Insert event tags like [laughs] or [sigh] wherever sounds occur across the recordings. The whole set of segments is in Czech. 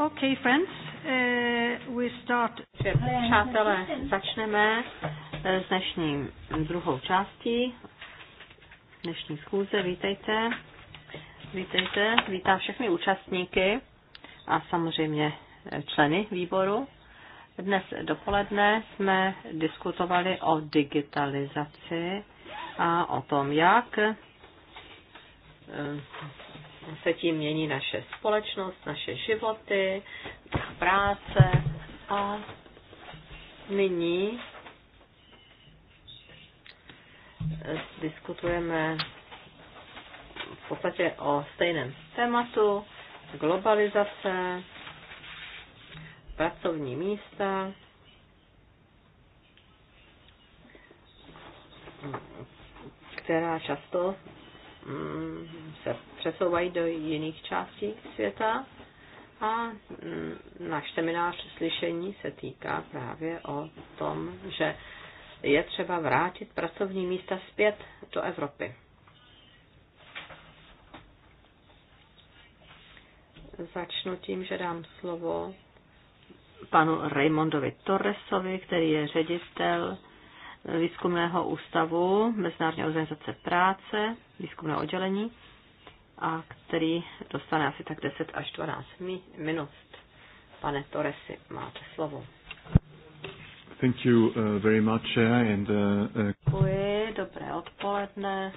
Okay, friends, uh, we start. Přátelé, začneme eh, s dnešní druhou částí dnešní schůze. Vítejte. Vítejte. Vítám všechny účastníky a samozřejmě eh, členy výboru. Dnes dopoledne jsme diskutovali o digitalizaci a o tom, jak eh, se tím mění naše společnost, naše životy, práce a nyní diskutujeme v podstatě o stejném tématu, globalizace, pracovní místa, která často mm, se přesouvají do jiných částí světa. A mm, náš seminář slyšení se týká právě o tom, že je třeba vrátit pracovní místa zpět do Evropy. Začnu tím, že dám slovo panu Raymondovi Torresovi, který je ředitel výzkumného ústavu Mezinárodní organizace práce, výzkumného oddělení a který dostane asi tak 10 až 12 minut. Pane Toresi, máte slovo. Thank you uh, very much, uh, and, uh, uh, Děkuji, dobré odpoledne.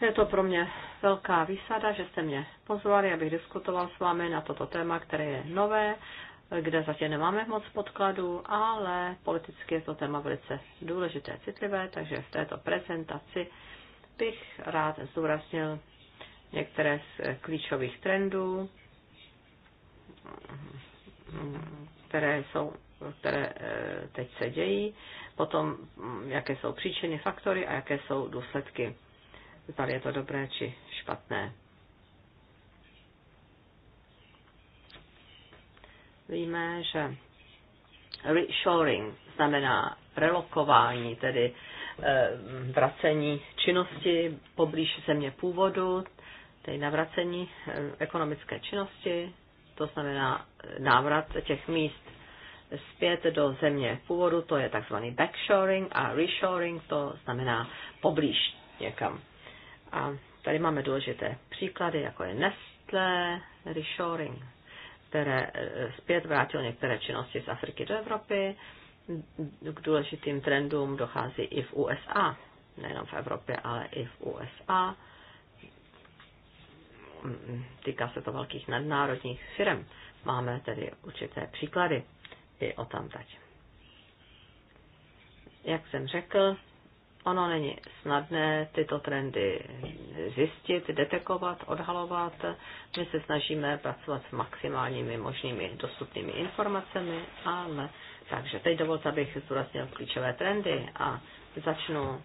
Je to pro mě velká výsada, že jste mě pozvali, abych diskutoval s vámi na toto téma, které je nové, kde zatím nemáme moc podkladů, ale politicky je to téma velice důležité, citlivé, takže v této prezentaci uh, bych rád zdůraznil některé z klíčových trendů, které, jsou, které eh, teď se dějí, potom hm, jaké jsou příčiny, faktory a jaké jsou důsledky. Zda je to dobré či špatné. Víme, že reshoring znamená relokování, tedy Eh, vracení činnosti poblíž země původu, tedy navracení eh, ekonomické činnosti, to znamená eh, návrat těch míst zpět do země původu, to je takzvaný backshoring a reshoring, to znamená poblíž někam. A tady máme důležité příklady, jako je Nestlé, reshoring, které zpět vrátil některé činnosti z Afriky do Evropy, k důležitým trendům dochází i v USA, nejenom v Evropě, ale i v USA. Týká se to velkých nadnárodních firm. Máme tedy určité příklady i o tamtať. Jak jsem řekl, ono není snadné tyto trendy zjistit, detekovat, odhalovat. My se snažíme pracovat s maximálními možnými dostupnými informacemi, ale takže teď dovolte, abych zdůraznil klíčové trendy a začnu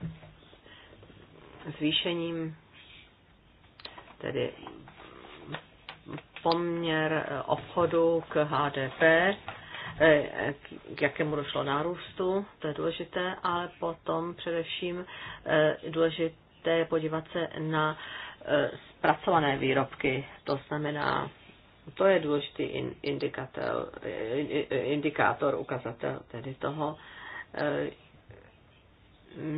zvýšením tedy poměr obchodu k HDP, k jakému došlo nárůstu, to je důležité, ale potom především eh, důležité je podívat se na eh, zpracované výrobky, to znamená to je důležitý eh, indikátor, ukazatel tedy toho, eh,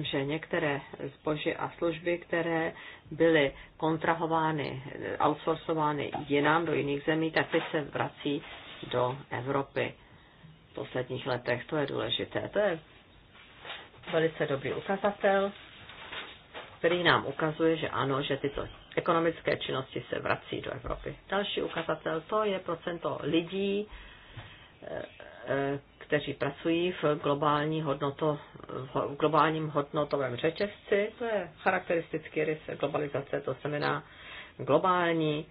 že některé zboží a služby, které byly kontrahovány, outsourcovány jinam do jiných zemí, tak teď se vrací do Evropy v posledních letech. To je důležité. To je velice dobrý ukazatel, který nám ukazuje, že ano, že tyto ekonomické činnosti se vrací do Evropy. Další ukazatel to je procento lidí, eh, eh, kteří pracují v, globální hodnoto, v globálním hodnotovém řetězci. To je charakteristický rys globalizace, to znamená globální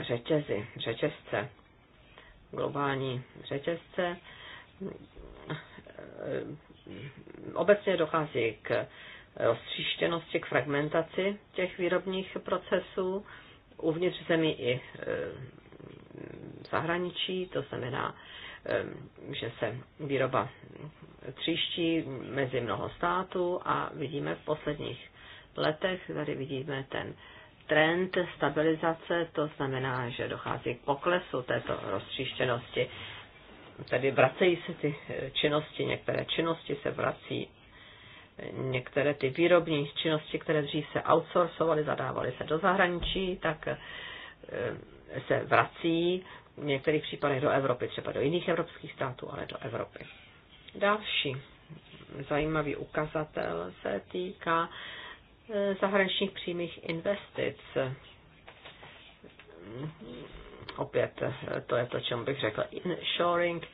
řetězy, řetězce, globální řetězce. Eh, obecně dochází k roztříštěnosti, k fragmentaci těch výrobních procesů uvnitř zemí i e, v zahraničí, to znamená, e, že se výroba tříští mezi mnoho států a vidíme v posledních letech, tady vidíme ten trend stabilizace, to znamená, že dochází k poklesu této roztříštěnosti. Tedy vracejí se ty e, činnosti, některé činnosti se vrací některé ty výrobní činnosti, které dřív se outsourcovaly, zadávaly se do zahraničí, tak eh, se vrací v některých případech do Evropy, třeba do jiných evropských států, ale do Evropy. Další zajímavý ukazatel se týká eh, zahraničních přímých investic. Opět eh, to je to, čemu bych řekl inshoring.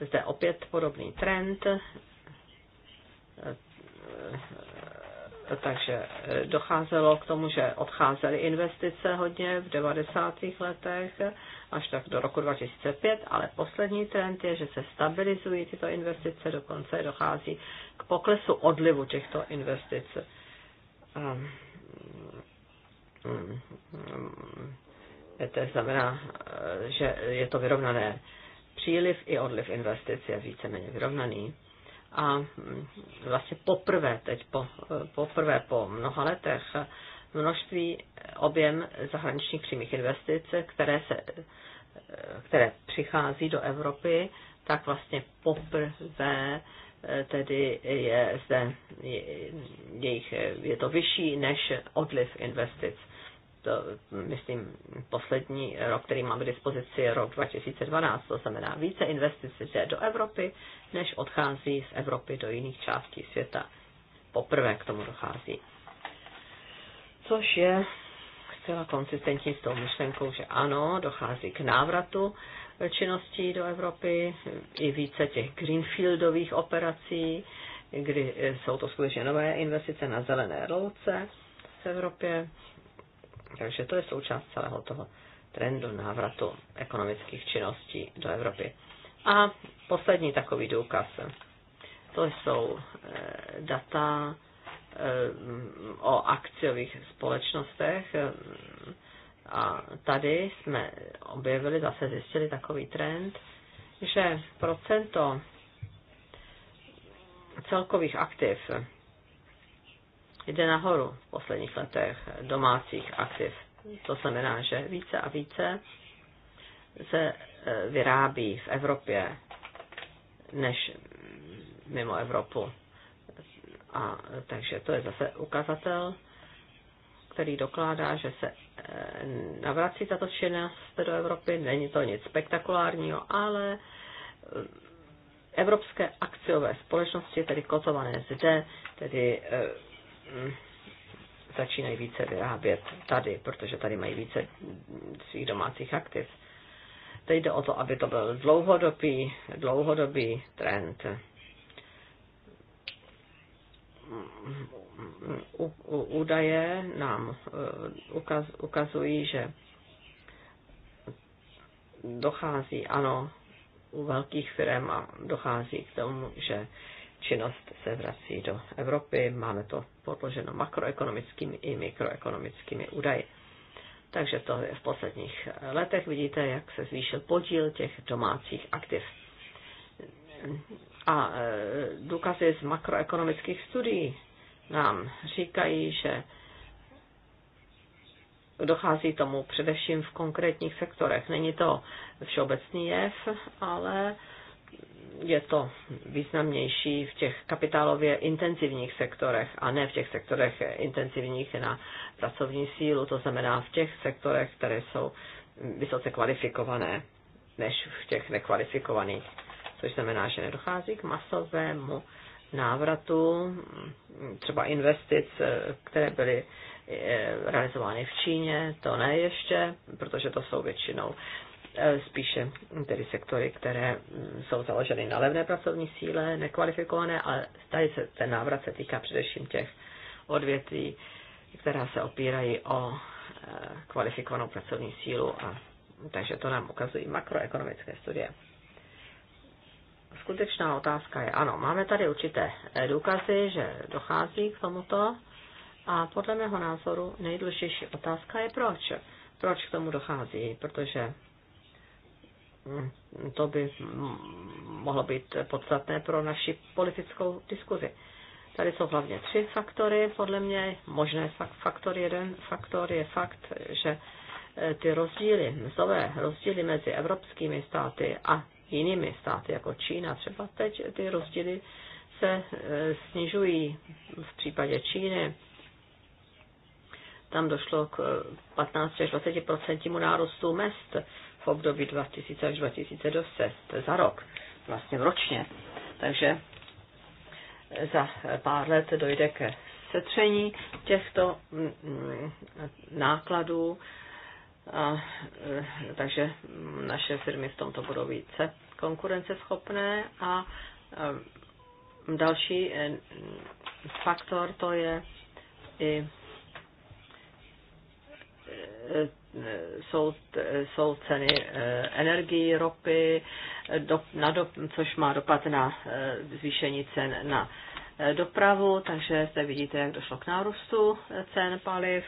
Zde opět podobný trend. Eh, takže eh, docházelo k tomu, že odcházely investice hodně v 90. letech až tak do roku 2005, ale poslední trend je, že se stabilizují tyto investice, dokonce dochází k poklesu odlivu těchto investic. Ehm, mm, mm, to znamená, eh, že je to vyrovnané. Příliv i odliv investic je víceméně vyrovnaný a mm, vlastně poprvé teď, po, poprvé po mnoha letech, množství objem zahraničních přímých investic, které, se, které přichází do Evropy, tak vlastně poprvé eh, tedy je zde jejich, je to vyšší než odliv investic to, myslím, poslední rok, který mám k dispozici, je rok 2012, to znamená více investic jde do Evropy, než odchází z Evropy do jiných částí světa. Poprvé k tomu dochází. Což je zcela konsistentní s tou myšlenkou, že ano, dochází k návratu činností do Evropy, i více těch greenfieldových operací, kdy jsou to skutečně nové investice na zelené rouce v Evropě, takže to je součást celého toho trendu návratu ekonomických činností do Evropy. A poslední takový důkaz, to jsou eh, data eh, o akciových společnostech. A tady jsme objevili, zase zjistili takový trend, že procento celkových aktiv jde nahoru v posledních letech domácích aktiv. To znamená, že více a více se e, vyrábí v Evropě než mimo Evropu. A, takže to je zase ukazatel, který dokládá, že se e, navrací tato činnost do Evropy. Není to nic spektakulárního, ale e, evropské akciové společnosti, tedy kotované zde, tedy Mm, začínají více vyrábět tady, protože tady mají více svých domácích aktiv. Teď jde o to, aby to byl dlouhodobý, dlouhodobý trend. U, u, údaje nám eh, ukaz, ukazují, že dochází, ano, u velkých firm a dochází k tomu, že činnost se vrací do Evropy. Máme to podloženo makroekonomickými i mikroekonomickými údaji. Takže to je v posledních letech vidíte, jak se zvýšil podíl těch domácích aktiv. A e, důkazy z makroekonomických studií nám říkají, že dochází tomu především v konkrétních sektorech. Není to všeobecný jev, ale je to významnější v těch kapitálově intenzivních sektorech a ne v těch sektorech intenzivních na pracovní sílu, to znamená v těch sektorech, které jsou vysoce kvalifikované, než v těch nekvalifikovaných, což znamená, že nedochází k masovému návratu třeba investic, které byly eh, realizovány v Číně, to ne ještě, protože to jsou většinou Eh, spíše tedy sektory, které mm, jsou založeny na levné pracovní síle, nekvalifikované, ale tady se ten návrat se týká především těch odvětví, která se opírají o eh, kvalifikovanou pracovní sílu a takže to nám ukazují makroekonomické studie. Skutečná otázka je, ano, máme tady určité eh, důkazy, že dochází k tomuto a podle mého názoru nejdůležitější otázka je proč. Proč k tomu dochází? Protože to by mohlo být podstatné pro naši politickou diskuzi. Tady jsou hlavně tři faktory, podle mě možné faktor. Jeden faktor je fakt, že eh, ty rozdíly, mzdové rozdíly mezi evropskými státy a jinými státy, jako Čína třeba teď, ty rozdíly se eh, snižují v případě Číny. Tam došlo k 15 eh, 20 nárůstu mest v období 2000 až 2010, za rok, vlastně ročně. Takže za pár let dojde ke setření těchto mm, mm, nákladů, a, e, takže naše firmy v tomto budou více konkurenceschopné a e, další e, faktor to je i Eh, jsou, jsou ceny eh, energii, ropy, eh, do, na do, což má dopad na zvýšení cen na dopravu, takže zde vidíte, jak došlo k nárůstu cen paliv,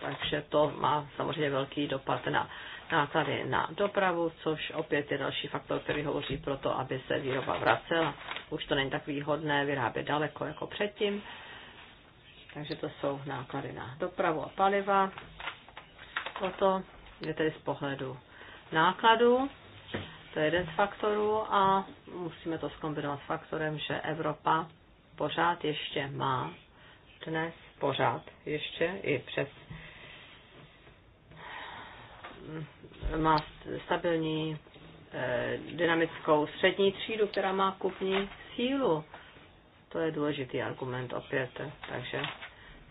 takže to má samozřejmě velký dopad na náklady na dopravu, což opět je další faktor, který hovoří pro to, aby se výroba vracela. Už to není tak výhodné vyrábět daleko jako předtím. Takže to jsou náklady na dopravu a paliva o to, je tedy z pohledu nákladů, to je jeden z faktorů a musíme to skombinovat s faktorem, že Evropa pořád ještě má dnes, pořád ještě i přes má stabilní eh, dynamickou střední třídu, která má kupní sílu. To je důležitý argument opět, takže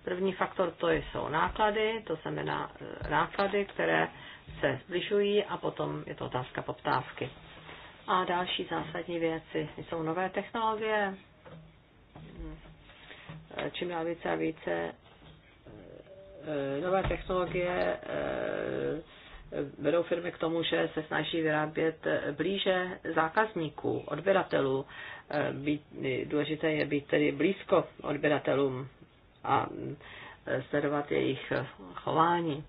První faktor to jsou náklady, to znamená e, náklady, které se zbližují a potom je to otázka poptávky. A další zásadní věci jsou nové technologie. E, čím dál více a více e, nové technologie vedou firmy k tomu, že se snaží vyrábět blíže zákazníků, odběratelů. důležité je být tedy blízko odběratelům a e, sledovat jejich chování.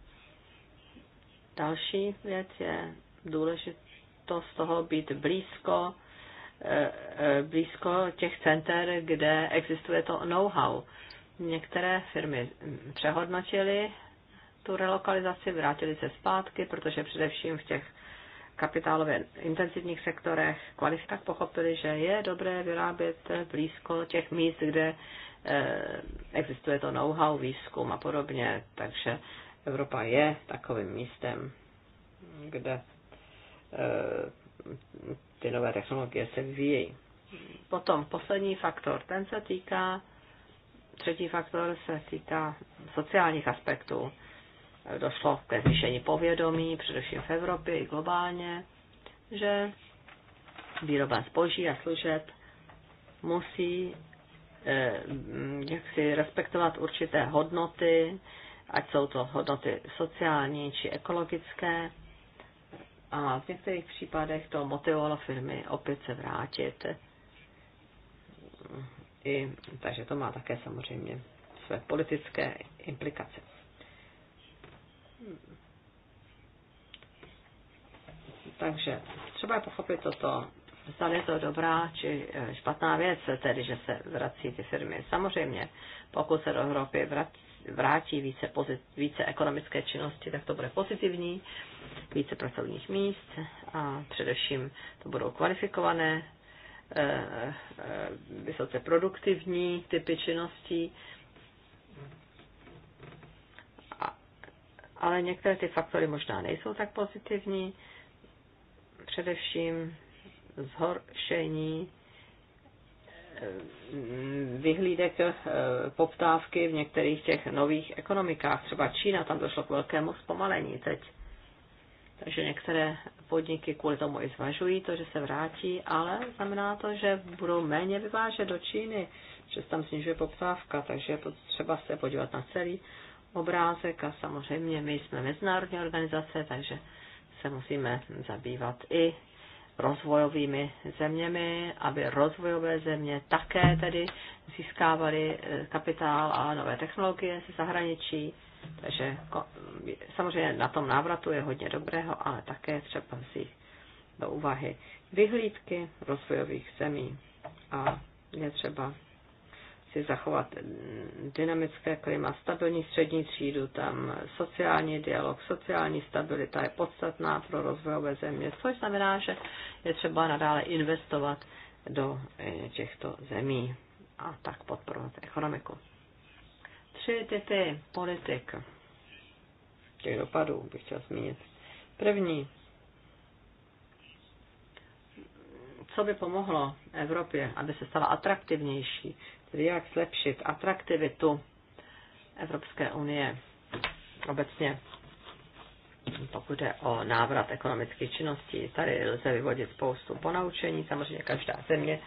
Další věc je důležitost toho být blízko, e, e, blízko těch center, kde existuje to know-how. Některé firmy přehodnotily tu relokalizaci, vrátili se zpátky, protože především v těch kapitálově intenzivních sektorech kvalifikách pochopili, že je dobré vyrábět blízko těch míst, kde Eh, existuje to know-how, výzkum a podobně, takže Evropa je takovým místem, kde eh, ty nové technologie se vyvíjejí. Potom poslední faktor, ten se týká, třetí faktor se týká sociálních aspektů. Došlo ke zvýšení povědomí, především v Evropě i globálně, že výroba zboží a služeb musí Eh, jak si respektovat určité hodnoty, ať jsou to hodnoty sociální či ekologické. A v některých případech to motivovalo firmy opět se vrátit. I, takže to má také samozřejmě své politické implikace. Takže třeba je pochopit toto zdali je to dobrá či e, špatná věc, tedy že se vrací ty firmy. Samozřejmě, pokud se do Evropy vrátí více, pozit, více ekonomické činnosti, tak to bude pozitivní, více pracovních míst a především to budou kvalifikované, e, e, vysoce produktivní typy činností. Ale některé ty faktory možná nejsou tak pozitivní, především zhoršení eh, vyhlídek eh, poptávky v některých těch nových ekonomikách. Třeba Čína, tam došlo k velkému zpomalení teď. Takže některé podniky kvůli tomu i zvažují to, že se vrátí, ale znamená to, že budou méně vyvážet do Číny, že se tam snižuje poptávka, takže je potřeba se podívat na celý obrázek a samozřejmě my jsme mezinárodní organizace, takže se musíme zabývat i rozvojovými zeměmi, aby rozvojové země také tedy získávaly eh, kapitál a nové technologie ze zahraničí. Takže samozřejmě na tom návratu je hodně dobrého, ale také třeba si do úvahy vyhlídky rozvojových zemí. A je třeba si zachovat dynamické klima, stabilní střední třídu, tam sociální dialog, sociální stabilita je podstatná pro rozvojové země, což znamená, že je třeba nadále investovat do eh, těchto zemí a tak podporovat ekonomiku. Tři typy politik. Těch dopadů bych chtěl zmínit. První, co by pomohlo Evropě, aby se stala atraktivnější jak zlepšit atraktivitu Evropské unie obecně, pokud je o návrat ekonomických činností. Tady lze vyvodit spoustu ponaučení, samozřejmě každá země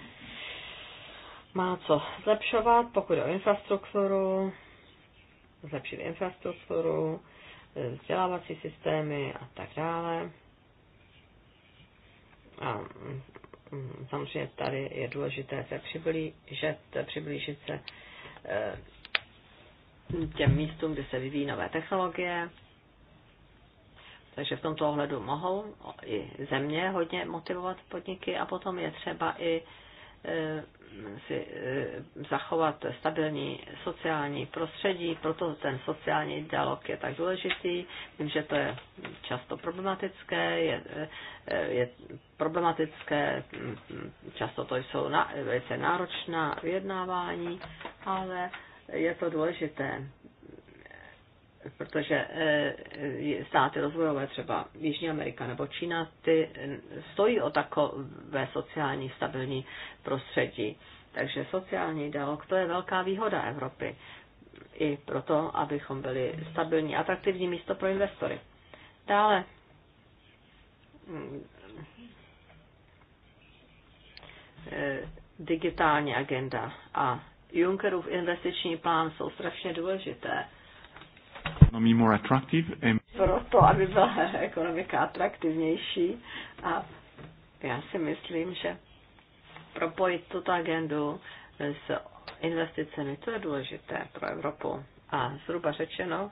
má co zlepšovat, pokud je o infrastrukturu, zlepšit infrastrukturu, vzdělávací systémy a tak dále. A Mm, samozřejmě tady je důležité se přiblížit, přiblížit se eh, těm místům, kde se vyvíjí nové technologie. Takže v tomto ohledu mohou i země hodně motivovat podniky a potom je třeba i eh, si eh, zachovat stabilní sociální prostředí, proto ten sociální dialog je tak důležitý. Vím, že to je často problematické, je, eh, je problematické, hm, často to jsou velice náročná vyjednávání, ale je to důležité protože eh, státy rozvojové, třeba Jižní Amerika nebo Čína, ty eh, stojí o takové sociální stabilní prostředí. Takže sociální dialog to je velká výhoda Evropy. I proto, abychom byli stabilní, atraktivní místo pro investory. Dále eh, digitální agenda a Junckerův investiční plán jsou strašně důležité proto, aby byla [laughs] ekonomika atraktivnější a já si myslím, že propojit tuto agendu s investicemi, to je důležité pro Evropu. A zhruba řečeno,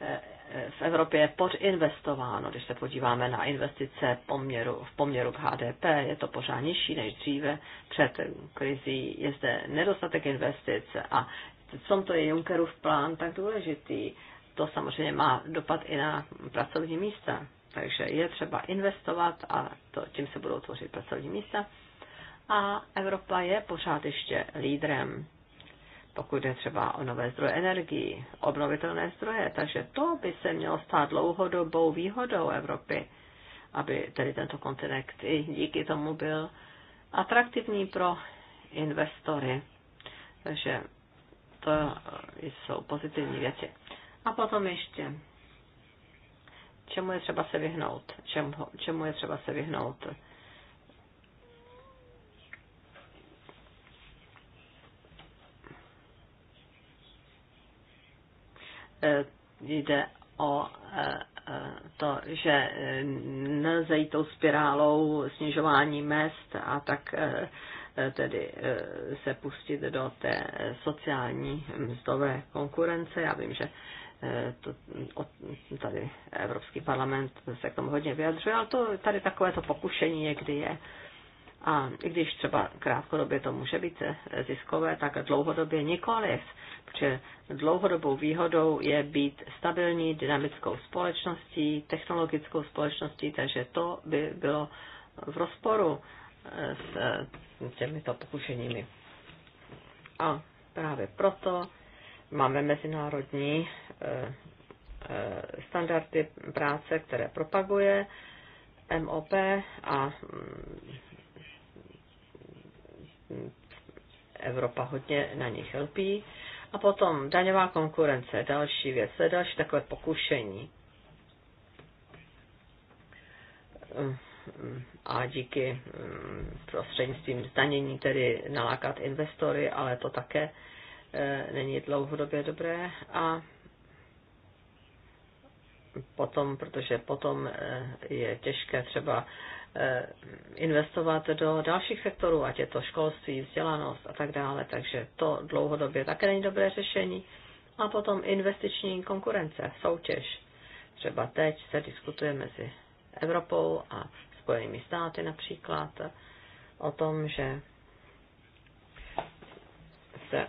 eh, eh, v Evropě je podinvestováno. Když se podíváme na investice poměru, v poměru k HDP, je to pořád nižší než dříve před krizí. Je zde nedostatek investic a co to je Junckerův plán tak důležitý. To samozřejmě má dopad i na pracovní místa. Takže je třeba investovat a to, tím se budou tvořit pracovní místa. A Evropa je pořád ještě lídrem, pokud jde třeba o nové zdroje energii, obnovitelné zdroje. Takže to by se mělo stát dlouhodobou výhodou Evropy, aby tedy tento kontinent i díky tomu byl atraktivní pro investory. Takže to jsou pozitivní věci. A potom ještě, čemu je třeba se vyhnout? Čemu, čemu je třeba se vyhnout? E, jde o e, e, to, že nelze jít tou spirálou snižování mest a tak Eh, tedy eh, se pustit do té sociální mzdové konkurence. Já vím, že eh, to, tady Evropský parlament se k tomu hodně vyjadřuje, ale to, tady takové to pokušení někdy je. A i když třeba krátkodobě to může být ziskové, tak dlouhodobě nikoliv, protože dlouhodobou výhodou je být stabilní dynamickou společností, technologickou společností, takže to by bylo v rozporu s těmito pokušeními. A právě proto máme mezinárodní e, e, standardy práce, které propaguje MOP a mm, Evropa hodně na nich lpí. A potom daňová konkurence, další věc, další takové pokušení a díky mm, prostřednictvím zdanění tedy nalákat investory, ale to také e, není dlouhodobě dobré a potom, protože potom e, je těžké třeba e, investovat do dalších sektorů, ať je to školství, vzdělanost a tak dále, takže to dlouhodobě také není dobré řešení. A potom investiční konkurence, soutěž. Třeba teď se diskutuje mezi Evropou a Spojenými státy například, o tom, že se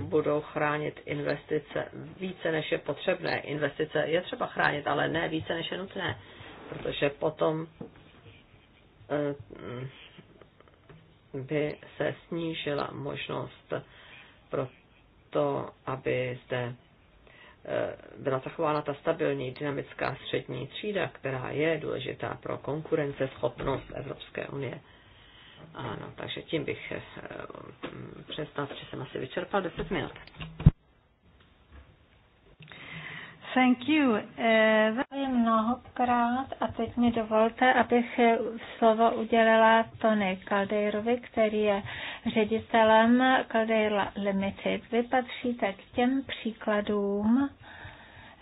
budou chránit investice více než je potřebné. Investice je třeba chránit, ale ne více než je nutné, protože potom eh, by se snížila možnost pro to, aby zde Eh, byla zachována ta stabilní dynamická střední třída, která je důležitá pro konkurenceschopnost Evropské unie. Ano, takže tím bych eh, mm, přestal, že jsem asi vyčerpal 10 minut. Thank you. Uh, mnohokrát a teď mi dovolte, abych slovo udělala Tony Kaldejrovi, který je ředitelem Caldeira Limited. Vy patříte k těm příkladům,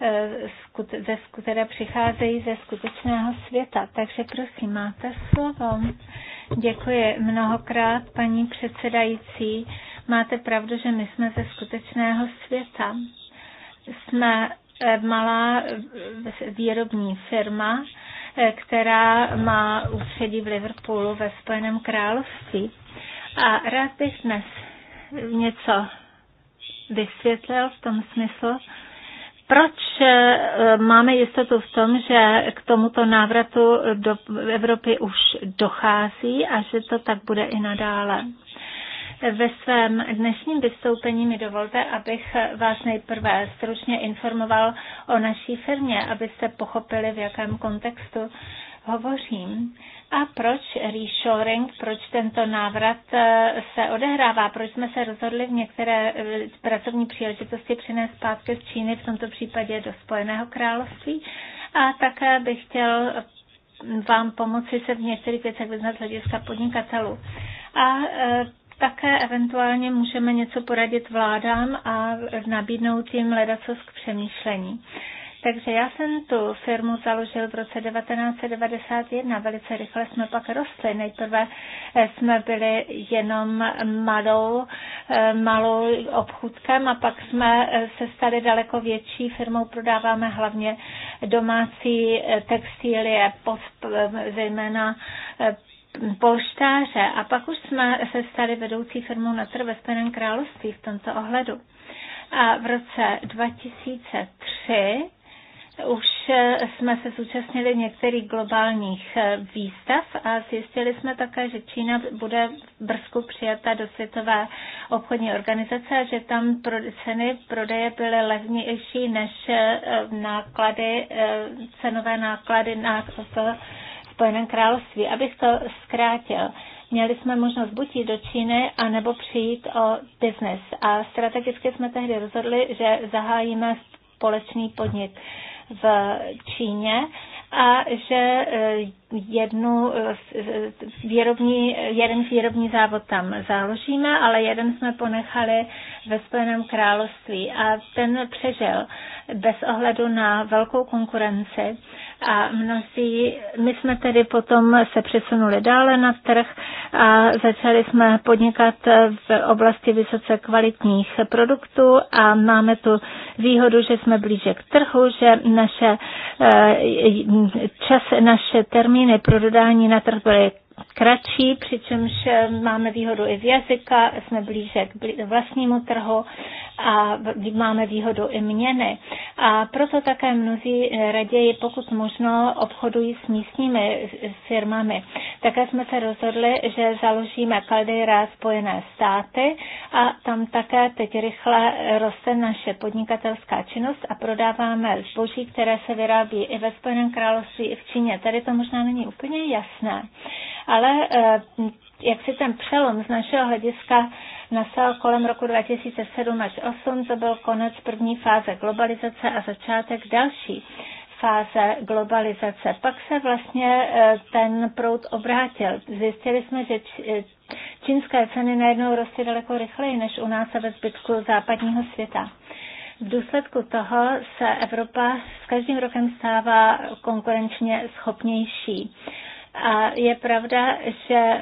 eh, které přicházejí ze skutečného světa. Takže prosím, máte slovo. Děkuji mnohokrát, paní předsedající. Máte pravdu, že my jsme ze skutečného světa. Jsme Eh, malá eh, výrobní firma, eh, která má ústředí v Liverpoolu ve Spojeném království. A rád bych dnes něco vysvětlil v tom smyslu, proč máme jistotu v tom, že k tomuto návratu do Evropy už dochází a že to tak bude i nadále? Ve svém dnešním vystoupení mi dovolte, abych vás nejprve stručně informoval o naší firmě, abyste pochopili, v jakém kontextu hovořím a proč reshoring, proč tento návrat eh, se odehrává, proč jsme se rozhodli v některé eh, pracovní příležitosti přinést zpátky z Číny, v tomto případě do Spojeného království. A také bych chtěl vám pomoci se v některých věcech vyznat z hlediska podnikatelů. A eh, také eventuálně můžeme něco poradit vládám a nabídnout jim ledacos k přemýšlení. Takže já jsem tu firmu založil v roce 1991. Velice rychle jsme pak rostli. Nejprve eh, jsme byli jenom malou, eh, malou obchůdkem a pak jsme eh, se stali daleko větší firmou. Prodáváme hlavně domácí textilie, zejména polštáře a pak už jsme se stali vedoucí firmou Natr ve Spojeném království v tomto ohledu. A v roce 2003 už jsme se zúčastnili některých globálních eh, výstav a zjistili jsme také, že Čína bude brzku přijata do Světové obchodní organizace a že tam ceny prodeje byly levnější než eh, náklady, eh, cenové náklady na Spojeném království. Abych to zkrátil, měli jsme možnost buď jít do Číny, anebo přijít o biznes. A strategicky jsme tehdy rozhodli, že zahájíme společný podnik v Číně a že e, jednu eh, eh, výrobní, jeden výrobní závod tam založíme, ale jeden jsme ponechali ve Spojeném království a ten přežil bez ohledu na velkou konkurenci a mnozí, my jsme tedy potom se přesunuli dále na trh a začali jsme podnikat v oblasti vysoce kvalitních produktů a máme tu výhodu, že jsme blíže k trhu, že naše eh, čas, naše termíny neprodání na trh byly kratší, přičemž eh, máme výhodu i v jazyka, jsme blíže k vlastnímu trhu a máme výhodu i měny. A proto také mnozí eh, raději, pokud možno, obchodují s místními eh, firmami. Také jsme se rozhodli, že založíme Caldeira Spojené státy a tam také teď rychle roste naše podnikatelská činnost a prodáváme zboží, které se vyrábí i ve Spojeném království, i v Číně. Tady to možná není úplně jasné, ale ale eh, jak si ten přelom z našeho hlediska nastal kolem roku 2007 až 2008, to byl konec první fáze globalizace a začátek další fáze globalizace. Pak se vlastně eh, ten proud obrátil. Zjistili jsme, že eh, čínské ceny najednou rostly daleko rychleji než u nás a ve zbytku západního světa. V důsledku toho se Evropa s každým rokem stává konkurenčně schopnější a je pravda, že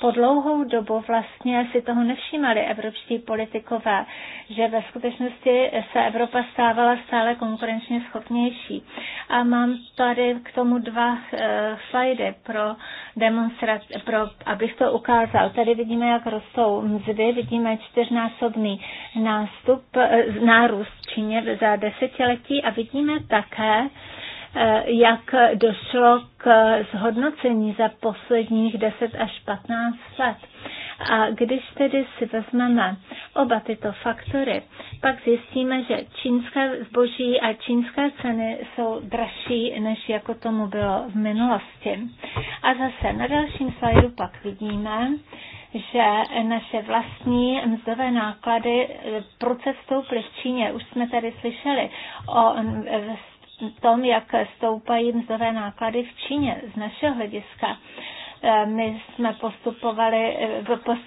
po dlouhou dobu vlastně si toho nevšímali evropští politikové, že ve skutečnosti se Evropa stávala stále konkurenčně schopnější. A mám tady k tomu dva eh, slajdy pro demonstraci, pro, abych to ukázal. Tady vidíme, jak rostou mzdy, vidíme čtyřnásobný nástup, eh, nárůst Číně za desetiletí a vidíme také, Eh, jak došlo k zhodnocení za posledních 10 až 15 let. A když tedy si vezmeme oba tyto faktory, pak zjistíme, že čínské zboží a čínské ceny jsou dražší, než jako tomu bylo v minulosti. A zase na dalším slajdu pak vidíme, že naše vlastní mzdové náklady eh, proces stouply v Číně. Už jsme tady slyšeli o eh, tom, jak stoupají mzdové náklady v Číně z našeho hlediska eh, my jsme postupovali,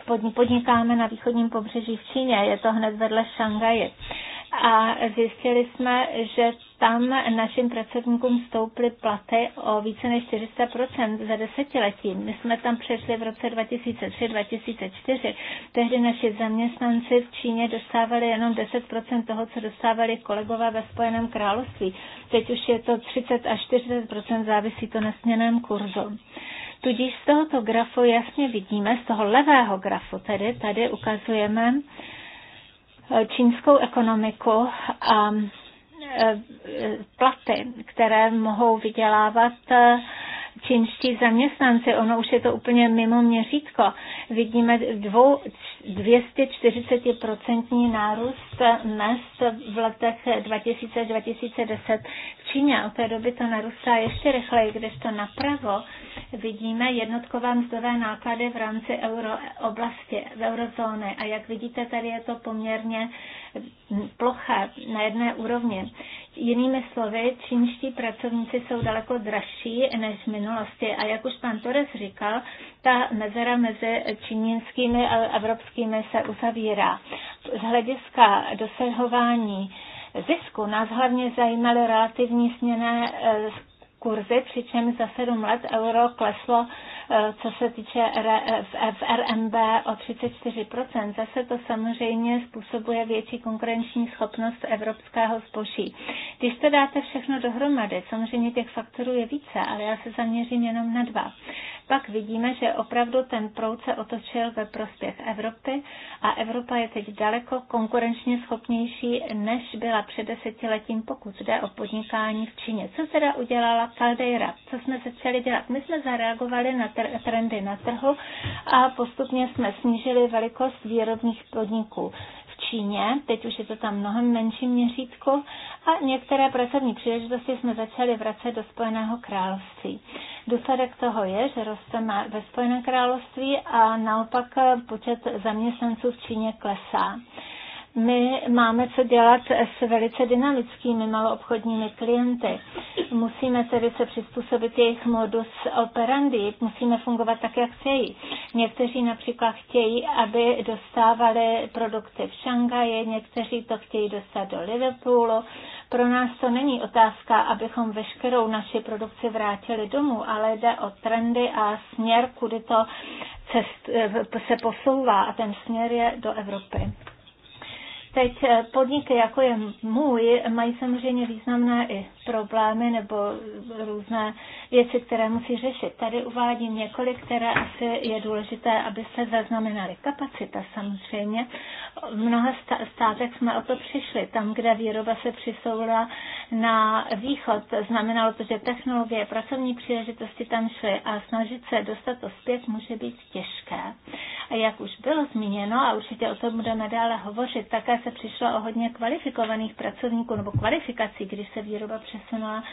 eh, podnikáme na východním pobřeží v Číně, je to hned vedle Šangaje a zjistili jsme, že tam našim pracovníkům stouply platy o více než 400% za desetiletí. My jsme tam přešli v roce 2003-2004. Tehdy naši zaměstnanci v Číně dostávali jenom 10% toho, co dostávali kolegové ve Spojeném království. Teď už je to 30 až 40%, závisí to na směném kurzu. Tudíž z tohoto grafu jasně vidíme, z toho levého grafu tedy, tady ukazujeme, čínskou ekonomiku a e, platy, které mohou vydělávat e, čínští zaměstnanci. Ono už je to úplně mimo měřítko. Vidíme dvou, 240% nárůst mest v letech 2000-2010 v Číně. Od té doby to narůstá ještě rychleji, když to napravo vidíme jednotkové mzdové náklady v rámci euro oblasti, v eurozóny. A jak vidíte, tady je to poměrně ploché na jedné úrovni. Jinými slovy, čínští pracovníci jsou daleko dražší než v minulosti a jak už pan Torres říkal, ta mezera mezi čínskými a evropskými se uzavírá. Z hlediska dosahování zisku nás hlavně zajímaly relativní směné eh, kurzy, přičemž za sedm let euro kleslo Eh, co se týče eh, v RMB o 34%. Zase to samozřejmě způsobuje větší konkurenční schopnost evropského zboží. Když to dáte všechno dohromady, samozřejmě těch faktorů je více, ale já se zaměřím jenom na dva. Pak vidíme, že opravdu ten proud se otočil ve prospěch Evropy a Evropa je teď daleko konkurenčně schopnější, než byla před desetiletím, pokud jde o podnikání v Číně. Co teda udělala Caldeira? Co jsme začali dělat? My jsme zareagovali na trendy na trhu a postupně jsme snížili velikost výrobních podniků. v Číně, teď už je to tam mnohem menší měřítko, a některé pracovní příležitosti jsme začali vracet do Spojeného království. Důsledek toho je, že rosteme ve Spojeném království a naopak počet zaměstnanců v Číně klesá my máme co dělat s velice dynamickými maloobchodními klienty. Musíme tedy se přizpůsobit jejich modus operandi, musíme fungovat tak, jak chtějí. Někteří například chtějí, aby dostávali produkty v Šangaji, někteří to chtějí dostat do Liverpoolu. Pro nás to není otázka, abychom veškerou naši produkci vrátili domů, ale jde o trendy a směr, kudy to cest, se posouvá a ten směr je do Evropy. Teď eh, podniky, jako je můj, mají samozřejmě významné i problémy nebo různé věci, které musí řešit. Tady uvádím několik, které asi je důležité, aby se zaznamenaly. Kapacita samozřejmě. V mnoha státech jsme o to přišli. Tam, kde výroba se přisoula na východ, znamenalo to, že technologie, pracovní příležitosti tam šly a snažit se dostat to zpět může být těžké. A jak už bylo zmíněno, a určitě o tom budeme dále hovořit, také se přišlo o hodně kvalifikovaných pracovníků nebo kvalifikací, když se výroba přišla přesunula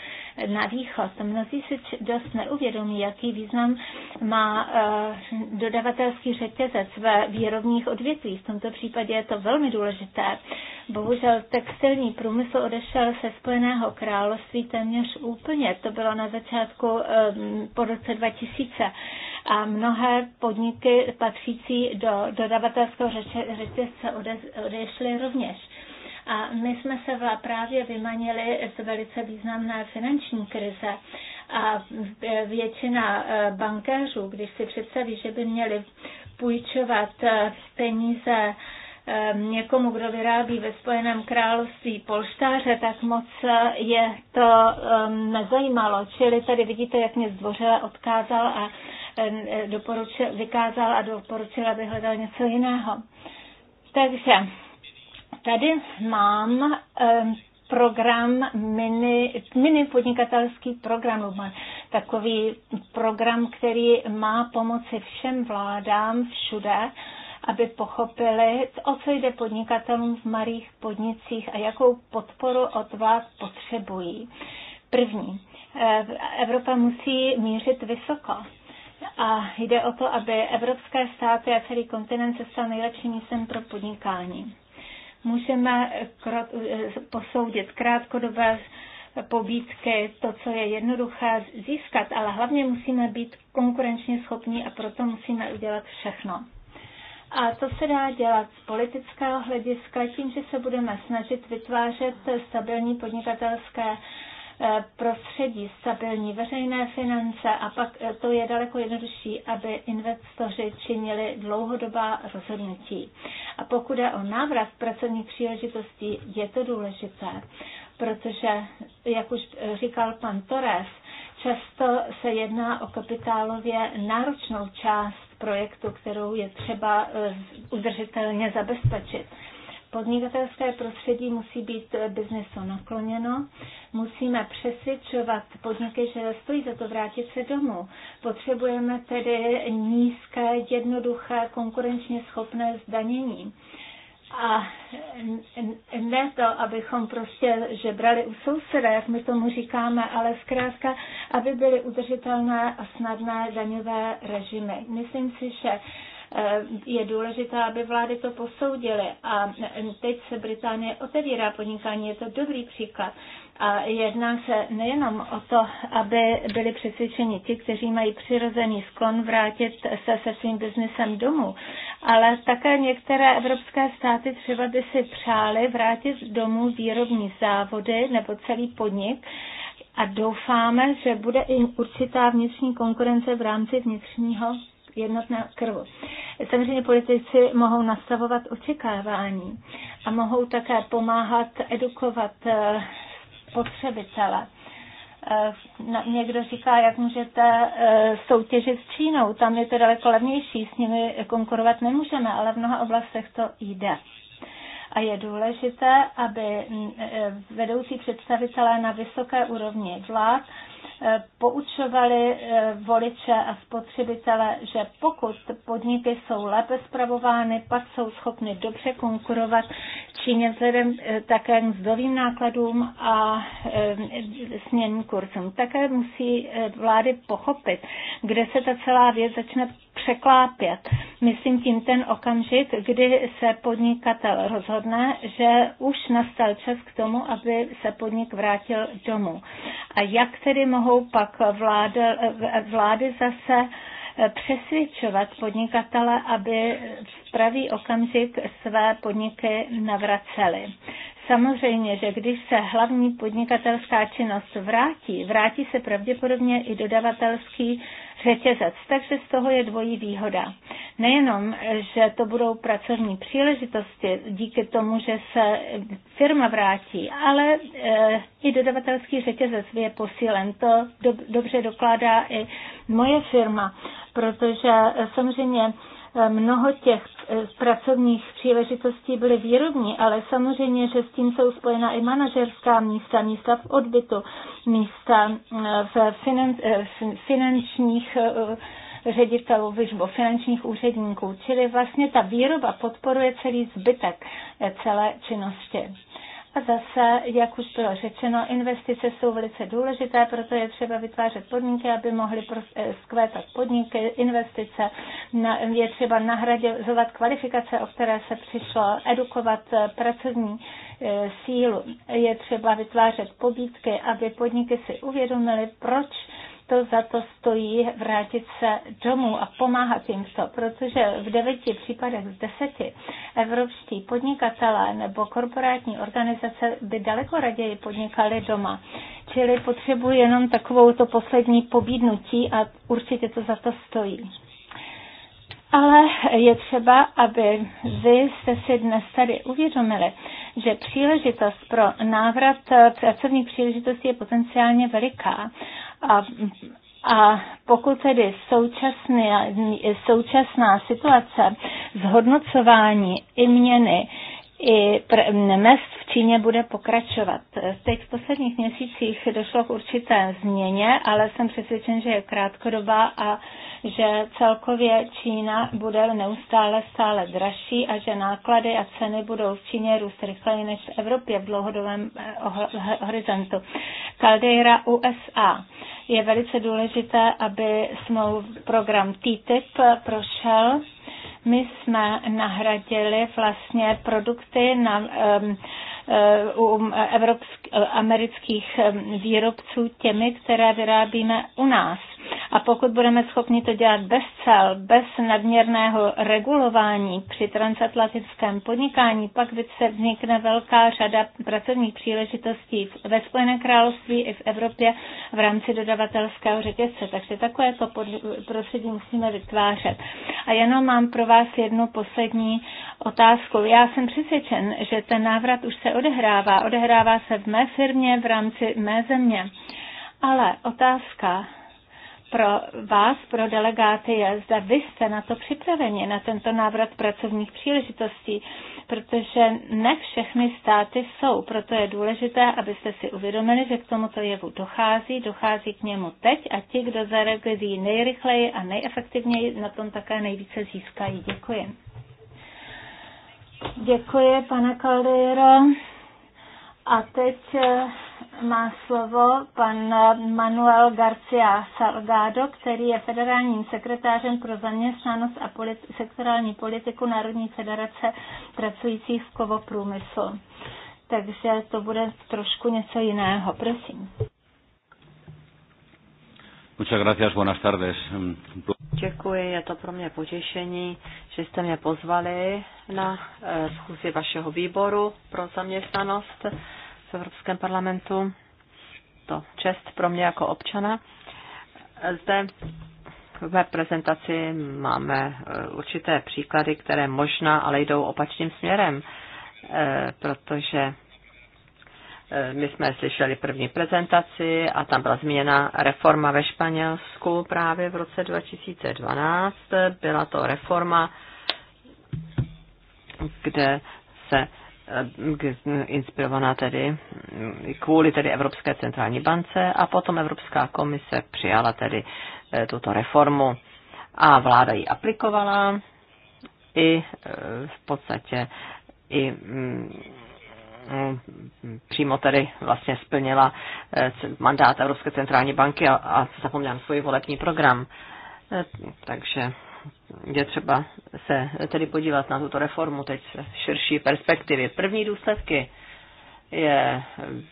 na východ. Mnozí si dost neuvědomí, jaký význam má eh, dodavatelský řetězec ve výrobních odvětvích. V tomto případě je to velmi důležité. Bohužel textilní průmysl odešel se Spojeného království téměř úplně. To bylo na začátku eh, po roce 2000 a mnohé podniky patřící do dodavatelského řetězce odešly rovněž. A my jsme se právě vymanili z velice významné finanční krize. A většina e, bankéřů, když si představí, že by měli půjčovat e, peníze e, někomu, kdo vyrábí ve Spojeném království polštáře, tak moc je to nezajímalo. Čili tady vidíte, jak mě zdvořile odkázal a doporučil, vykázal a doporučil, aby hledal něco jiného. Takže Tady mám program, mini, mini podnikatelský program, takový program, který má pomoci všem vládám všude, aby pochopili, o co jde podnikatelům v malých podnicích a jakou podporu od vlád potřebují. První, e, Evropa musí mířit vysoko. A jde o to, aby evropské státy a celý kontinent se stal nejlepším místem pro podnikání. Můžeme eh, posoudit krátkodobé pobídky, to, co je jednoduché získat, ale hlavně musíme být konkurenčně schopní a proto musíme udělat všechno. A to se dá dělat z politického hlediska tím, že se budeme snažit vytvářet stabilní podnikatelské Eh, prostředí, stabilní veřejné finance a pak eh, to je daleko jednodušší, aby investoři činili dlouhodobá rozhodnutí. A pokud je o návrat pracovních příležitostí, je to důležité, protože, jak už říkal pan Torres, často se jedná o kapitálově náročnou část projektu, kterou je třeba eh, udržitelně zabezpečit. Podnikatelské prostředí musí být eh, biznesu nakloněno. Musíme přesvědčovat podniky, že stojí za to vrátit se domů. Potřebujeme tedy nízké, jednoduché, konkurenčně schopné zdanění. A ne to, abychom prostě žebrali u souseda, jak my tomu říkáme, ale zkrátka, aby byly udržitelné a snadné daňové režimy. Myslím si, že Eh, je důležité, aby vlády to posoudily. A eh, teď se Británie otevírá podnikání, je to dobrý příklad. A jedná se nejenom o to, aby byli přesvědčeni ti, kteří mají přirozený sklon vrátit se se svým biznesem domů, ale také některé evropské státy třeba by si přáli vrátit domů výrobní závody nebo celý podnik a doufáme, že bude i určitá vnitřní konkurence v rámci vnitřního jednotné krvu. Samozřejmě politici mohou nastavovat očekávání a mohou také pomáhat edukovat eh, potřebitele. Eh, někdo říká, jak můžete eh, soutěžit s Čínou, tam je to daleko levnější, s nimi konkurovat nemůžeme, ale v mnoha oblastech to jde. A je důležité, aby mm, vedoucí představitelé na vysoké úrovni vlád Eh, poučovali eh, voliče a spotřebitele, že pokud podniky jsou lépe zpravovány, pak jsou schopny dobře konkurovat Číně vzhledem eh, také k mzdovým nákladům a směným kurzům. Také musí vlády pochopit, kde se ta celá věc začne překlápět. Myslím tím ten okamžik, kdy se podnikatel rozhodne, že už nastal čas k tomu, aby se podnik vrátil domů. A jak tedy mohou pak vláda, vlády zase eh, přesvědčovat podnikatele, aby v pravý okamžik své podniky navraceli. Samozřejmě, že když se hlavní podnikatelská činnost vrátí, vrátí se pravděpodobně i dodavatelský řetězec. Takže z toho je dvojí výhoda. Nejenom, že to budou pracovní příležitosti díky tomu, že se firma vrátí, ale eh, i dodavatelský řetězec je posílen. To dobře dokládá i moje firma, protože samozřejmě Eh, mnoho těch eh, pracovních příležitostí byly výrobní, ale samozřejmě, že s tím jsou spojena i manažerská místa, místa v odbytu, místa eh, v finan, finančních ředitelů vyžbo finančních úředníků. Čili vlastně ta výroba podporuje celý zbytek celé činnosti. A zase, jak už bylo řečeno, investice jsou velice důležité, proto je třeba vytvářet podmínky, aby mohly skvétat eh, podniky, investice. Je třeba nahradovat kvalifikace, o které se přišlo, edukovat eh, pracovní eh, sílu. Je třeba vytvářet pobídky, aby podniky si uvědomily, proč to za to stojí vrátit se domů a pomáhat jim to, protože v devěti případech z deseti evropští podnikatelé nebo korporátní organizace by daleko raději podnikali doma. Čili potřebuji jenom takovou to poslední pobídnutí a určitě to za to stojí. Ale je třeba, aby vy jste si dnes tady uvědomili, že příležitost pro návrat pracovních příležitostí je potenciálně veliká a, a pokud tedy současný, současná situace zhodnocování i měny i mest v Číně bude pokračovat. Teď v posledních měsících došlo k určité změně, ale jsem přesvědčen, že je krátkodobá a že celkově Čína bude neustále stále dražší a že náklady a ceny budou v Číně růst rychleji než v Evropě v dlouhodobém eh, horizontu. Caldeira USA. Je velice důležité, aby smlouv program TTIP prošel my jsme nahradili vlastně produkty na um, u evropsk, amerických výrobců těmi, které vyrábíme u nás. A pokud budeme schopni to dělat bez cel, bez nadměrného regulování při transatlantickém podnikání, pak se vznikne velká řada pracovních příležitostí ve Spojeném království i v Evropě v rámci dodavatelského řetězce. Takže takové to prostředí musíme vytvářet. A jenom mám pro vás jednu poslední otázku. Já jsem přesvědčen, že ten návrat už se odehrává. Odehrává se v mé firmě v rámci mé země. Ale otázka pro vás, pro delegáty, je, zda vy jste na to připraveni, na tento návrat pracovních příležitostí, protože ne všechny státy jsou. Proto je důležité, abyste si uvědomili, že k tomuto jevu dochází, dochází k němu teď a ti, kdo zareagují nejrychleji a nejefektivněji, na tom také nejvíce získají. Děkuji. Děkuji, pane Caldero. A teď eh, má slovo pan Manuel Garcia Salgado, který je federálním sekretářem pro zaměstnanost a politi- sektorální politiku Národní federace pracujících v kovoprůmyslu. Takže to bude trošku něco jiného. Prosím. Muchas gracias, buenas tardes. Děkuji, je to pro mě potěšení, že jste mě pozvali na eh, schůzi vašeho výboru pro zaměstnanost v Evropském parlamentu. To čest pro mě jako občana. Zde v mé prezentaci máme eh, určité příklady, které možná ale jdou opačným směrem, eh, protože eh, my jsme slyšeli první prezentaci a tam byla změna reforma ve Španělsku právě v roce 2012. Byla to reforma, kde se Eh, inspirovaná tedy mm, kvůli tedy Evropské centrální bance a potom Evropská komise přijala tedy eh, tuto reformu a vláda ji aplikovala i eh, v podstatě i mm, mm, přímo tedy vlastně splnila mandát Evropské centrální banky a, a zapomněla svůj volební program. Takže je třeba se tedy podívat na tuto reformu teď z širší perspektivy. První důsledky je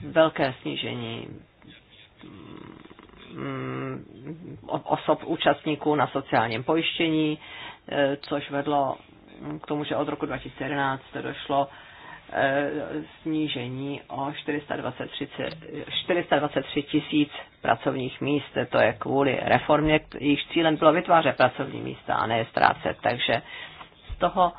velké snížení mm, osob účastníků na sociálním pojištění, eh, což vedlo k tomu, že od roku 2011 došlo snížení o 423, 423 tisíc pracovních míst. To je kvůli reformě, jejich cílem bylo vytvářet pracovní místa a ne je ztrácet. Takže z toho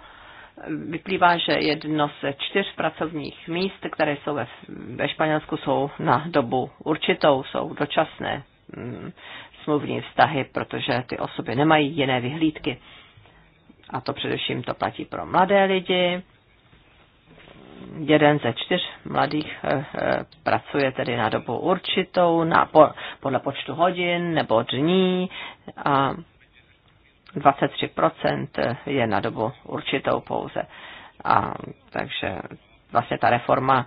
vyplývá, že jedno z čtyř pracovních míst, které jsou ve, ve Španělsku, jsou na dobu určitou, jsou dočasné mm, smluvní vztahy, protože ty osoby nemají jiné vyhlídky. A to především to platí pro mladé lidi, jeden ze čtyř mladých eh, eh, pracuje tedy na dobu určitou, na, po, podle počtu hodin nebo dní a 23% eh, je na dobu určitou pouze. A takže vlastně ta reforma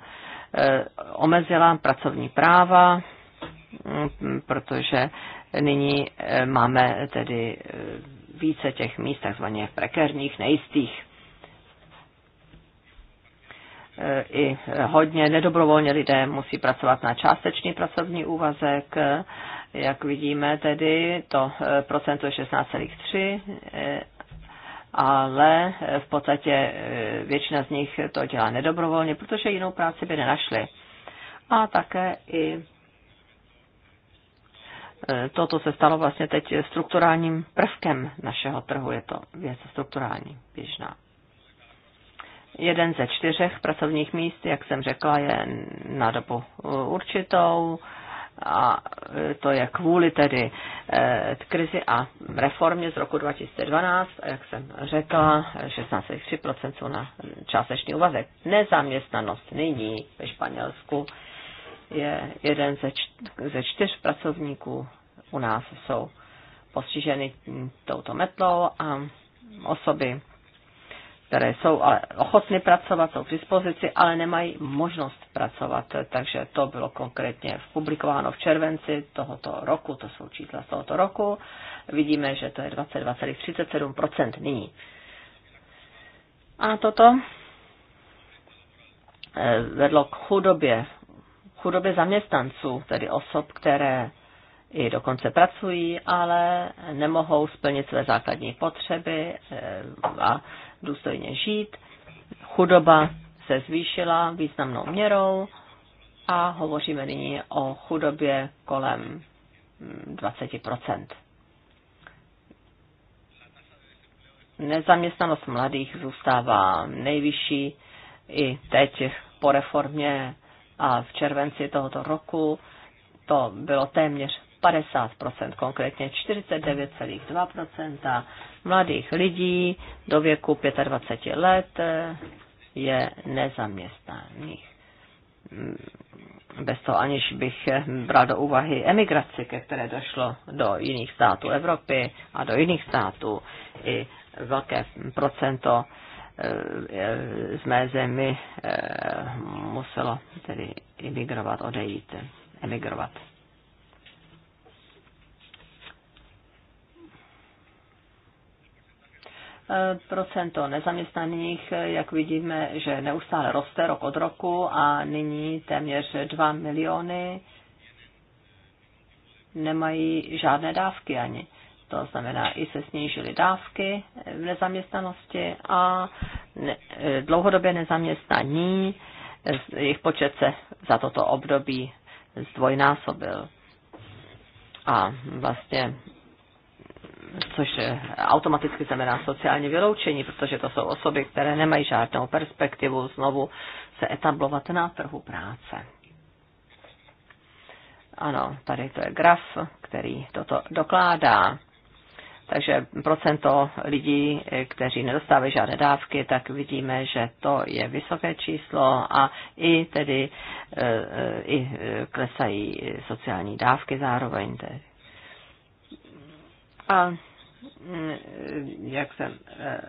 omezila pracovní práva, mm, protože nyní máme tedy více těch míst takzvaně prekérních, nejistých. Eh, i hodně nedobrovolně lidé musí pracovat na částečný pracovní úvazek. Jak vidíme tedy, to eh, procento je 16,3, eh, ale v podstatě většina z nich to dělá nedobrovolně, protože jinou práci by nenašli. A také i toto se stalo vlastně teď strukturálním prvkem našeho trhu. Je to věc strukturální, běžná jeden ze čtyřech pracovních míst, jak jsem řekla, je na dobu uh, určitou a uh, to je kvůli tedy uh, krizi a reformě z roku 2012, a jak jsem řekla, 16,3% jsou na částečný úvazek. Nezaměstnanost nyní ve Španělsku je jeden ze, čtyř, ze čtyř pracovníků u nás jsou postiženy touto metlou a osoby které jsou ale ochotny pracovat, jsou k dispozici, ale nemají možnost pracovat. Takže to bylo konkrétně publikováno v červenci tohoto roku, to jsou čísla z tohoto roku. Vidíme, že to je 22,37% nyní. A toto eh, vedlo k chudobě, chudobě zaměstnanců, tedy osob, které i dokonce pracují, ale nemohou splnit své základní potřeby eh, a důstojně žít. Chudoba se zvýšila významnou měrou a hovoříme nyní o chudobě kolem 20 mm, Nezaměstnanost mladých zůstává nejvyšší i teď po reformě a v červenci tohoto roku to bylo téměř 50%, konkrétně 49,2% mladých lidí do věku 25 let eh, je nezaměstnaných. Mm, bez toho aniž bych eh, bral do úvahy emigraci, ke které došlo do jiných států Evropy a do jiných států. I velké procento eh, z mé zemi muselo tedy emigrovat odejít, emigrovat. procento nezaměstnaných, jak vidíme, že neustále roste rok od roku a nyní téměř 2 miliony nemají žádné dávky ani. To znamená, i se snížily dávky v nezaměstnanosti a ne, dlouhodobě nezaměstnaní, jejich počet se za toto období zdvojnásobil. A vlastně což automaticky znamená sociálně vyloučení, protože to jsou osoby, které nemají žádnou perspektivu znovu se etablovat na trhu práce. Ano, tady to je graf, který toto dokládá. Takže procento lidí, kteří nedostávají žádné dávky, tak vidíme, že to je vysoké číslo a i tedy e, e, i klesají sociální dávky zároveň. Tedy. A mm, jak jsem e,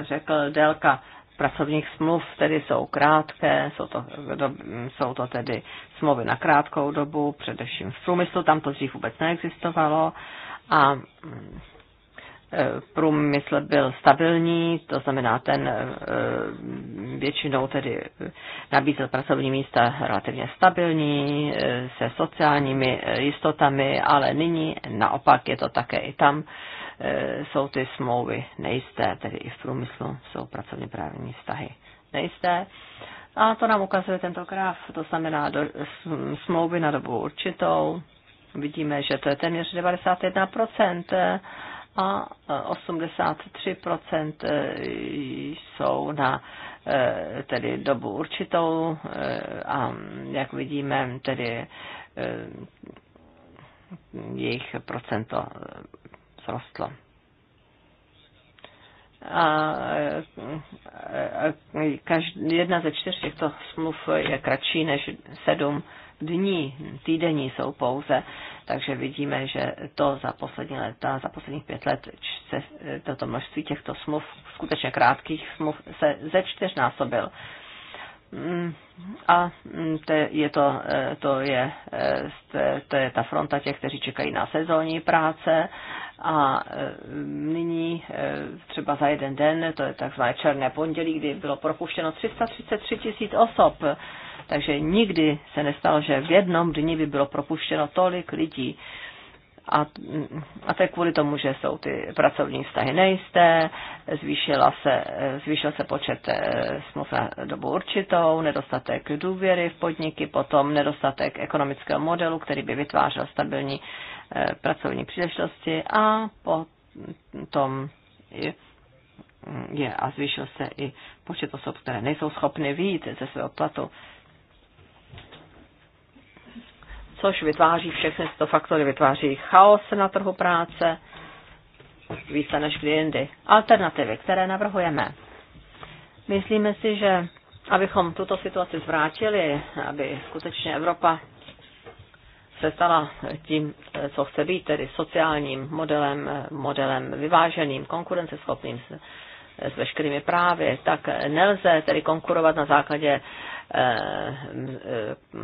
řekl, délka pracovních smluv tedy jsou krátké, jsou to, jsou to tedy smlouvy na krátkou dobu, především v průmyslu, tam to dřív vůbec neexistovalo a mm, Eh, průmysl byl stabilní, to znamená, ten eh, většinou tedy eh, nabízel pracovní místa relativně stabilní, se sociálními jistotami, ale nyní naopak je to také i tam, jsou ty smlouvy nejisté, tedy i v průmyslu jsou pracovně právní vztahy nejisté. A to nám ukazuje tento graf, to znamená do, smlouvy na dobu určitou. Vidíme, že to je téměř 91 a 83% eh, jsou na eh, tedy dobu určitou eh, a jak vidíme, tedy jejich procento vzrostlo. A jedna ze čtyř těchto smluv je kratší než sedm dní, týdenní jsou pouze, takže vidíme, že to za poslední leta, za posledních pět let se toto množství těchto smluv, skutečně krátkých smluv, se ze čtyřnásobil. Mm, a mm, e, to je, to, e, to, je, to je ta fronta těch, kteří čekají na sezónní práce a e, nyní třeba za jeden den, to je takzvané černé pondělí, kdy bylo propuštěno 333 tisíc osob takže nikdy se nestalo, že v jednom dni by bylo propuštěno tolik lidí. A, a to je kvůli tomu, že jsou ty pracovní vztahy nejisté, zvýšila se, zvýšil se počet eh, smluv na dobu určitou, nedostatek důvěry v podniky, potom nedostatek ekonomického modelu, který by vytvářel stabilní eh, pracovní příležitosti a potom je a zvýšil se i počet osob, které nejsou schopny výjít ze svého platu. což vytváří všechny tyto faktory, vytváří chaos na trhu práce, více než kdy jindy. Alternativy, které navrhujeme. Myslíme si, že abychom tuto situaci zvrátili, aby skutečně Evropa se stala tím, co chce být, tedy sociálním modelem, modelem vyváženým, konkurenceschopným s, s veškerými právy, tak nelze tedy konkurovat na základě Eh,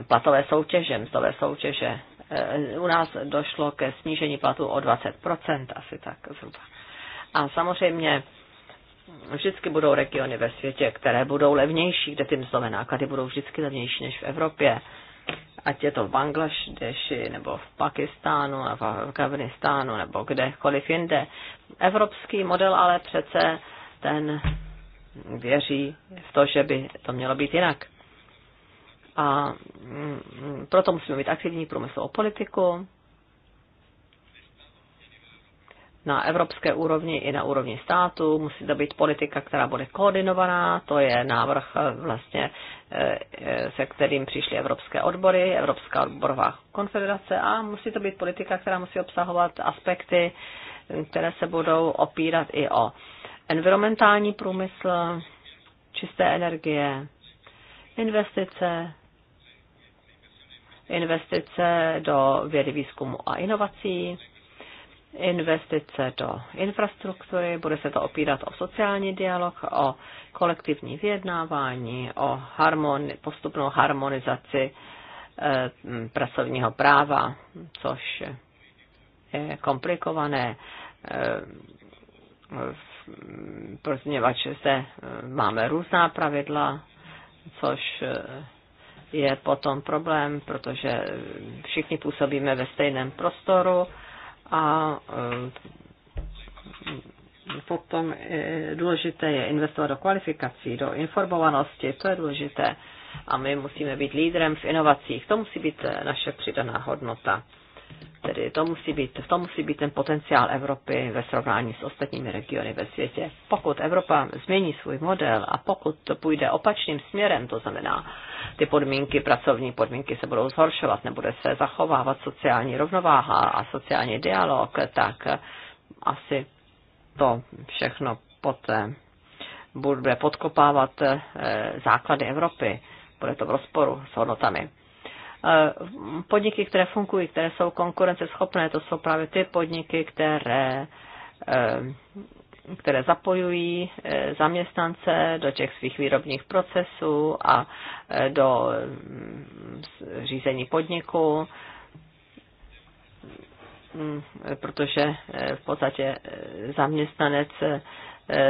platové soutěže, mzdové soutěže. Eh, u nás došlo ke snížení platů o 20%, asi tak zhruba. A samozřejmě vždycky budou regiony ve světě, které budou levnější, kde ty mzdové náklady budou vždycky levnější než v Evropě. Ať je to v Bangladeši, nebo v Pakistánu, nebo v Afganistánu, nebo kdekoliv jinde. Evropský model ale přece ten věří v to, že by to mělo být jinak. A mm, proto musíme mít aktivní průmyslovou politiku na evropské úrovni i na úrovni státu. Musí to být politika, která bude koordinovaná. To je návrh eh, vlastně, eh, eh, se kterým přišly evropské odbory, Evropská odborová konfederace a musí to být politika, která musí obsahovat aspekty, které se budou opírat i o environmentální průmysl, čisté energie, investice, investice do vědy, výzkumu a inovací, investice do infrastruktury, bude se to opírat o sociální dialog, o kolektivní vyjednávání, o harmoni- postupnou harmonizaci e, pracovního práva, což je komplikované, e, eh, protože zde eh, máme různá pravidla, což e, je potom problém, protože všichni působíme ve stejném prostoru a eh, potom eh, důležité je investovat do kvalifikací, do informovanosti, to je důležité. A my musíme být lídrem v inovacích, to musí být eh, naše přidaná hodnota. Tedy to musí být, to musí být ten potenciál Evropy ve srovnání s ostatními regiony ve světě. Pokud Evropa změní svůj model a pokud to půjde opačným směrem, to znamená ty podmínky, pracovní podmínky se budou zhoršovat, nebude se zachovávat sociální rovnováha a sociální dialog, tak asi to všechno poté bude podkopávat eh, základy Evropy. Bude to v rozporu s hodnotami. Eh, podniky, které fungují, které jsou konkurenceschopné, to jsou právě ty podniky, které eh, které zapojují eh, zaměstnance do těch svých výrobních procesů a eh, do mm, řízení podniku, mm, protože eh, v podstatě zaměstnanec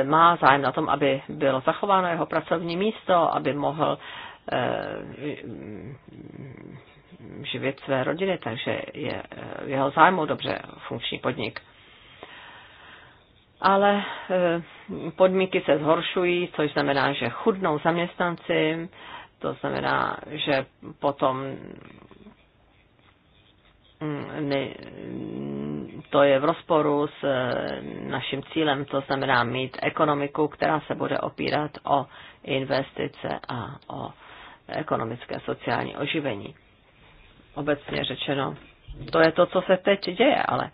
má zájem na tom, aby bylo zachováno jeho pracovní místo, aby mohl živit své rodiny, takže je jeho zájmu dobře funkční podnik ale e, podmínky se zhoršují, což znamená, že chudnou zaměstnanci, to znamená, že potom mm, to je v rozporu s e, naším cílem, to znamená mít ekonomiku, která se bude opírat o investice a o ekonomické a sociální oživení. Obecně řečeno, to je to, co se teď děje, ale,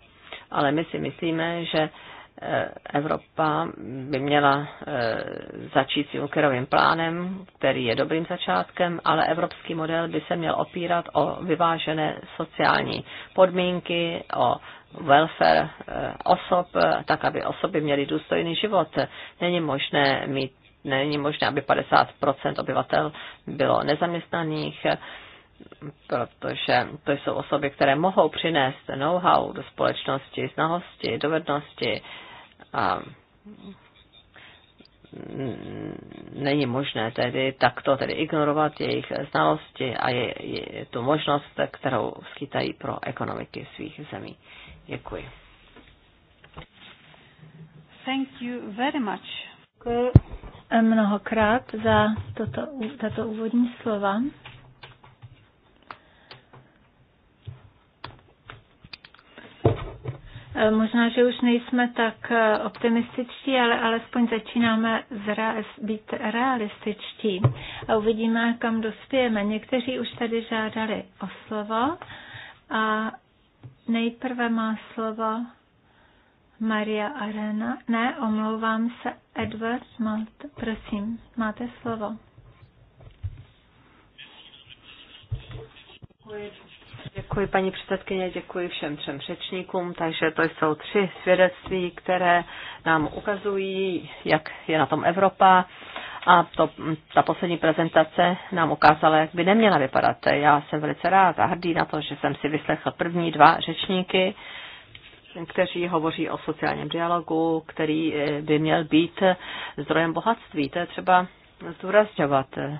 ale my si myslíme, že Eh, Evropa by měla eh, začít s Junckerovým plánem, který je dobrým začátkem, ale evropský model by se měl opírat o vyvážené sociální podmínky, o welfare eh, osob, tak aby osoby měly důstojný život. Není možné mít Není možné, aby 50% obyvatel bylo nezaměstnaných, protože to jsou osoby, které mohou přinést know-how do společnosti, znalosti, dovednosti, a není možné tedy takto tedy ignorovat jejich znalosti a je, je tu možnost, kterou skýtají pro ekonomiky svých zemí. Děkuji. Thank you very much. Děkuji mnohokrát za toto, tato úvodní slova. Eh, možná, že už nejsme tak eh, optimističtí, ale alespoň začínáme zra- být realističtí a uvidíme, kam dospějeme. Někteří už tady žádali o slovo a nejprve má slovo Maria Arena. Ne, omlouvám se, Edward, máte, prosím, máte slovo. Děkuji. Děkuji paní předsedkyně, děkuji všem třem řečníkům, takže to jsou tři svědectví, které nám ukazují, jak je na tom Evropa. A to, ta poslední prezentace nám ukázala, jak by neměla vypadat. Já jsem velice rád a hrdý na to, že jsem si vyslechl první dva řečníky, kteří hovoří o sociálním dialogu, který eh, by měl být eh, zdrojem bohatství. To je třeba zdůrazňovat eh,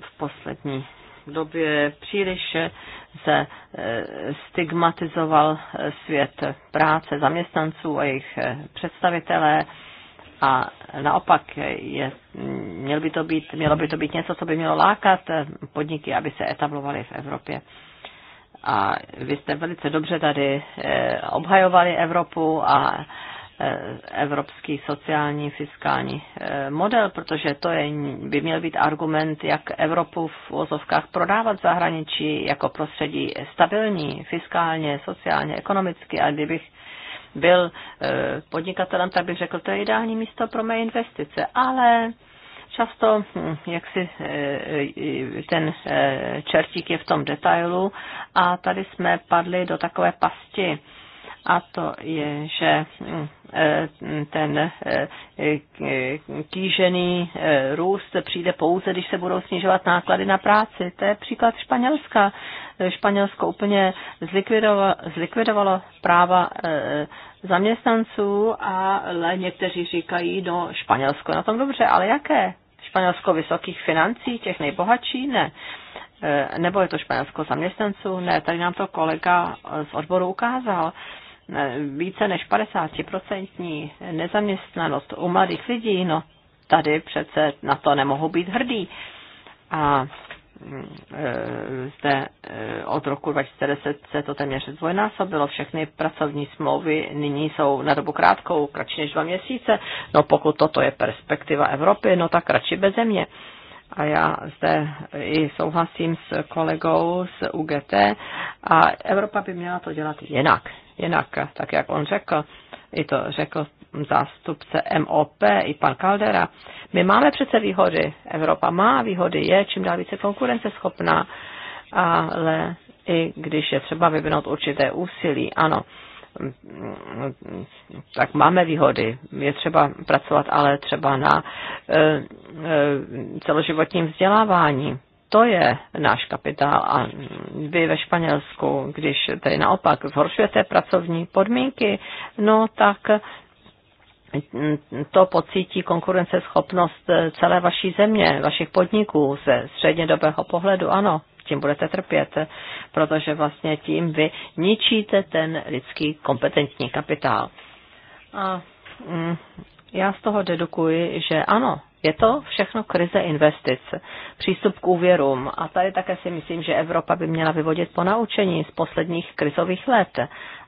v poslední době příliš se eh, stigmatizoval eh, svět práce zaměstnanců a jejich eh, představitelé a naopak je, mm, měl by to být, mělo by to být něco, co by mělo lákat podniky, aby se etablovaly v Evropě. A vy jste velice dobře tady obhajovali Evropu a Eh, evropský sociální fiskální eh, model, protože to je, by měl být argument, jak Evropu v vozovkách prodávat v zahraničí jako prostředí stabilní, fiskálně, sociálně, ekonomicky. A kdybych byl eh, podnikatelem, tak bych řekl, to je ideální místo pro mé investice. Ale často hm, jak si ten čertík je v tom detailu a tady jsme padli do takové pasti. A to je, že hm, Eh, ten eh, kýžený eh, růst přijde pouze, když se budou snižovat náklady na práci. To je příklad Španělska. Španělsko úplně zlikvidovalo, zlikvidovalo práva zaměstnanců, ale někteří říkají, no Španělsko na tom dobře, ale jaké? Španělsko vysokých financí, těch nejbohatší? Ne nebo je to Španělsko zaměstnanců? Ne, tady nám to kolega z odboru ukázal více než 50% nezaměstnanost u mladých lidí, no tady přece na to nemohou být hrdí. A mm, e, zde e, od roku 2010 se to téměř zdvojnásobilo. Všechny pracovní smlouvy nyní jsou na dobu krátkou, kratší než dva měsíce. No pokud toto je perspektiva Evropy, no tak kratší bez země. A já zde i souhlasím s kolegou z UGT a Evropa by měla to dělat jinak. Jinak, tak jak on řekl, i to řekl zástupce MOP, i pan Caldera, my máme přece výhody. Evropa má výhody, je čím dál více konkurenceschopná, ale i když je třeba vyvinout určité úsilí, ano, tak máme výhody. Je třeba pracovat ale třeba na eh, eh, celoživotním vzdělávání to je náš kapitál. A vy ve Španělsku, když tady naopak zhoršujete pracovní podmínky, no tak to pocítí konkurenceschopnost celé vaší země, vašich podniků ze střednědobého pohledu, ano, tím budete trpět, protože vlastně tím vy ničíte ten lidský kompetentní kapitál. A mm, já z toho dedukuji, že ano, je to všechno krize investic, přístup k úvěrům. A tady také si myslím, že Evropa by měla vyvodit po naučení z posledních krizových let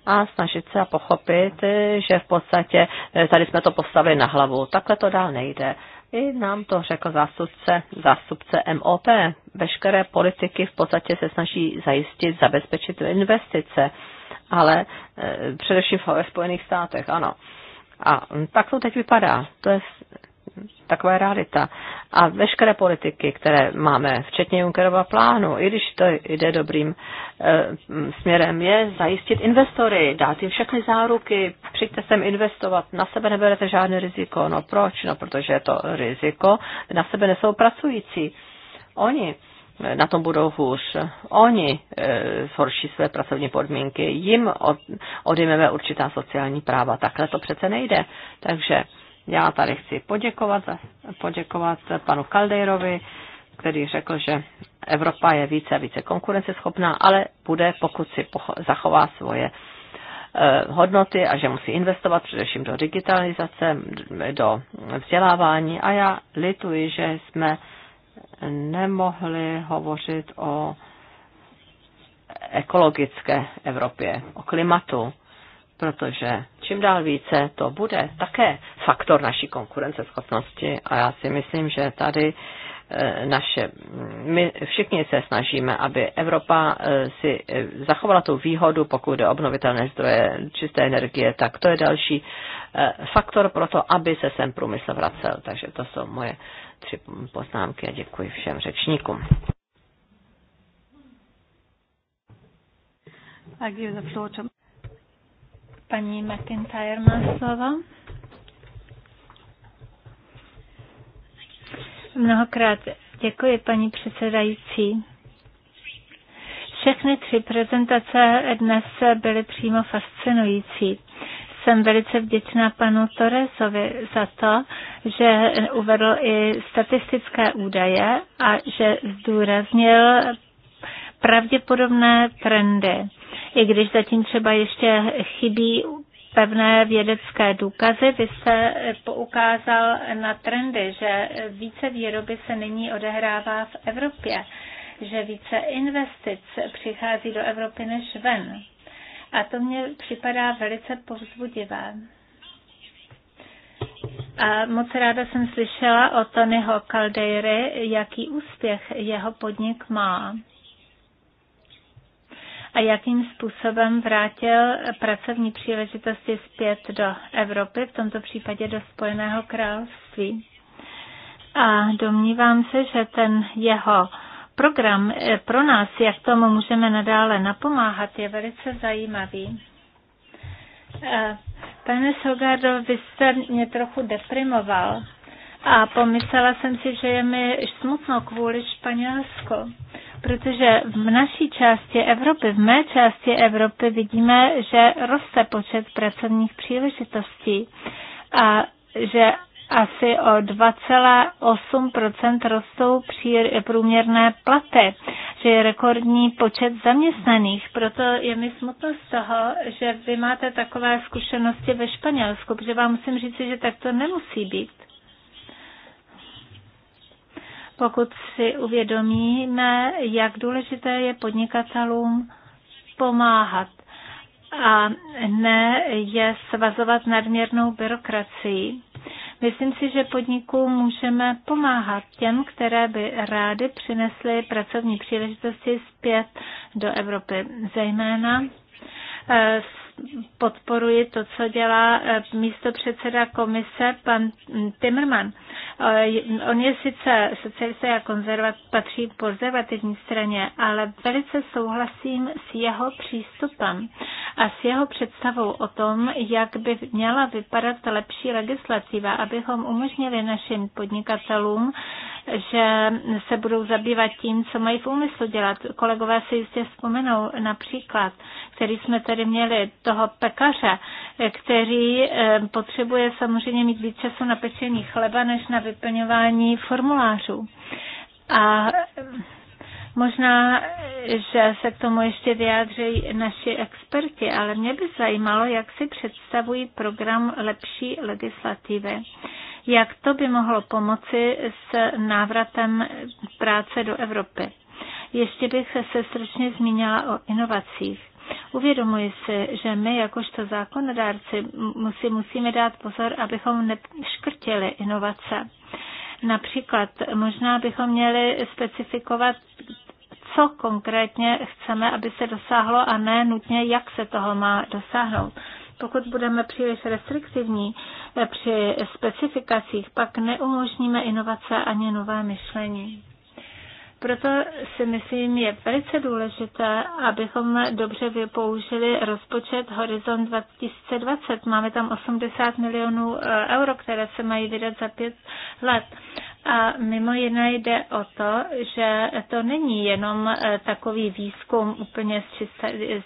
a snažit se pochopit, že v podstatě eh, tady jsme to postavili na hlavu. Takhle to dál nejde. I nám to řekl zástupce, zástupce MOP. Veškeré politiky v podstatě se snaží zajistit, zabezpečit investice, ale eh, především ve Spojených státech, ano. A mm, tak to teď vypadá. To je taková je realita. A veškeré politiky, které máme, včetně Junckerova plánu, i když to jde dobrým e, směrem, je zajistit investory, dát jim všechny záruky, přijďte sem investovat, na sebe neberete žádné riziko. No proč? No protože je to riziko, na sebe nesou pracující. Oni eh, na tom budou hůř. Oni e, zhorší své pracovní podmínky, jim od, odjmeme určitá sociální práva. Takhle to přece nejde. Takže já tady chci poděkovat, poděkovat panu Kaldejrovi, který řekl, že Evropa je více a více konkurenceschopná, ale bude, pokud si zachová svoje eh, hodnoty a že musí investovat především do digitalizace, do vzdělávání. A já lituji, že jsme nemohli hovořit o ekologické Evropě, o klimatu, protože čím dál více to bude také faktor naší konkurenceschopnosti a já si myslím, že tady eh, naše, my všichni se snažíme, aby Evropa eh, si eh, zachovala tu výhodu, pokud je obnovitelné zdroje čisté energie, tak to je další faktor pro to, aby se sem průmysl vracel. Takže to jsou moje tři poznámky a děkuji všem řečníkům. Thank you, the floor to Paní McIntyre má slovo. Mnohokrát děkuji, paní předsedající. Všechny tři prezentace dnes byly přímo fascinující. Jsem velice vděčná panu Torresovi za to, že uvedl i statistické údaje a že zdůraznil pravděpodobné trendy i když zatím třeba ještě chybí pevné vědecké důkazy. Vy jste poukázal na trendy, že více výroby se nyní odehrává v Evropě, že více investic přichází do Evropy než ven. A to mně připadá velice povzbudivé. A moc ráda jsem slyšela o Tonyho Caldeiry, jaký úspěch jeho podnik má a jakým způsobem vrátil pracovní příležitosti zpět do Evropy, v tomto případě do Spojeného království. A domnívám se, že ten jeho program eh, pro nás, jak tomu můžeme nadále napomáhat, je velice zajímavý. Eh, pane Sogardo, vy jste mě trochu deprimoval a pomyslela jsem si, že je mi smutno kvůli Španělsku protože v naší části Evropy, v mé části Evropy vidíme, že roste počet pracovních příležitostí a že asi o 2,8 rostou průměrné platy, že je rekordní počet zaměstnaných. Proto je mi smutno z toho, že vy máte takové zkušenosti ve Španělsku, protože vám musím říct, že tak to nemusí být pokud si uvědomíme, jak důležité je podnikatelům pomáhat a ne je svazovat nadměrnou byrokracií. Myslím si, že podnikům můžeme pomáhat těm, které by rády přinesly pracovní příležitosti zpět do Evropy, zejména eh, podporuji to, co dělá eh, místo předseda komise pan mm, Timmerman. Eh, on je sice socialista a konzervat, patří v konzervativní straně, ale velice souhlasím s jeho přístupem a s jeho představou o tom, jak by měla vypadat lepší legislativa, abychom umožnili našim podnikatelům, že se budou zabývat tím, co mají v úmyslu dělat. Kolegové si jistě vzpomenou například, který jsme tady měli, toho pekaře, který eh, potřebuje samozřejmě mít víc času na pečení chleba, než na vyplňování formulářů. A eh, Možná, eh, že se k tomu ještě vyjádří naši experti, ale mě by zajímalo, jak si představují program lepší legislativy. Jak to by mohlo pomoci s návratem práce do Evropy? Ještě bych se stručně zmínila o inovacích. Uvědomuji si, že my jakožto zákonodárci musí, musíme dát pozor, abychom neškrtili inovace. Například možná bychom měli specifikovat, co konkrétně chceme, aby se dosáhlo a ne nutně, jak se toho má dosáhnout pokud budeme příliš restriktivní eh, při specifikacích, pak neumožníme inovace ani nové myšlení. Proto si myslím, je velice důležité, abychom dobře vypoužili rozpočet Horizon 2020. Máme tam 80 milionů eh, euro, které se mají vydat za pět let. A mimo jiné jde o to, že to není jenom eh, takový výzkum úplně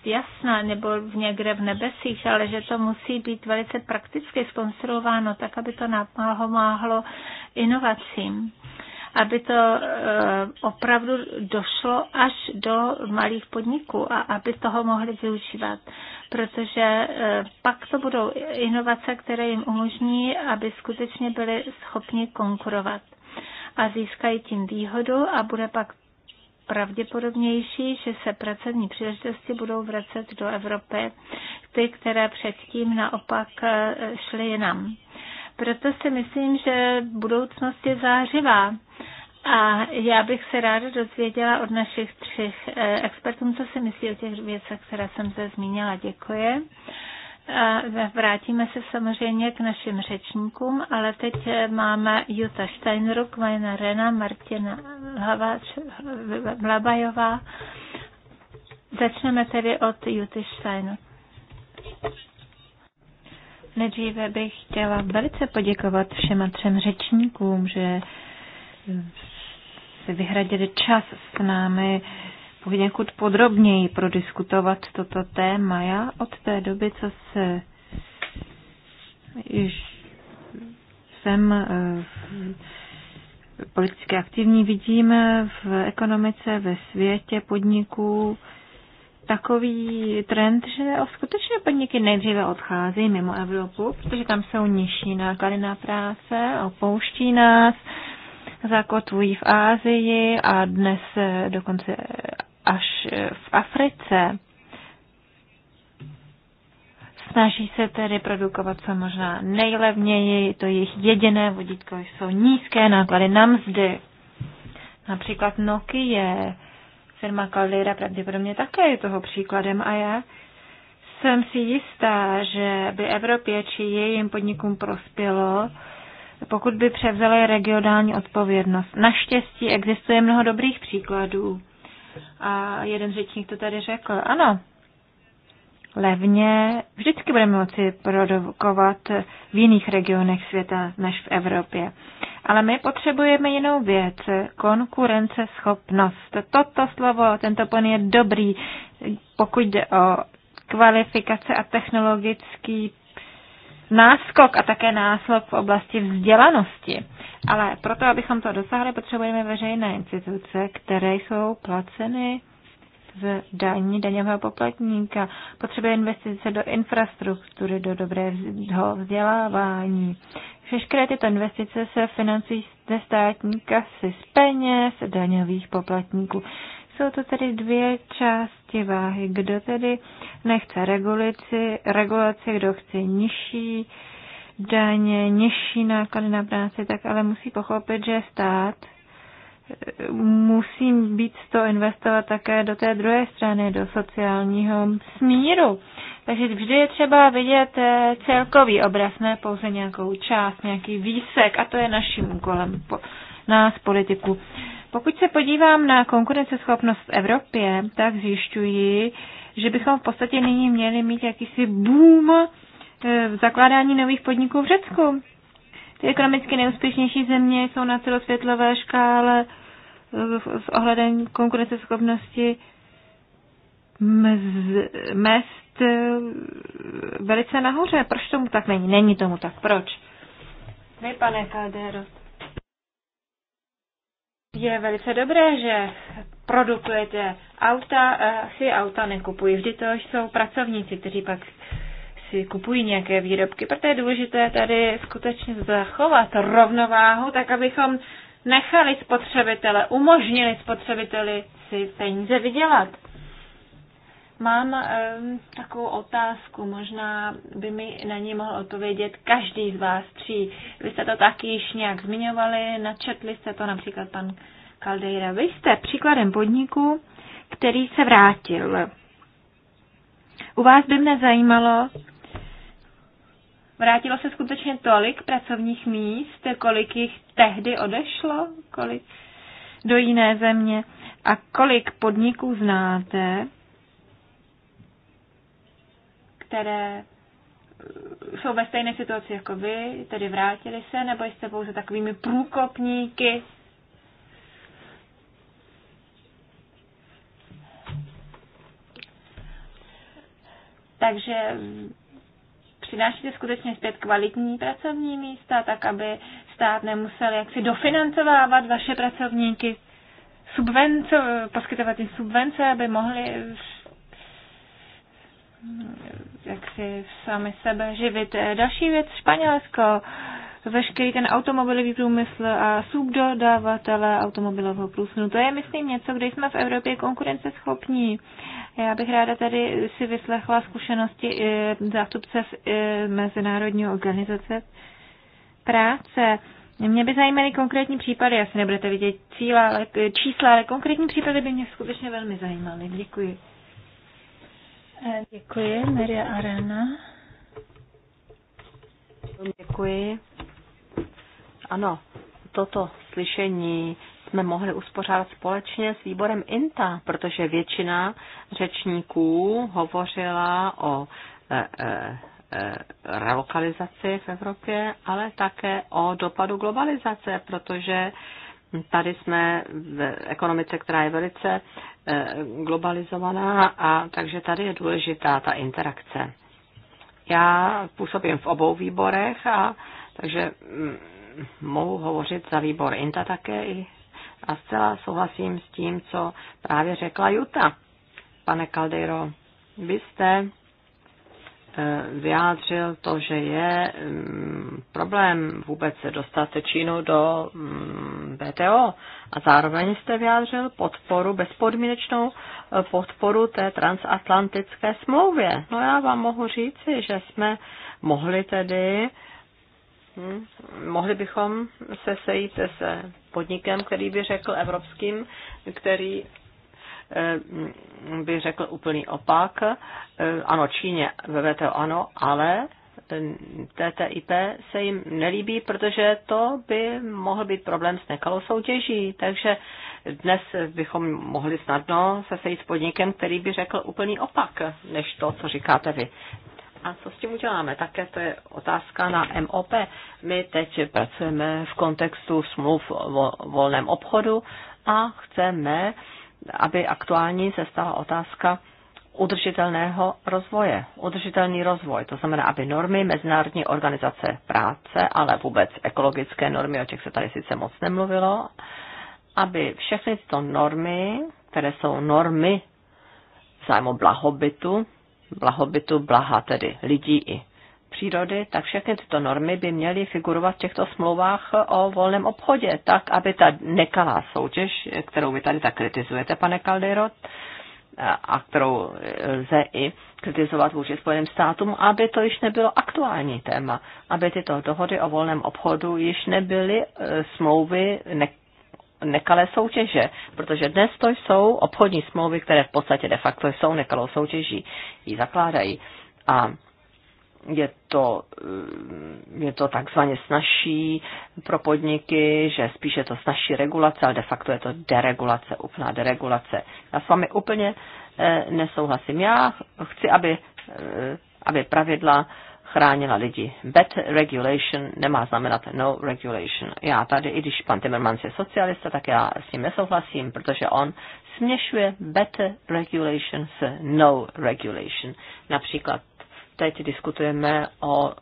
z jasna nebo v někde v nebesích, ale že to musí být velice prakticky skonstruováno, tak aby to napomáhlo inovacím aby to eh, opravdu došlo až do malých podniků a aby toho mohli využívat. Protože eh, pak to budou inovace, které jim umožní, aby skutečně byli schopni konkurovat. A získají tím výhodu a bude pak pravděpodobnější, že se pracovní příležitosti budou vracet do Evropy, ty, které předtím naopak eh, šly jinam. Proto si myslím, že budoucnost je zářivá. A já bych se ráda dozvěděla od našich třech eh, expertů, co si myslí o těch věcech, které jsem se zmínila. Děkuji. Vrátíme se samozřejmě k našim řečníkům, ale teď eh, máme Jutta Steinruck, Majna Rena, Martina Blabajová. Začneme tedy od Juty Steinruck. Nejdříve bych chtěla velice poděkovat všem třem řečníkům, že si vyhradili čas s námi poněkud podrobněji prodiskutovat toto téma. Já od té doby, co se již jsem eh, politicky aktivní, vidím v ekonomice, ve světě podniků, takový trend, že skutečně podniky nejdříve odchází mimo Evropu, protože tam jsou nižší náklady na práce, opouští nás, zakotvují v Ázii a dnes eh, dokonce až eh, v Africe. Snaží se tedy produkovat co možná nejlevněji, to jejich jediné vodítko jsou nízké náklady na mzdy. Například Nokia Firma Caldera pravděpodobně také je toho příkladem a já jsem si jistá, že by Evropě či jejím podnikům prospělo, pokud by převzali regionální odpovědnost. Naštěstí existuje mnoho dobrých příkladů. A jeden řečník to tady řekl. Ano, levně vždycky budeme moci produkovat v jiných regionech světa než v Evropě. Ale my potřebujeme jinou věc, konkurenceschopnost. Toto slovo, tento pon je dobrý, pokud jde o kvalifikace a technologický náskok a také náskok v oblasti vzdělanosti. Ale proto, abychom to dosáhli, potřebujeme veřejné instituce, které jsou placeny z daní daňového poplatníka. Potřebuje investice do infrastruktury, do dobrého vzdělávání. Všechny tyto investice se financují ze státní kasy, z peněz daňových poplatníků. Jsou to tedy dvě části váhy. Kdo tedy nechce regulaci, regulaci kdo chce nižší daně, nižší náklady na práci, tak ale musí pochopit, že stát musím být to investovat také do té druhé strany, do sociálního smíru. Takže vždy je třeba vidět eh, celkový obraz, ne pouze nějakou část, nějaký výsek a to je naším úkolem po, nás, politiku. Pokud se podívám na konkurenceschopnost v Evropě, tak zjišťuji, že bychom v podstatě nyní měli mít jakýsi boom eh, v zakládání nových podniků v Řecku. Ty ekonomicky neúspěšnější země jsou na celosvětlové škále s ohledem konkurenceschopnosti mz, mest eh, velice nahoře. Proč tomu tak není? Není tomu tak. Proč? Vy, pane Caldero, je velice dobré, že produkujete auta, eh, si auta nekupují. Vždy to jsou pracovníci, kteří pak si kupují nějaké výrobky. Proto je důležité tady skutečně zachovat rovnováhu, tak abychom nechali spotřebitele, umožnili spotřebiteli si peníze vydělat. Mám um, takovou otázku, možná by mi na ní mohl odpovědět každý z vás tří. Vy jste to taky již nějak zmiňovali, načetli jste to například pan Caldeira. Vy jste příkladem podniku, který se vrátil. U vás by mě zajímalo, Vrátilo se skutečně tolik pracovních míst, kolik jich tehdy odešlo, kolik do jiné země a kolik podniků znáte, které eh, jsou ve stejné situaci jako vy, tedy vrátili se, nebo jste pouze takovými průkopníky? Takže Přinášíte skutečně zpět kvalitní pracovní místa, tak aby stát nemusel jaksi dofinancovávat vaše pracovníky, subvenco, poskytovat jim subvence, aby mohli jaksi sami sebe živit. Další věc, Španělsko veškerý ten automobilový průmysl a subdodavatele automobilového průmyslu. To je, myslím, něco, kde jsme v Evropě konkurenceschopní. Já bych ráda tady si vyslechla zkušenosti eh, zástupce z eh, Mezinárodní organizace práce. Mě by zajímaly konkrétní případy, asi nebudete vidět cíla, ale, eh, čísla, ale konkrétní případy by mě skutečně velmi zajímaly. Děkuji. Děkuji, Maria Arena. Děkuji. Ano, toto slyšení jsme mohli uspořádat společně s výborem INTA, protože většina řečníků hovořila o e, e, e, relokalizaci v Evropě, ale také o dopadu globalizace, protože tady jsme v ekonomice, která je velice e, globalizovaná a takže tady je důležitá ta interakce. Já působím v obou výborech a takže mm, mohu hovořit za výbor INTA také i a zcela souhlasím s tím, co právě řekla Juta. Pane Caldeiro, vy jste e, vyjádřil to, že je mm, problém vůbec se dostat Čínu do BTO mm, a zároveň jste vyjádřil podporu, bezpodmínečnou e, podporu té transatlantické smlouvě. No já vám mohu říci, že jsme mohli tedy Mhm. mohli bychom se sejít se podnikem, který by řekl evropským, který eh, by řekl úplný opak. Eh, ano, Číně ve VTO ano, ale eh, TTIP se jim nelíbí, protože to by mohl být problém s nekalou soutěží. Takže dnes bychom mohli snadno se sejít s podnikem, který by řekl úplný opak, než to, co říkáte vy. A co s tím uděláme? Také to je otázka na MOP. My teď pracujeme v kontextu smluv o volném obchodu a chceme, aby aktuální se stala otázka udržitelného rozvoje. Udržitelný rozvoj, to znamená, aby normy Mezinárodní organizace práce, ale vůbec ekologické normy, o těch se tady sice moc nemluvilo, aby všechny tyto normy, které jsou normy zájmu blahobytu, blahobytu blaha, tedy lidí i přírody, tak všechny tyto normy by měly figurovat v těchto smlouvách o volném obchodě, tak aby ta nekalá soutěž, kterou vy tady tak kritizujete, pane Caldero, a kterou lze i kritizovat vůči Spojeným státům, aby to již nebylo aktuální téma, aby tyto dohody o volném obchodu již nebyly eh, smlouvy nekalé soutěže, protože dnes to jsou obchodní smlouvy, které v podstatě de facto jsou nekalou soutěží, ji zakládají. A je to, eh, je to takzvaně snažší pro podniky, že spíše to snažší regulace, ale de facto je to deregulace, úplná deregulace. Já s vámi úplně eh, nesouhlasím. Já chci, aby, eh, aby pravidla chránila lidi. Bad regulation nemá znamenat no regulation. Já tady, i když pan Timmermans je socialista, tak já s ním nesouhlasím, protože on směšuje bad regulation s no regulation. Například teď diskutujeme o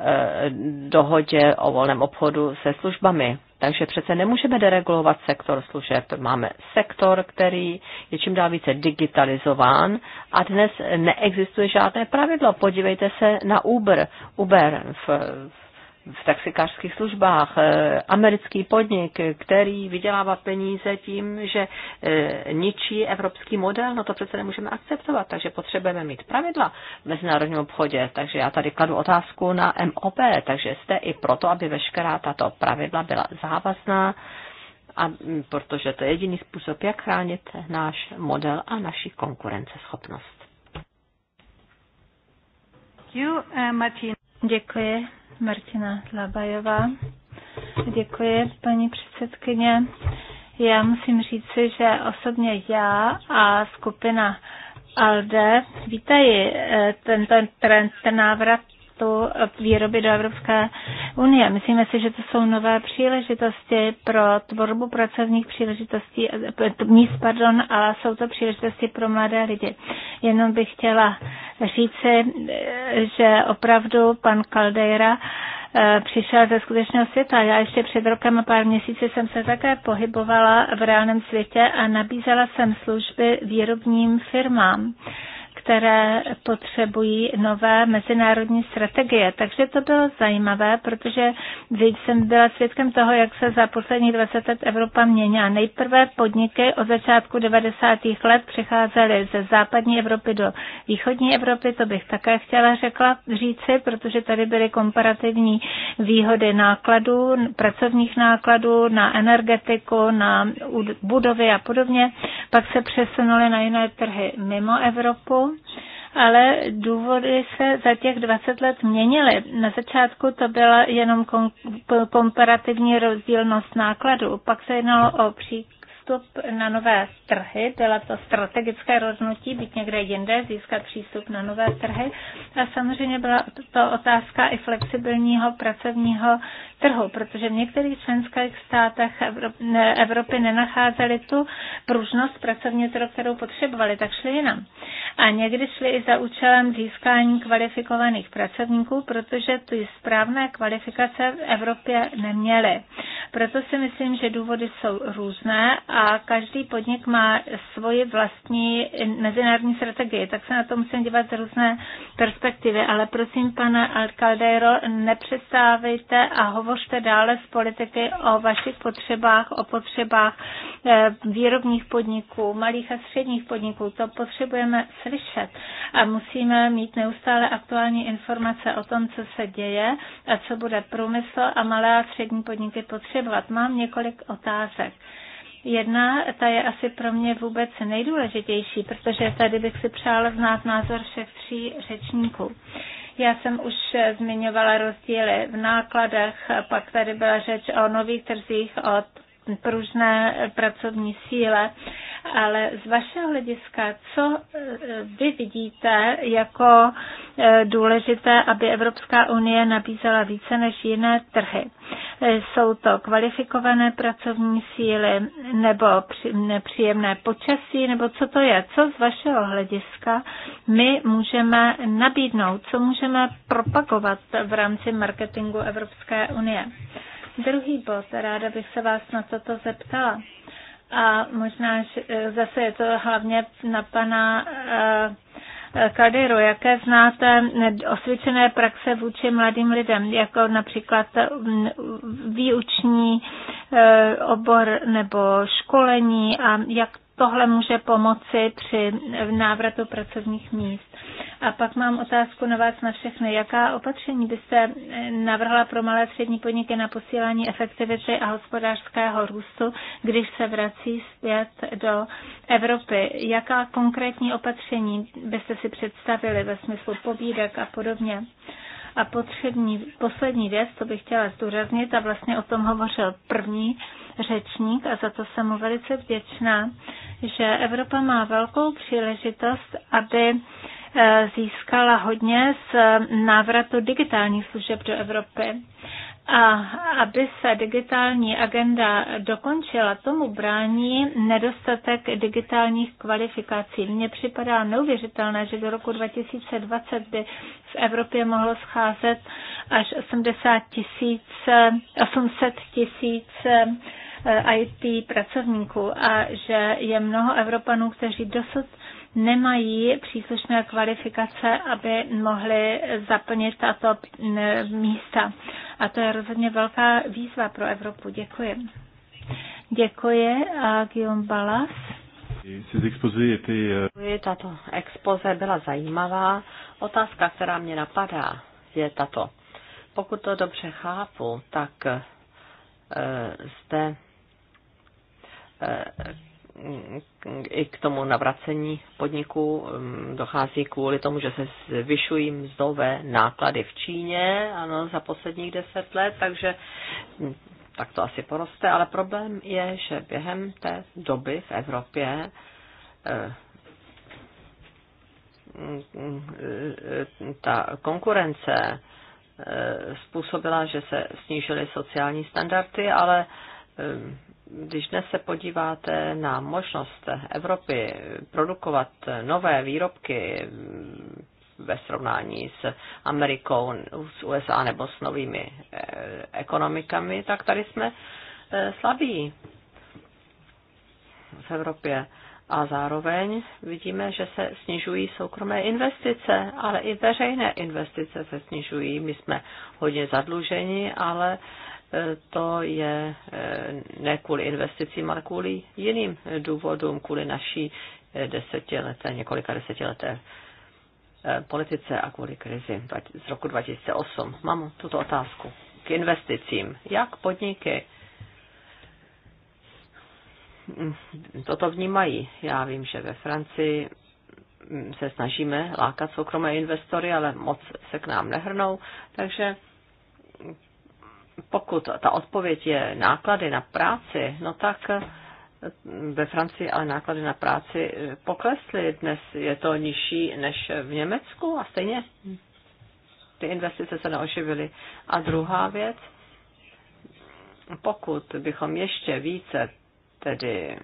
e, dohodě o volném obchodu se službami. Takže přece nemůžeme deregulovat sektor služeb. Máme sektor, který je čím dál více digitalizován a dnes neexistuje žádné pravidlo. Podívejte se na Uber. Uber v, v v taxikářských službách. Eh, americký podnik, který vydělává peníze tím, že eh, ničí evropský model, no to přece nemůžeme akceptovat, takže potřebujeme mít pravidla v mezinárodním obchodě. Takže já tady kladu otázku na MOP, takže jste i proto, aby veškerá tato pravidla byla závazná, a, mm, protože to je jediný způsob, jak chránit náš model a naši konkurenceschopnost. Eh, Děkuji, Martina Labajová. Děkuji, paní předsedkyně. Já musím říci, že osobně já a skupina ALDE vítají eh, tento trend návrat exportu výroby do Evropské unie. Myslíme si, že to jsou nové příležitosti pro tvorbu pracovních příležitostí, míst, pardon, ale jsou to příležitosti pro mladé lidi. Jenom bych chtěla říci, že opravdu pan Caldeira eh, přišel ze skutečného světa. Já ještě před rokem a pár měsíci jsem se také pohybovala v reálném světě a nabízela jsem služby výrobním firmám které potřebují nové mezinárodní strategie. Takže to bylo zajímavé, protože jsem byla svědkem toho, jak se za posledních 20 let Evropa měnila. Nejprve podniky od začátku 90. let přicházely ze západní Evropy do východní Evropy, to bych také chtěla řekla, říci, protože tady byly komparativní výhody nákladů, pracovních nákladů na energetiku, na budovy a podobně. Pak se přesunuly na jiné trhy mimo Evropu ale důvody se za těch 20 let měnily. Na začátku to byla jenom komparativní rozdílnost nákladů, pak se jednalo o příklad přístup na nové trhy, byla to strategické rozhodnutí, být někde jinde, získat přístup na nové trhy. A samozřejmě byla to otázka i flexibilního pracovního trhu, protože v některých členských státech Evropy nenacházeli tu pružnost pracovního trhu, kterou potřebovali, tak šli jinam. A někdy šli i za účelem získání kvalifikovaných pracovníků, protože ty správné kvalifikace v Evropě neměly. Proto si myslím, že důvody jsou různé a a každý podnik má svoji vlastní mezinárodní strategii, tak se na to musím dívat z různé perspektivy. Ale prosím, pane Alcaldeiro, nepřestávejte a hovořte dále z politiky o vašich potřebách, o potřebách eh, výrobních podniků, malých a středních podniků. To potřebujeme slyšet a musíme mít neustále aktuální informace o tom, co se děje a co bude průmysl a malé a střední podniky potřebovat. Mám několik otázek. Jedna, ta je asi pro mě vůbec nejdůležitější, protože tady bych si přála znát názor všech tří řečníků. Já jsem už zmiňovala rozdíly v nákladech, pak tady byla řeč o nových trzích, o pružné pracovní síle ale z vašeho hlediska, co e, vy vidíte jako e, důležité, aby Evropská unie nabízela více než jiné trhy? E, jsou to kvalifikované pracovní síly nebo nepříjemné počasí, nebo co to je? Co z vašeho hlediska my můžeme nabídnout, co můžeme propagovat v rámci marketingu Evropské unie? Druhý bod, ráda bych se vás na toto zeptala. A možná e, zase je to hlavně na pana e, e, Kadiru, jaké znáte osvědčené praxe vůči mladým lidem, jako například výuční obor nebo školení a jak tohle může pomoci při návratu pracovních míst. A pak mám otázku na vás na všechny. Jaká opatření byste eh, navrhla pro malé střední podniky na posílání efektivity a hospodářského růstu, když se vrací zpět do Evropy? Jaká konkrétní opatření byste si představili ve smyslu pobídek a podobně? A potřební, poslední věc, co bych chtěla zdůraznit, a vlastně o tom hovořil první řečník a za to jsem mu velice vděčná, že Evropa má velkou příležitost, aby eh, získala hodně z eh, návratu digitálních služeb do Evropy. A aby se digitální agenda dokončila, tomu brání nedostatek digitálních kvalifikací. Mně připadá neuvěřitelné, že do roku 2020 by v Evropě mohlo scházet až 80 tisíc, 800 tisíc Eh, IT pracovníků a že je mnoho Evropanů, kteří dosud nemají příslušné kvalifikace, aby mohli zaplnit tato eh, místa. A to je rozhodně velká výzva pro Evropu. Děkuji. Děkuji a eh, Guillaume Balas. tato expoze byla zajímavá. Otázka, která mě napadá, je tato. Pokud to dobře chápu, tak zde i k tomu navracení podniku dochází kvůli tomu, že se zvyšují mzdové náklady v Číně ano, za posledních deset let, takže tak to asi poroste, ale problém je, že během té doby v Evropě eh, ta konkurence eh, způsobila, že se snížily sociální standardy, ale eh, když dnes se podíváte na možnost Evropy produkovat nové výrobky ve srovnání s Amerikou, s USA nebo s novými eh, ekonomikami, tak tady jsme eh, slabí v Evropě. A zároveň vidíme, že se snižují soukromé investice, ale i veřejné investice se snižují. My jsme hodně zadluženi, ale to je eh, ne kvůli investicím, ale kvůli jiným důvodům, kvůli naší eh, desetileté, několika desetileté eh, politice a kvůli krizi z roku 2008. Mám tuto otázku k investicím. Jak podniky toto vnímají? Já vím, že ve Francii mm, se snažíme lákat soukromé investory, ale moc se k nám nehrnou, takže pokud ta odpověď je náklady na práci, no tak eh, ve Francii ale náklady na práci eh, poklesly. Dnes je to nižší než v Německu a stejně ty investice se neoživily. A druhá věc, pokud bychom ještě více tedy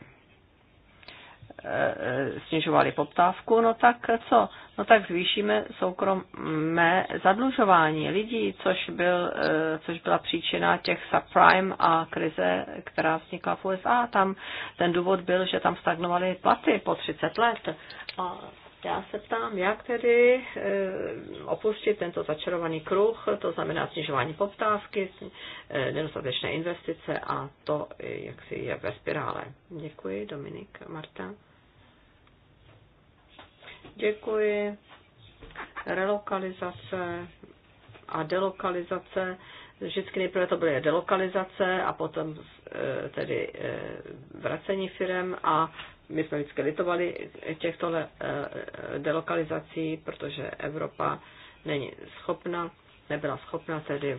snižovali poptávku, no tak co? No tak zvýšíme soukromé zadlužování lidí, což, byl, eh, což byla příčina těch subprime a krize, která vznikla v USA. Tam ten důvod byl, že tam stagnovaly platy po 30 let. A já se ptám, jak tedy eh, opustit tento začarovaný kruh, to znamená snižování poptávky, eh, nedostatečné investice a to, eh, jak si je ve spirále. Děkuji, Dominik, Marta. Děkuji. Relokalizace a delokalizace. Vždycky nejprve to byly delokalizace a potom tedy vracení firem a my jsme vždycky litovali těchto eh, delokalizací, protože Evropa není schopna, nebyla schopna tedy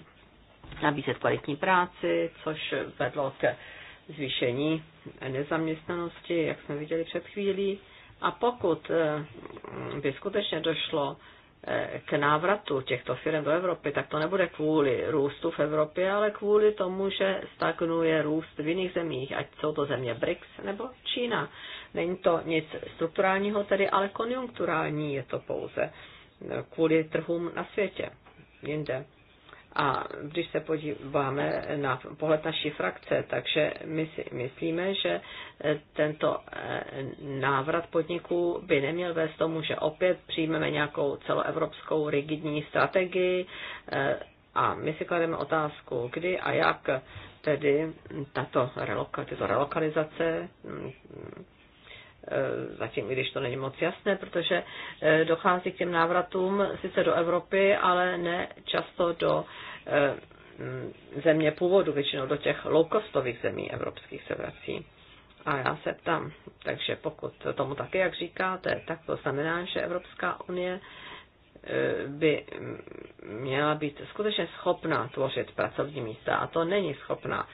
nabízet kvalitní práci, což vedlo ke zvýšení nezaměstnanosti, jak jsme viděli před chvílí. A pokud eh, by skutečně došlo k návratu těchto firm do Evropy, tak to nebude kvůli růstu v Evropě, ale kvůli tomu, že stagnuje růst v jiných zemích, ať jsou to země BRICS nebo Čína. Není to nic strukturálního tedy, ale konjunkturální je to pouze kvůli trhům na světě, jinde. A když se podíváme na pohled naší frakce, takže my si myslíme, že eh, tento eh, návrat podniků by neměl vést tomu, že opět přijmeme nějakou celoevropskou rigidní strategii eh, a my si klademe otázku, kdy a jak tedy tato tyto relokalizace mm, E, zatím i když to není moc jasné, protože e, dochází k těm návratům sice do Evropy, ale ne často do e, země původu, většinou do těch loukostových zemí evropských se vrací. A já se ptám, takže pokud tomu taky, jak říkáte, tak to znamená, že Evropská unie by měla být skutečně schopná tvořit pracovní místa a to není schopná.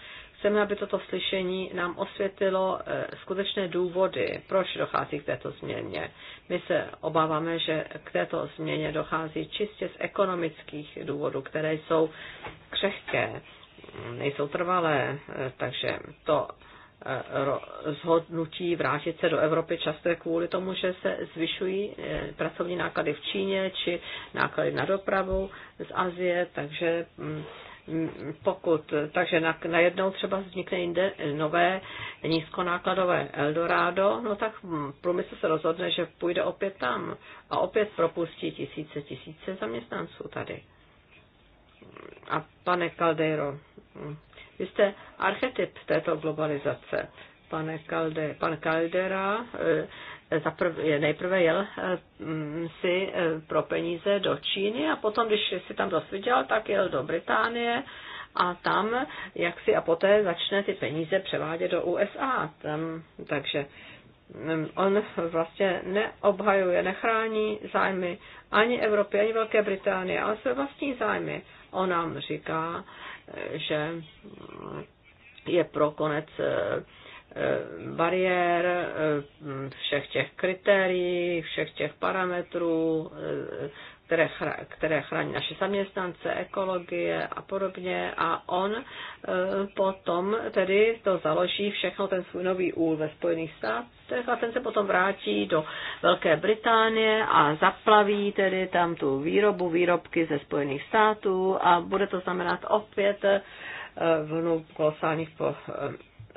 Chceme, aby toto slyšení nám osvětlilo eh, skutečné důvody, proč dochází k této změně. My se obáváme, že k této změně dochází čistě z ekonomických důvodů, které jsou křehké, nejsou trvalé, eh, takže to eh, zhodnutí vrátit se do Evropy často je kvůli tomu, že se zvyšují pracovní náklady v Číně či náklady na dopravu z Azie, takže mm, pokud, takže na najednou třeba vznikne jinde nové nízkonákladové Eldorado, no tak hm, průmysl se rozhodne, že půjde opět tam a opět propustí tisíce, tisíce zaměstnanců tady. A pane Caldeiro, vy jste archetyp této globalizace. Pane Calde, pan Caldera eh, zaprv, nejprve jel eh, mm, si eh, pro peníze do Číny a potom, když si tam dosvěděl, tak jel do Británie a tam, jak si a poté začne ty peníze převádět do USA. Tam, takže mm, on vlastně neobhajuje, nechrání zájmy ani Evropy, ani Velké Británie, ale své vlastní zájmy. On nám říká, eh, že je pro konec Eh, bariér, eh, všech těch kritérií, všech těch parametrů, eh, které, které chrání naše zaměstnance, ekologie a podobně. A on potom tedy to založí všechno, ten svůj nový úl ve Spojených státech a ten se potom vrátí do Velké Británie a zaplaví tedy tam tu výrobu, výrobky ze Spojených států a bude to znamenat opět vlnu kolosálních po,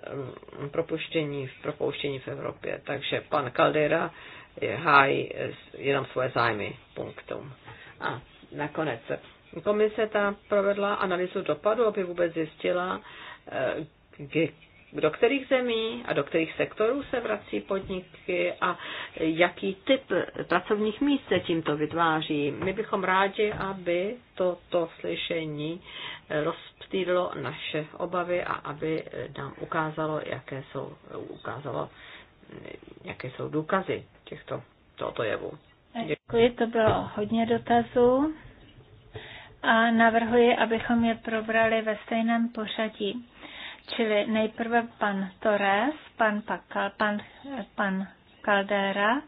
Eh, propuštění, propouštění v Evropě. Takže pan Caldera hájí jenom svoje zájmy, punktum. A nakonec komise ta provedla analýzu dopadu, aby vůbec zjistila, eh, do kterých zemí a do kterých sektorů se vrací podniky a jaký typ pracovních míst se tímto vytváří. My bychom rádi, aby toto slyšení eh, roz odstýdlo naše obavy a aby nám ukázalo, jaké jsou, ukázalo, jaké jsou důkazy těchto, tohoto jevu. Děkuji, to bylo hodně dotazů a navrhuji, abychom je probrali ve stejném pořadí. Čili nejprve pan Torres, pan, Pakal, pan, pan Caldera,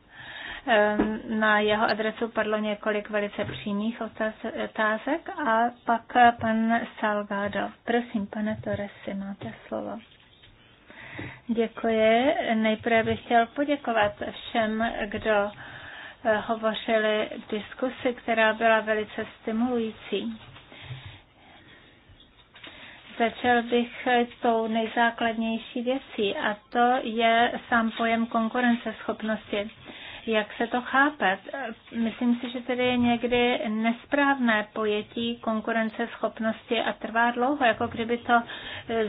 Ehm, na jeho adresu padlo několik velice přímých otázek a pak pan Salgado. Prosím, pane Torresi, máte slovo. Děkuji. Nejprve bych chtěl poděkovat všem, kdo eh, hovořili v diskusi, která byla velice stimulující. Začal bych eh, tou nejzákladnější věcí a to je sám pojem konkurenceschopnosti jak se to chápe. Myslím si, že tedy je někdy nesprávné pojetí konkurenceschopnosti a trvá dlouho, jako kdyby to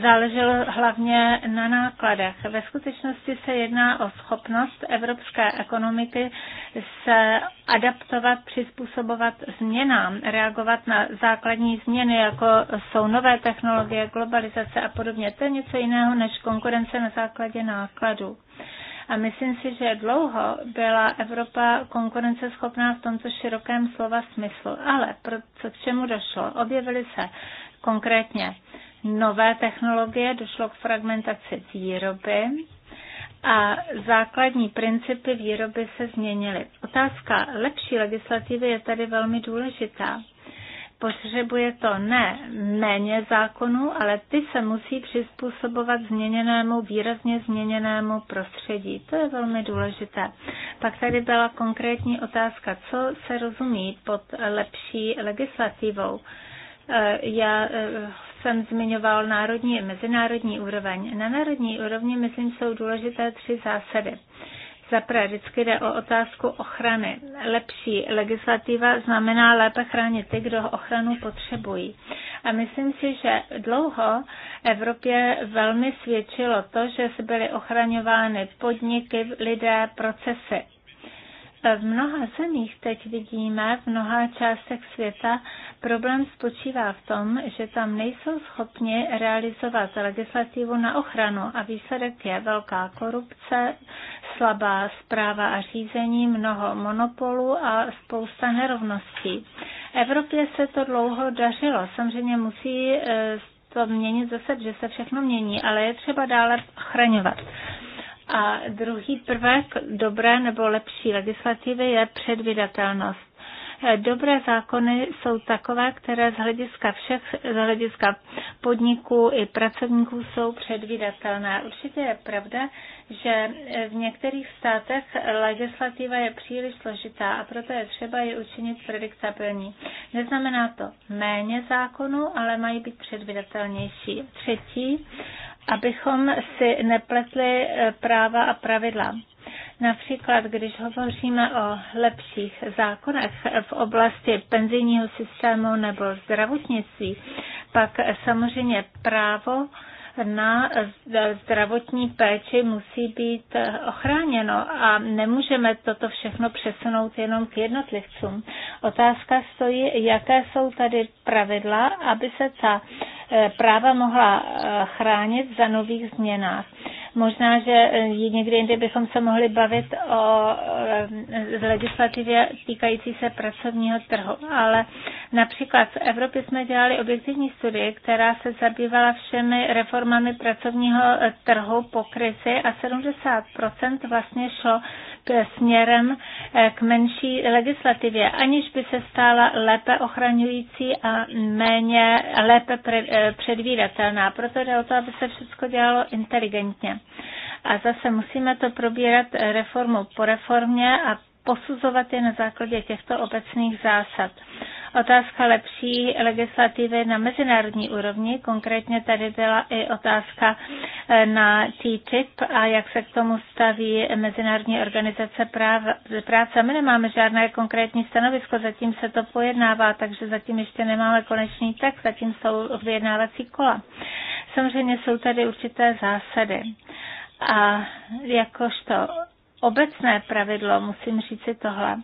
záleželo hlavně na nákladech. Ve skutečnosti se jedná o schopnost evropské ekonomiky se adaptovat, přizpůsobovat změnám, reagovat na základní změny, jako jsou nové technologie, globalizace a podobně. To je něco jiného než konkurence na základě nákladů. A myslím si, že dlouho byla Evropa konkurenceschopná v tomto širokém slova smyslu. Ale pro, co k čemu došlo? Objevily se konkrétně nové technologie, došlo k fragmentaci výroby, a základní principy výroby se změnily. Otázka lepší legislativy je tady velmi důležitá. Potřebuje to ne méně zákonů, ale ty se musí přizpůsobovat změněnému, výrazně změněnému prostředí. To je velmi důležité. Pak tady byla konkrétní otázka, co se rozumí pod lepší legislativou. Eh, já eh, jsem zmiňoval národní a mezinárodní úroveň. Na národní úrovni, myslím, jsou důležité tři zásady. Zaprvé vždycky jde o otázku ochrany. Lepší legislativa znamená lépe chránit ty, kdo ochranu potřebují. A myslím si, že dlouho Evropě velmi svědčilo to, že byly ochraňovány podniky, lidé, procesy v mnoha zemích teď vidíme, v mnoha částech světa, problém spočívá v tom, že tam nejsou schopni realizovat legislativu na ochranu a výsledek je velká korupce, slabá zpráva a řízení, mnoho monopolů a spousta nerovností. Evropě se to dlouho dařilo. Samozřejmě musí eh, to měnit zase, že se všechno mění, ale je třeba dále chraňovat. A druhý prvek dobré nebo lepší legislativy je předvydatelnost. Dobré zákony jsou takové, které z hlediska všech, z hlediska podniků i pracovníků jsou předvídatelné. Určitě je pravda, že v některých státech legislativa je příliš složitá a proto je třeba ji učinit prediktabilní. Neznamená to méně zákonů, ale mají být předvídatelnější. Třetí abychom si nepletli e, práva a pravidla. Například, když hovoříme o lepších zákonech v oblasti penzijního systému nebo zdravotnictví, pak samozřejmě právo na zdravotní péči musí být e, ochráněno a nemůžeme toto všechno přesunout jenom k jednotlivcům. Otázka stojí, jaké jsou tady pravidla, aby se ta Eh, práva mohla eh, chránit za nových změnách. Možná, že eh, někdy jindy bychom se mohli bavit o legislativě týkající se pracovního trhu, ale například v Evropě jsme dělali objektivní studii, která se zabývala všemi reformami pracovního trhu po krizi a 70% vlastně šlo směrem eh, k menší legislativě, aniž by se stála lépe ochraňující a méně a lépe eh, předvídatelná. Proto jde o to, aby se všechno dělalo inteligentně. A zase musíme to probírat eh, reformu po reformě a posuzovat je na základě těchto obecných zásad otázka lepší legislativy na mezinárodní úrovni. Konkrétně tady byla i otázka eh, na TTIP a jak se k tomu staví Mezinárodní organizace práce. My nemáme žádné konkrétní stanovisko, zatím se to pojednává, takže zatím ještě nemáme konečný text, zatím jsou vyjednávací kola. Samozřejmě jsou tady určité zásady. A jakožto obecné pravidlo musím říci tohle.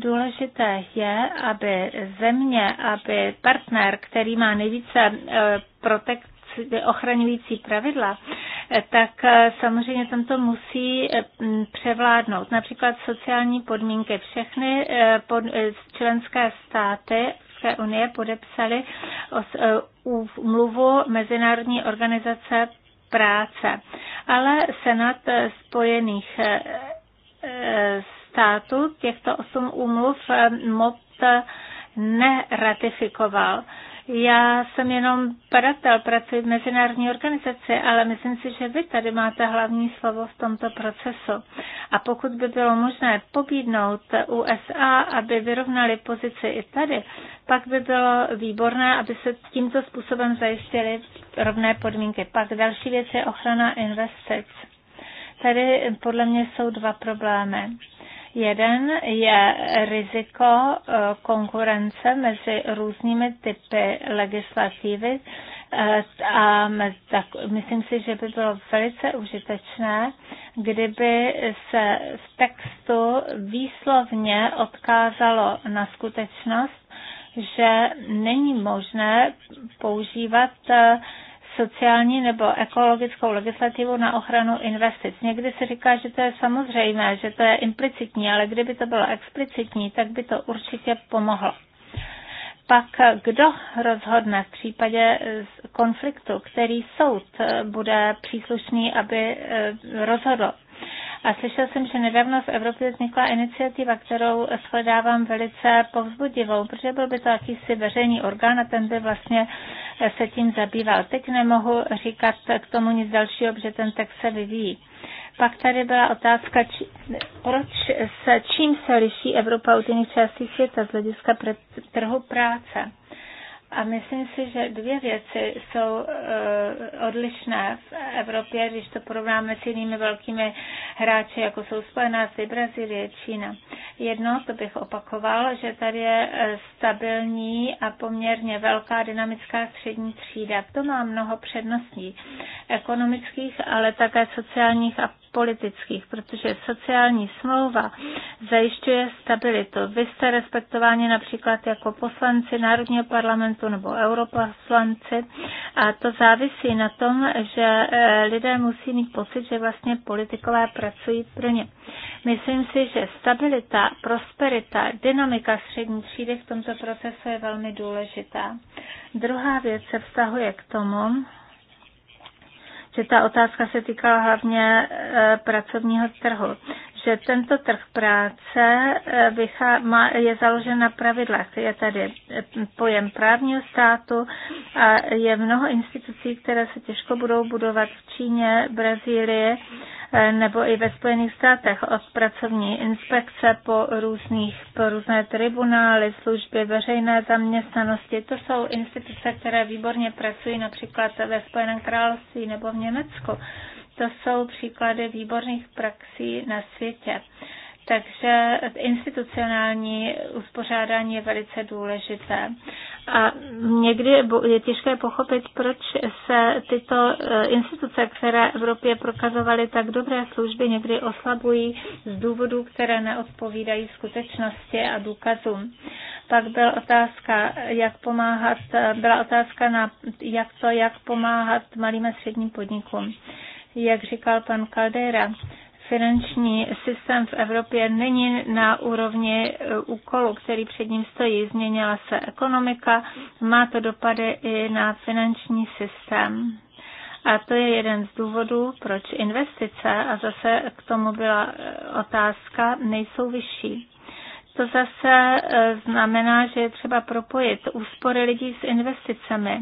Důležité je, aby země, aby partner, který má nejvíce eh, protekci, ochraňující pravidla, eh, tak eh, samozřejmě tam to musí převládnout. Například sociální podmínky. Všechny členské státy Evropské unie podepsaly umluvu Mezinárodní organizace práce. Ale Senát Spojených států těchto osm úmluv MOP neratifikoval. Já jsem jenom padatel, pracuji v mezinárodní organizaci, ale myslím si, že vy tady máte hlavní slovo v tomto procesu. A pokud by bylo možné pobídnout USA, aby vyrovnali pozici i tady, pak by bylo výborné, aby se tímto způsobem zajistily rovné podmínky. Pak další věc je ochrana investic. Tady podle mě jsou dva problémy. Jeden je riziko eh, konkurence mezi různými typy legislativy eh, a tak, myslím si, že by bylo velice užitečné, kdyby se v textu výslovně odkázalo na skutečnost, že není možné používat uh, sociální nebo ekologickou legislativu na ochranu investic. Někdy se říká, že to je samozřejmé, že to je implicitní, ale kdyby to bylo explicitní, tak by to určitě pomohlo. Pak kdo rozhodne v případě konfliktu, který soud eh, bude příslušný, aby eh, rozhodl a slyšel jsem, že nedávno v Evropě vznikla iniciativa, kterou shledávám velice povzbudivou, protože byl by to jakýsi veřejný orgán a ten by vlastně se tím zabýval. Teď nemohu říkat k tomu nic dalšího, protože ten text se vyvíjí. Pak tady byla otázka, či, proč se, čím se liší Evropa od jiných částí světa z hlediska trhu práce. A myslím si, že dvě věci jsou uh, odlišné v Evropě, když to porovnáme s jinými velkými hráči, jako jsou Spojená státy, Brazílie, Čína. Jedno, to bych opakoval, že tady je eh, stabilní a poměrně velká dynamická střední třída. To má mnoho předností ekonomických, ale také sociálních a politických, protože sociální smlouva zajišťuje stabilitu. Vy jste respektováni například jako poslanci Národního parlamentu nebo europoslanci a to závisí na tom, že eh, lidé musí mít pocit, že vlastně politikové pracují pro ně. Myslím si, že stabilita, prosperita, dynamika střední třídy v tomto procesu je velmi důležitá. Druhá věc se vztahuje k tomu, že ta otázka se týkala hlavně eh, pracovního trhu že tento trh práce eh, je založen na pravidlech. Je tady eh, pojem právního státu a je mnoho institucí, které se těžko budou budovat v Číně, Brazílii eh, nebo i ve Spojených státech od pracovní inspekce po, různých, po různé tribunály, služby veřejné zaměstnanosti. To jsou instituce, které výborně pracují například ve Spojeném království nebo v Německu. To jsou příklady výborných praxí na světě. Takže institucionální uspořádání je velice důležité. A někdy je těžké pochopit, proč se tyto eh, instituce, které Evropě prokazovaly tak dobré služby, někdy oslabují z důvodů, které neodpovídají skutečnosti a důkazům. Pak byla otázka, jak pomáhat, eh, byla otázka na jak to, jak pomáhat malým a středním podnikům jak říkal pan Caldera, finanční systém v Evropě není na úrovni eh, úkolu, který před ním stojí. Změnila se ekonomika, má to dopady i na finanční systém. A to je jeden z důvodů, proč investice, a zase k tomu byla eh, otázka, nejsou vyšší. To zase e, znamená, že je třeba propojit úspory lidí s investicemi.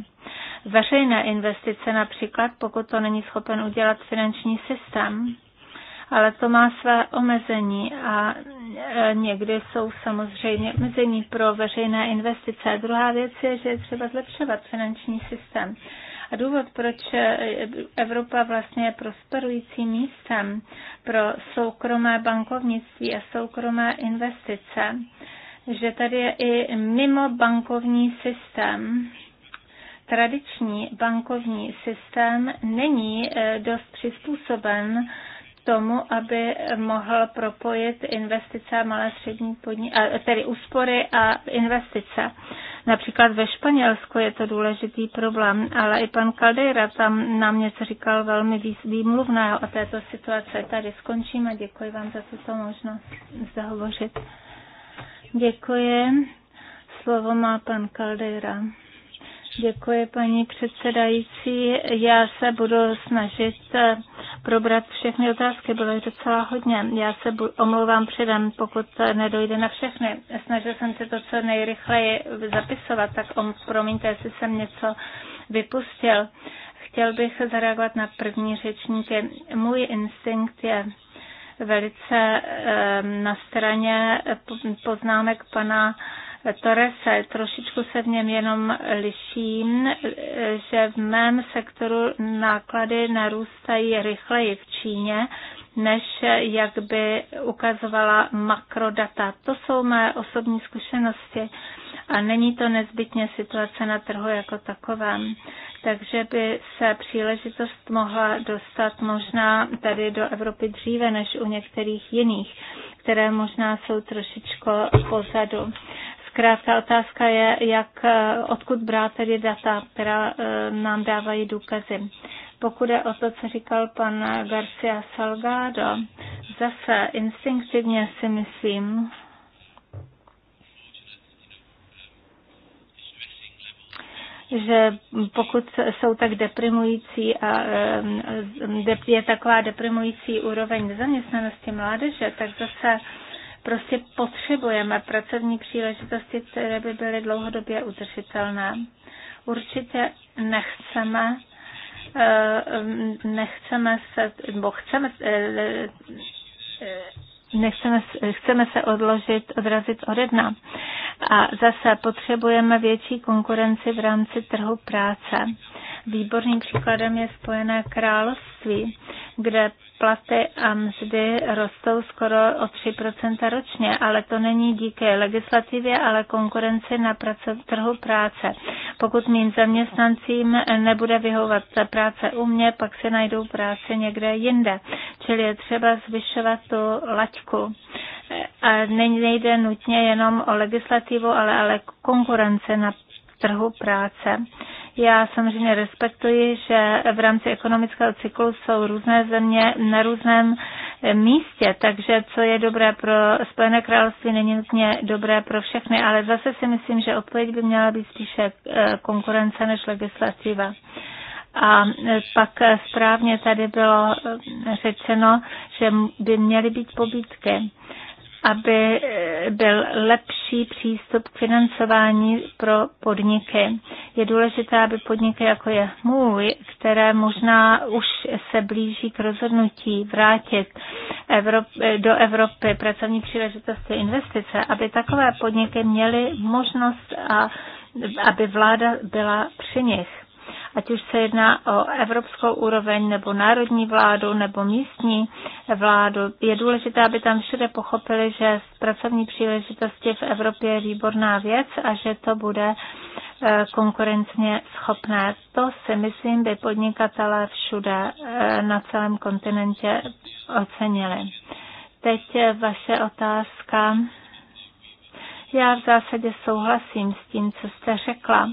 Veřejné investice například, pokud to není schopen udělat finanční systém ale to má své omezení a e, někdy jsou samozřejmě omezení pro veřejné investice. A druhá věc je, že je třeba zlepšovat finanční systém. A důvod, proč eh, Evropa vlastně je prosperujícím místem pro soukromé bankovnictví a soukromé investice, že tady je i mimo bankovní systém tradiční bankovní systém není eh, dost přizpůsoben tomu, aby mohl propojit investice a malé střední podniky, tedy úspory a investice. Například ve Španělsku je to důležitý problém, ale i pan Caldeira tam nám něco říkal velmi výmluvného o této situace. Tady skončíme. děkuji vám za tuto možnost zahovořit. Děkuji. Slovo má pan Caldeira. Děkuji, paní předsedající. Já se budu snažit eh, probrat všechny otázky, bylo je docela hodně. Já se omlouvám předem, pokud nedojde na všechny. Snažil jsem se to co nejrychleji zapisovat, tak on, promiňte, jestli jsem něco vypustil. Chtěl bych zareagovat na první řečníky. Můj instinkt je velice eh, na straně poznámek pana Torese. Trošičku se v něm jenom liším, že v mém sektoru náklady narůstají rychleji v Číně, než jak by ukazovala makrodata. To jsou mé osobní zkušenosti a není to nezbytně situace na trhu jako takovém. Takže by se příležitost mohla dostat možná tady do Evropy dříve než u některých jiných, které možná jsou trošičko pozadu. Krátká otázka je, jak, eh, odkud brát tedy data, která eh, nám dávají důkazy. Pokud je o to, co říkal pan Garcia Salgado, zase instinktivně si myslím, že pokud jsou tak deprimující a eh, je taková deprimující úroveň zaměstnanosti mládeže, tak zase Prostě potřebujeme pracovní příležitosti, které by byly dlouhodobě udržitelné. Určitě nechceme eh, nechceme se, nebo chceme eh, eh, nechceme, chceme se odložit, odrazit od jedna. A zase potřebujeme větší konkurenci v rámci trhu práce. Výborným příkladem je Spojené království, kde platy a mzdy rostou skoro o 3% ročně, ale to není díky legislativě, ale konkurenci na prace, trhu práce. Pokud mým zaměstnancím nebude vyhovovat práce u mě, pak si najdou práce někde jinde. Čili je třeba zvyšovat tu laťku. A nejde nutně jenom o legislativu, ale, ale konkurence na trhu práce já samozřejmě respektuji, že v rámci ekonomického cyklu jsou různé země na různém místě, takže co je dobré pro Spojené království, není nutně dobré pro všechny, ale zase si myslím, že odpověď by měla být spíše eh, konkurence než legislativa. A eh, pak eh, správně tady bylo řečeno, že by měly být pobídky aby eh, byl lepší přístup k financování pro podniky. Je důležité, aby podniky, jako je můj, které možná už se blíží k rozhodnutí vrátit Evrop- do Evropy pracovní příležitosti investice, aby takové podniky měly možnost a aby vláda byla při nich ať už se jedná o evropskou úroveň nebo národní vládu nebo místní vládu. Je důležité, aby tam všude pochopili, že pracovní příležitosti v Evropě je výborná věc a že to bude e, konkurenčně schopné. To si myslím, by podnikatelé všude e, na celém kontinentě ocenili. Teď vaše otázka. Já v zásadě souhlasím s tím, co jste řekla.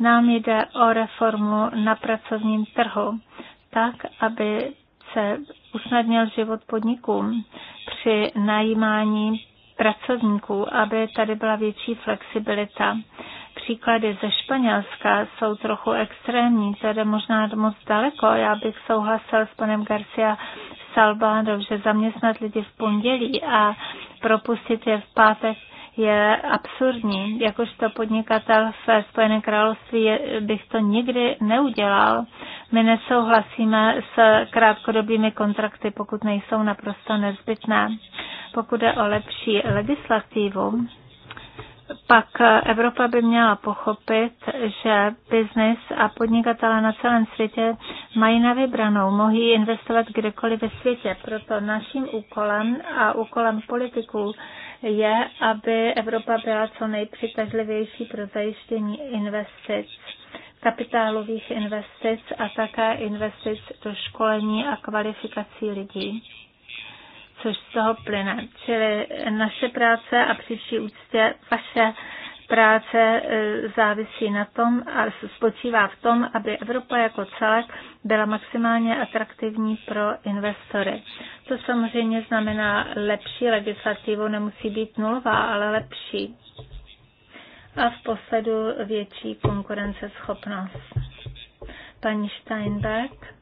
Nám jde o reformu na pracovním trhu, tak, aby se usnadnil život podnikům při najímání pracovníků, aby tady byla větší flexibilita. Příklady ze Španělska jsou trochu extrémní, to jde možná moc daleko. Já bych souhlasil s panem Garcia Salbánov, že zaměstnat lidi v pondělí a propustit je v pátek je absurdní. Jakožto podnikatel v Spojeném království bych to nikdy neudělal. My nesouhlasíme s krátkodobými kontrakty, pokud nejsou naprosto nezbytné. Pokud je o lepší legislativu, pak eh, Evropa by měla pochopit, že biznis a podnikatele na celém světě mají na vybranou, mohou investovat kdekoliv ve světě. Proto naším úkolem a úkolem politiků je, aby Evropa byla co nejpřitažlivější pro zajištění investic kapitálových investic a také investic do školení a kvalifikací lidí což z toho plyne. Čili naše práce a příští úctě vaše práce e, závisí na tom a spočívá v tom, aby Evropa jako celek byla maximálně atraktivní pro investory. To samozřejmě znamená lepší legislativu, nemusí být nulová, ale lepší. A v posledu větší konkurenceschopnost. Paní Steinberg.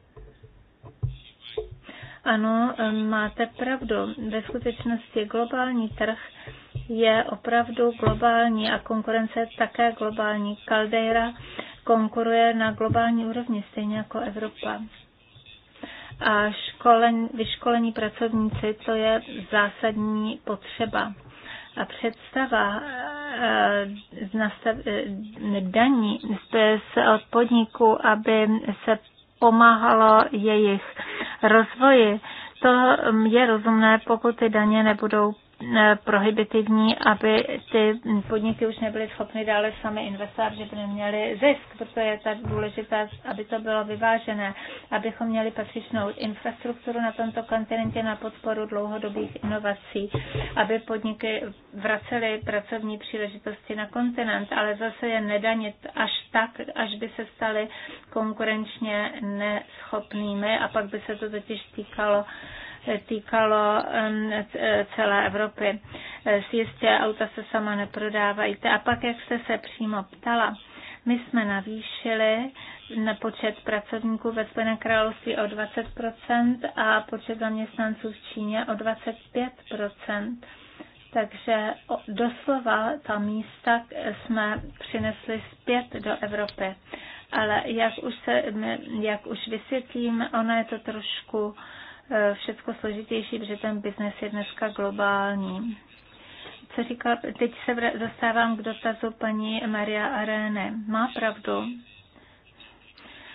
Ano, máte pravdu. Ve skutečnosti globální trh je opravdu globální a konkurence je také globální. Caldeira konkuruje na globální úrovni, stejně jako Evropa. A školen, vyškolení pracovníci, to je zásadní potřeba. A představa eh, eh, daní z od podniku, aby se pomáhalo jejich rozvoji. To je rozumné, pokud ty daně nebudou Eh, prohibitivní, aby ty podniky už nebyly schopny dále sami investovat, že by neměly zisk, protože je tak důležité, aby to bylo vyvážené, abychom měli patřičnou infrastrukturu na tomto kontinentě na podporu dlouhodobých inovací, aby podniky vracely pracovní příležitosti na kontinent, ale zase je nedanit až tak, až by se staly konkurenčně neschopnými a pak by se to totiž týkalo týkalo celé Evropy. Jistě auta se sama neprodávají. A pak, jak jste se přímo ptala, my jsme navýšili na počet pracovníků ve Spojeném království o 20% a počet zaměstnanců v Číně o 25%. Takže doslova ta místa jsme přinesli zpět do Evropy. Ale jak už, se, jak už vysvětlím, ono je to trošku E, všechno složitější, protože ten biznes je dneska globální. Co říkal, teď se dostávám k dotazu paní Maria Arene. Má pravdu,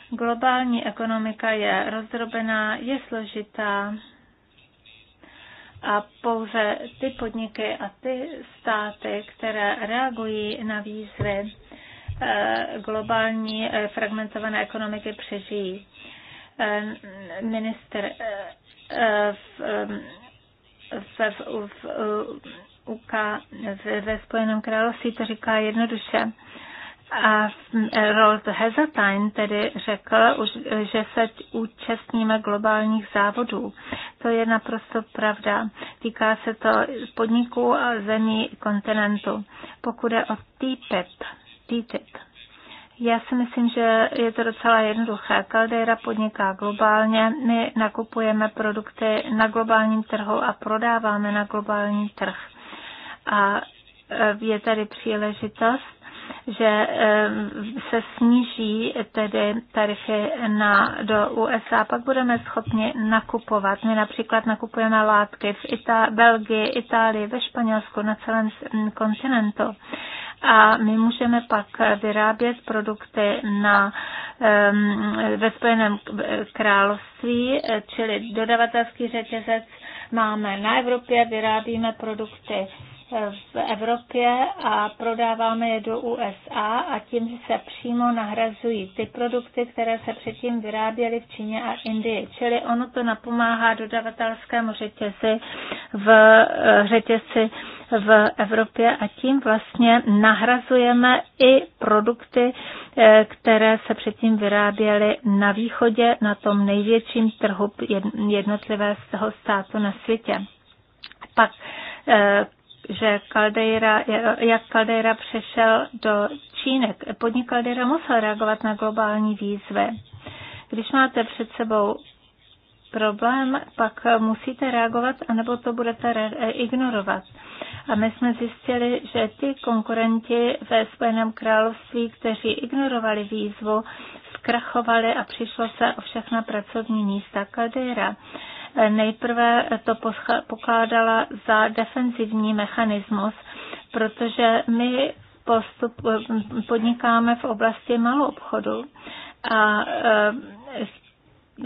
globální ekonomika je rozdrobená, je složitá a pouze ty podniky a ty státy, které reagují na výzvy e, globální e, fragmentované ekonomiky, přežijí. Minister Eh, v, eh, v, eh, v, v, UK, v, ve Spojeném království to říká jednoduše. A Rolf Heseltine tedy řekl, že se účastníme globálních závodů. To je naprosto pravda. Týká se to podniků a zemí kontinentu. Pokud je o TTIP, e TTIP e já si myslím, že je to docela jednoduché. Caldera podniká globálně, my nakupujeme produkty na globálním trhu a prodáváme na globální trh. A e, je tady příležitost že e, se sníží tedy tarify na, do USA, pak budeme schopni nakupovat. My například nakupujeme látky v Ita- Belgii, Itálii, ve Španělsku, na celém kontinentu a my můžeme pak vyrábět produkty na, ve Spojeném království, čili dodavatelský řetězec máme na Evropě, vyrábíme produkty v Evropě a prodáváme je do USA a tím se přímo nahrazují ty produkty, které se předtím vyráběly v Číně a Indii. Čili ono to napomáhá dodavatelskému řetězi v eh, řetězci v Evropě a tím vlastně nahrazujeme i produkty, eh, které se předtím vyráběly na východě, na tom největším trhu jednotlivého státu na světě. Pak eh, že Caldeira, jak Caldeira přešel do Číny. Podnik Caldeira musel reagovat na globální výzvy. Když máte před sebou problém, pak musíte reagovat, anebo to budete ignorovat. A my jsme zjistili, že ty konkurenti ve Spojeném království, kteří ignorovali výzvu, zkrachovali a přišlo se o všechna pracovní místa Kadera. Nejprve to pokládala za defenzivní mechanismus, protože my postup, podnikáme v oblasti malou obchodu a eh,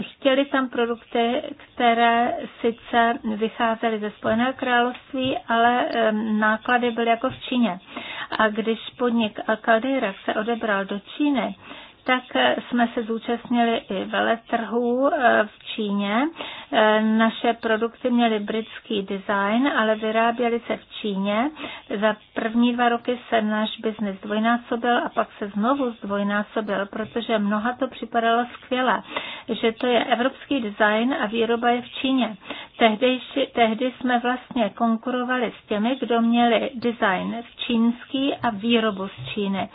chtěli tam produkty, které sice vycházely ze Spojeného království, ale náklady byly jako v Číně. A když podnik Alcaldera se odebral do Číny, tak eh, jsme se zúčastnili i veletrhů eh, v Číně. Eh, naše produkty měly britský design, ale vyráběly se v Číně. Za první dva roky se náš biznis dvojnásobil a pak se znovu zdvojnásobil, protože mnoha to připadalo skvěle, že to je evropský design a výroba je v Číně. Tehdy, tehdy jsme vlastně konkurovali s těmi, kdo měli design v čínský a výrobu z Číny.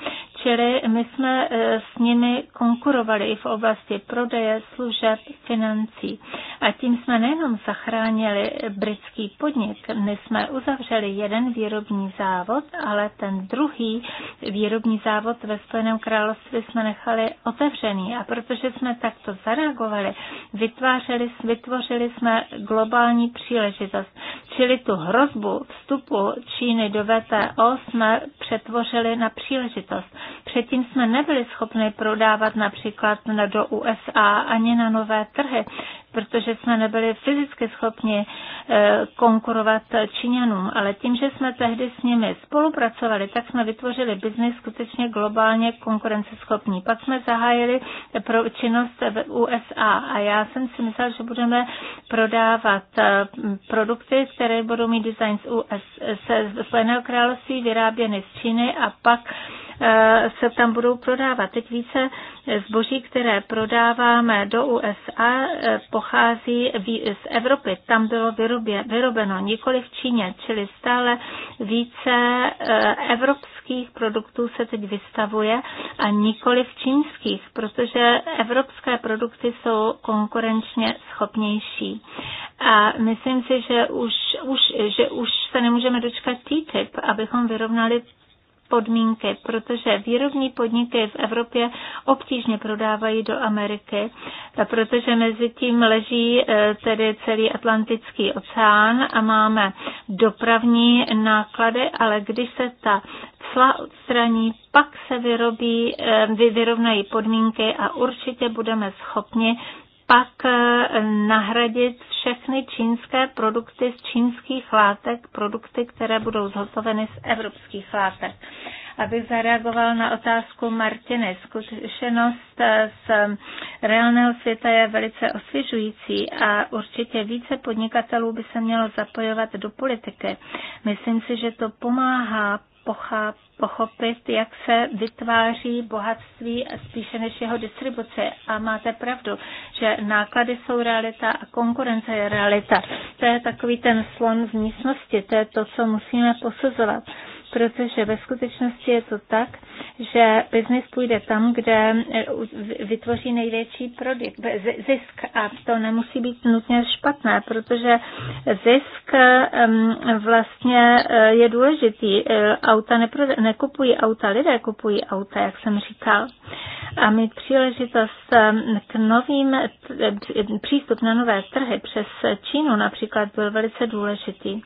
Čili my jsme s ním jimi konkurovali i v oblasti prodeje, služeb, financí. A tím jsme nejenom zachránili britský podnik, my jsme uzavřeli jeden výrobní závod, ale ten druhý výrobní závod ve Spojeném království jsme nechali otevřený. A protože jsme takto zareagovali, vytvářeli, vytvořili jsme globální příležitost. Čili tu hrozbu vstupu Číny do VTO jsme přetvořili na příležitost. Předtím jsme nebyli schopni pro prodávat například do USA ani na nové trhy protože jsme nebyli fyzicky schopni eh, konkurovat Číňanům, ale tím, že jsme tehdy s nimi spolupracovali, tak jsme vytvořili biznis skutečně globálně konkurenceschopný. Pak jsme zahájili pro činnost v USA a já jsem si myslel, že budeme prodávat eh, produkty, které budou mít design z US, se Spojeného království, vyráběny z Číny a pak eh, se tam budou prodávat. Teď více zboží, které prodáváme do USA, pochází z Evropy. Tam bylo vyrobě, vyrobeno nikoli v Číně, čili stále více e, evropských produktů se teď vystavuje a nikoli v čínských, protože evropské produkty jsou konkurenčně schopnější. A myslím si, že už, už, že už se nemůžeme dočkat TTIP, abychom vyrovnali podmínky, protože výrobní podniky v Evropě obtížně prodávají do Ameriky, protože mezi tím leží e, tedy celý Atlantický oceán a máme dopravní náklady, ale když se ta cla odstraní, pak se vyrobí, e, vyrovnají podmínky a určitě budeme schopni pak eh, nahradit všechny čínské produkty z čínských látek produkty, které budou zhotoveny z evropských látek. Abych zareagoval na otázku Martiny, zkušenost eh, z reálného světa je velice osvěžující a určitě více podnikatelů by se mělo zapojovat do politiky. Myslím si, že to pomáhá pochopit, jak se vytváří bohatství spíše než jeho distribuce. A máte pravdu, že náklady jsou realita a konkurence je realita. To je takový ten slon v místnosti, to je to, co musíme posuzovat protože ve skutečnosti je to tak, že biznis půjde tam, kde eh, vytvoří největší produkt, zisk a to nemusí být nutně špatné, protože zisk vlastně eh, je důležitý. Eh, auta nekupují auta, lidé kupují auta, jak jsem říkal. A mít příležitost k novým, přístup na nové trhy přes Čínu například byl velice důležitý.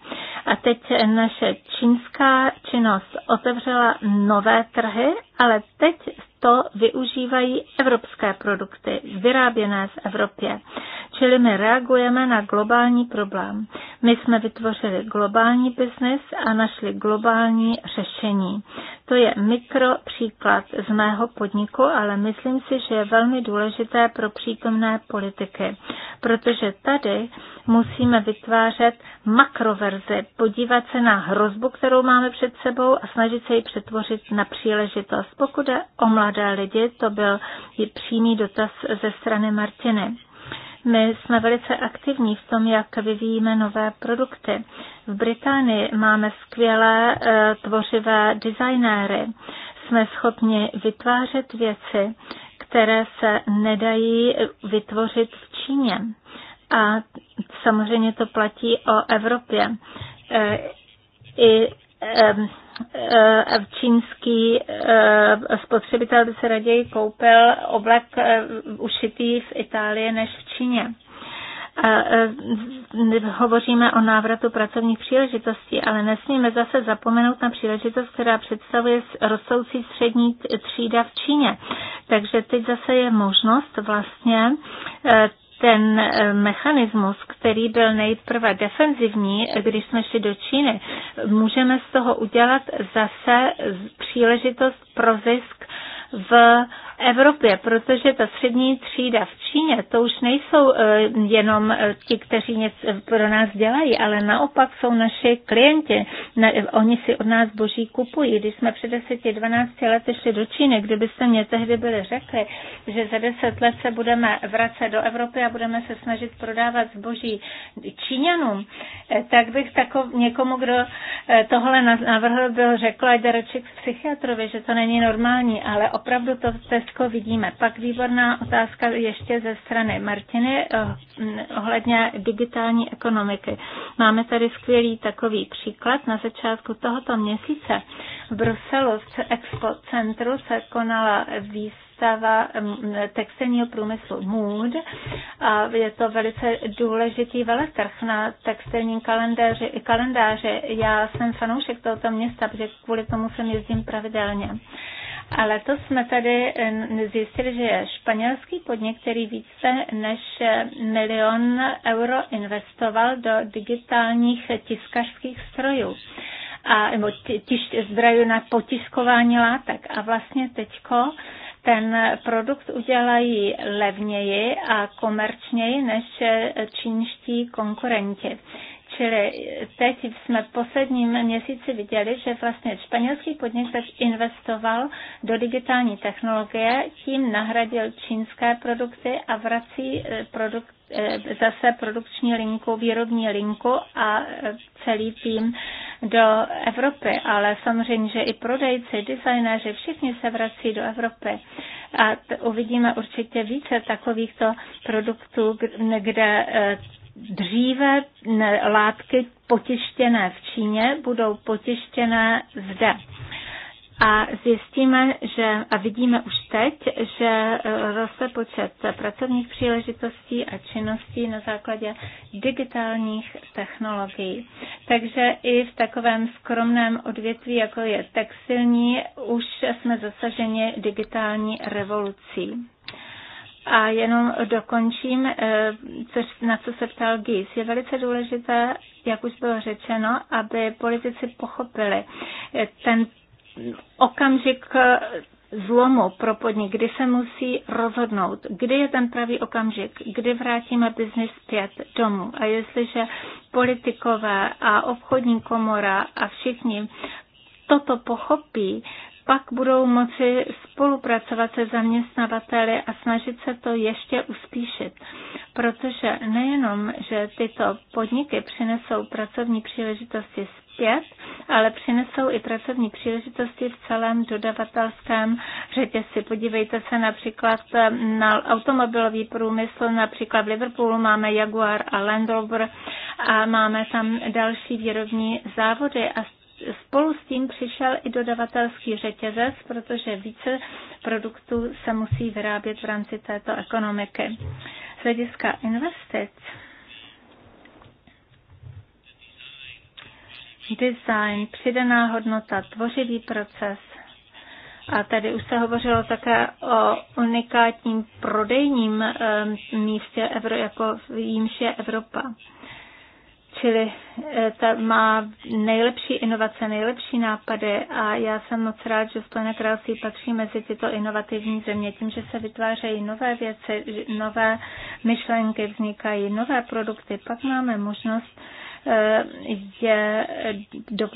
A teď naše čínská, činnost otevřela nové trhy, ale teď to využívají evropské produkty, vyráběné v Evropě. Čili my reagujeme na globální problém. My jsme vytvořili globální biznis a našli globální řešení. To je mikro příklad z mého podniku, ale myslím si, že je velmi důležité pro přítomné politiky, protože tady musíme vytvářet makroverze. podívat se na hrozbu, kterou máme před sebou a snažit se ji přetvořit na příležitost. Pokud je o mladé lidi, to byl i přímý dotaz ze strany Martiny. My jsme velice aktivní v tom, jak vyvíjíme nové produkty. V Británii máme skvělé eh, tvořivé designéry. Jsme schopni vytvářet věci, které se nedají vytvořit v Číně. A samozřejmě to platí o Evropě. E, I e, e, čínský spotřebitel by se raději koupil oblek ušitý v Itálii než v Číně. Hovoříme o návratu pracovních příležitostí, ale nesmíme zase zapomenout na příležitost, která představuje rostoucí střední třída v Číně. Takže teď zase je možnost vlastně ten eh, mechanismus, který byl nejprve defenzivní, když jsme šli do Číny, můžeme z toho udělat zase příležitost pro zisk v Evropě, protože ta střední třída v Číně, to už nejsou eh, jenom eh, ti, kteří něco eh, pro nás dělají, ale naopak jsou naši klienti. Oni si od nás boží kupují. Když jsme před 10-12 lety šli do Číny, kdybyste mě tehdy byli řekli, že za 10 let se budeme vracet do Evropy a budeme se snažit prodávat zboží Číňanům, tak bych takov, někomu, kdo tohle navrhl, byl řekl, ať jde k psychiatrovi, že to není normální, ale opravdu to v Tesco vidíme. Pak výborná otázka ještě ze strany Martiny eh, ohledně digitální ekonomiky. Máme tady skvělý takový příklad. Na začátku tohoto měsíce v Bruselu v Expo Centru se konala výstava textilního průmyslu Mood. A je to velice důležitý veletrh na textilním kalendáři i kalendáři. Já jsem fanoušek tohoto města, protože kvůli tomu jsem jezdím pravidelně. A letos jsme tady eh, zjistili, že je španělský podnik, který více než milion euro investoval do digitálních tiskařských strojů a tiš, zdrojů na potiskování látek. A vlastně teďko ten produkt udělají levněji a komerčněji než čínští konkurenti. Čili teď jsme v posledním měsíci viděli, že vlastně španělský podnik tak investoval do digitální technologie, tím nahradil čínské produkty a vrací eh, produkt, eh, zase produkční linku, výrobní linku a eh, celý tým do Evropy, ale samozřejmě, že i prodejci, designéři, všichni se vrací do Evropy. A uvidíme určitě více takovýchto produktů, kde Dříve látky potištěné v Číně budou potištěné zde. A zjistíme, že, a vidíme už teď, že e, roste počet pracovních příležitostí a činností na základě digitálních technologií. Takže i v takovém skromném odvětví, jako je textilní, už jsme zasaženi digitální revolucí. A jenom dokončím, eh, což, na co se ptal Gis. Je velice důležité, jak už bylo řečeno, aby politici pochopili eh, ten okamžik eh, zlomu pro podnik, kdy se musí rozhodnout, kdy je ten pravý okamžik, kdy vrátíme biznis zpět domů. A jestliže politikové a obchodní komora a všichni toto pochopí, pak budou moci spolupracovat se zaměstnavateli a snažit se to ještě uspíšit. Protože nejenom, že tyto podniky přinesou pracovní příležitosti zpět, ale přinesou i pracovní příležitosti v celém dodavatelském řetězci. Podívejte se například na automobilový průmysl, například v Liverpoolu máme Jaguar a Land Rover a máme tam další výrobní závody a spolu s tím přišel i dodavatelský řetězec, protože více produktů se musí vyrábět v rámci této ekonomiky. Z hlediska investic design, přidaná hodnota, tvořivý proces. A tady už se hovořilo také o unikátním prodejním eh, místě, jako jímž je Evropa. Čili eh, ta má nejlepší inovace, nejlepší nápady a já jsem moc rád, že Spojené království patří mezi tyto inovativní země. Tím, že se vytvářejí nové věci, nové myšlenky, vznikají nové produkty, pak máme možnost eh, je do,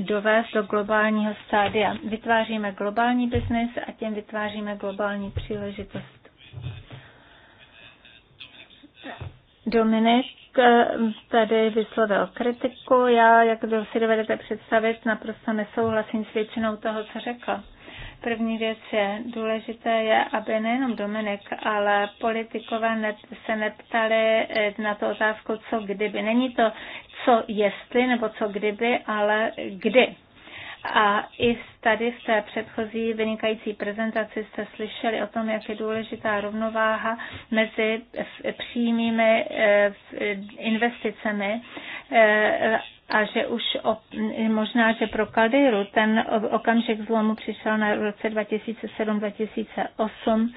dovést do globálního stádia. Vytváříme globální biznis a tím vytváříme globální příležitost. Dominik Eh, tady vyslovil kritiku. Já, jak si dovedete představit, naprosto nesouhlasím s většinou toho, co řekl. První věc je, důležité je, aby nejenom Dominik, ale politikové se neptali eh, na tu otázku, co kdyby. Není to co jestli nebo co kdyby, ale kdy. A i tady v té předchozí vynikající prezentaci jste slyšeli o tom, jak je důležitá rovnováha mezi přímými eh, investicemi eh, a že už o, možná, že pro Kaldejru ten okamžik zlomu přišel na roce 2007-2008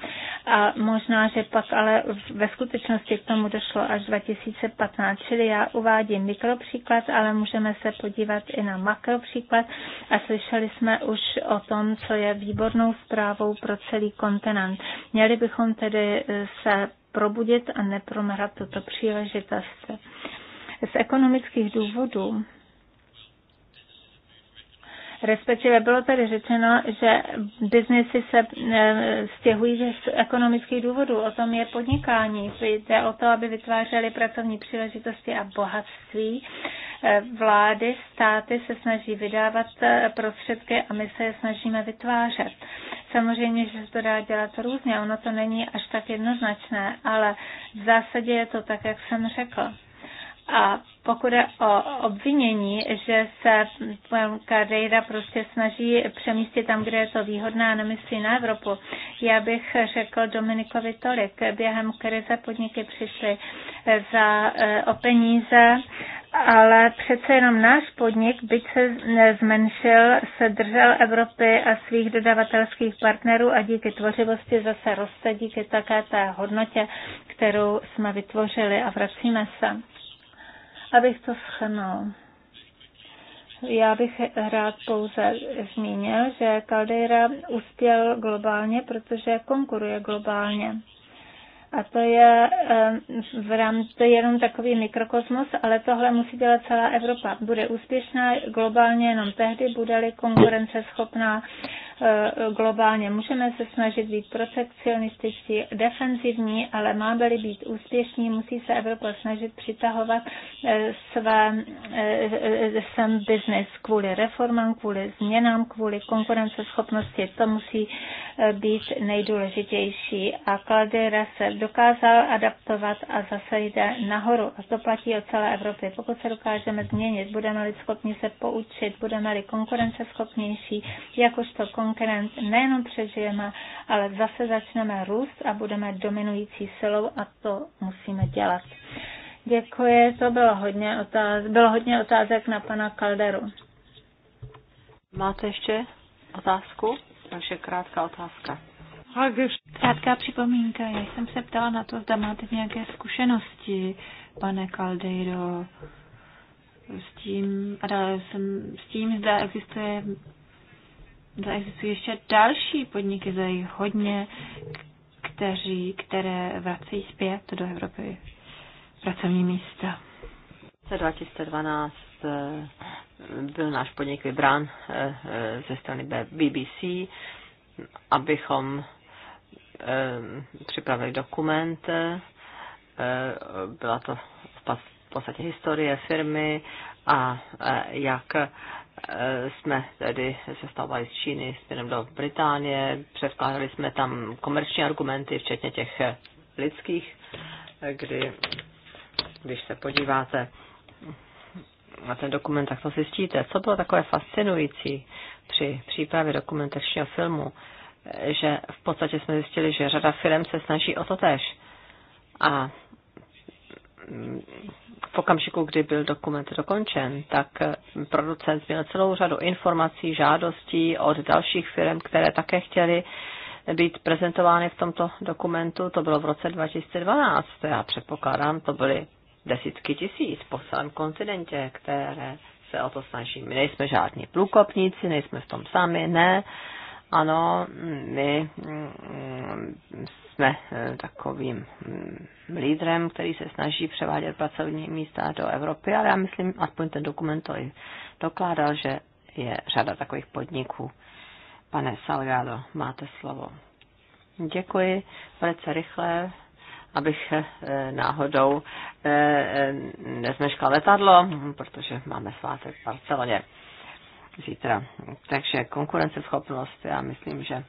a možná, že pak ale ve skutečnosti k tomu došlo až 2015. Čili já uvádím mikropříklad, ale můžeme se podívat i na makropříklad a slyšeli jsme už o tom, co je výbornou zprávou pro celý kontinent. Měli bychom tedy eh, se probudit a nepromrhat tuto příležitost z ekonomických důvodů respektive bylo tady řečeno, že biznesy se eh, stěhují z ekonomických důvodů. O tom je podnikání. Jde o to, aby vytvářely pracovní příležitosti a bohatství. Eh, vlády, státy se snaží vydávat eh, prostředky a my se je snažíme vytvářet. Samozřejmě, že se to dá dělat různě, ono to není až tak jednoznačné, ale v zásadě je to tak, jak jsem řekl. A pokud je o obvinění, že se Karejda prostě snaží přemístit tam, kde je to výhodné a nemyslí na Evropu, já bych řekl Dominikovi tolik. Během krize podniky přišly za, e, o peníze, ale přece jenom náš podnik, byť se zmenšil, se držel Evropy a svých dodavatelských partnerů a díky tvořivosti zase roste, díky také té hodnotě, kterou jsme vytvořili a vracíme se. Abych to schrnul. Já bych rád pouze zmínil, že Caldera uspěl globálně, protože konkuruje globálně. A to je v rám. to je jenom takový mikrokosmos, ale tohle musí dělat celá Evropa. Bude úspěšná globálně jenom tehdy, bude-li konkurenceschopná Eh, globálně. Můžeme se snažit být protekcionističtí, defenzivní, ale máme-li být úspěšní, musí se Evropa snažit přitahovat eh, své, eh, sem business kvůli reformám, kvůli změnám, kvůli konkurenceschopnosti. To musí být nejdůležitější. A Caldera se dokázal adaptovat a zase jde nahoru. A to platí o celé Evropě. Pokud se dokážeme změnit, budeme-li schopni se poučit, budeme-li konkurenceschopnější, jakožto konkurenceschopnější, konkurent nejenom přežijeme, ale zase začneme růst a budeme dominující silou a to musíme dělat. Děkuji, to bylo hodně, otáz- bylo hodně otázek na pana Kalderu. Máte ještě otázku? Takže krátká otázka. Krátká připomínka. Já jsem se ptala na to, zda máte nějaké zkušenosti, pane Caldeiro, s tím, a dále jsem, s tím, zda existuje No, existují ještě další podniky, za jich hodně, kteří, které vrací zpět do Evropy pracovní místa. V roce 2012 eh, byl náš podnik vybrán eh, ze strany BBC, abychom eh, připravili dokument. Byla to v podstatě historie firmy a jak Eh, jsme tedy se stávali z Číny směrem do Británie, předkládali jsme tam komerční argumenty, včetně těch lidských, eh, kdy, když se podíváte na ten dokument, tak to zjistíte. Co bylo takové fascinující při přípravě dokumentačního filmu, eh, že v podstatě jsme zjistili, že řada firm se snaží o to tež. A v okamžiku, kdy byl dokument dokončen, tak producent měl celou řadu informací, žádostí od dalších firm, které také chtěly být prezentovány v tomto dokumentu. To bylo v roce 2012. Já předpokládám, to byly desítky tisíc po celém kontinentě, které se o to snaží. My nejsme žádní průkopníci, nejsme v tom sami, ne. Ano, my mm, jsme eh, takovým hm, lídrem, který se snaží převádět pracovní místa do Evropy, ale já myslím, aspoň ten dokument to i dokládal, že je řada takových podniků. Pane Salgado, máte slovo. Děkuji, velice rychle, abych eh, náhodou eh, nezmeškal letadlo, protože máme svátek v Barceloně zítra. Takže konkurenceschopnost, já myslím, že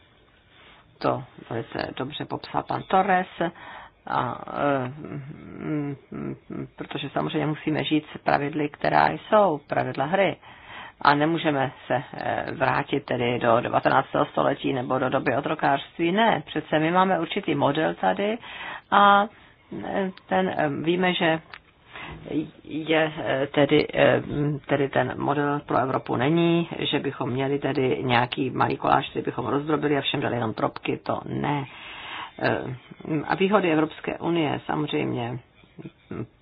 to velice dobře popsal pan Torres, a, e, protože samozřejmě musíme žít s pravidly, která jsou, pravidla hry. A nemůžeme se e, vrátit tedy do 19. století nebo do doby otrokářství. Ne, přece my máme určitý model tady a e, ten, víme, že je eh, tedy, eh, tedy ten model pro Evropu není, že bychom měli tedy nějaký malý koláč, který bychom rozdrobili a všem dali jenom trobky, to ne. Eh, a výhody Evropské unie samozřejmě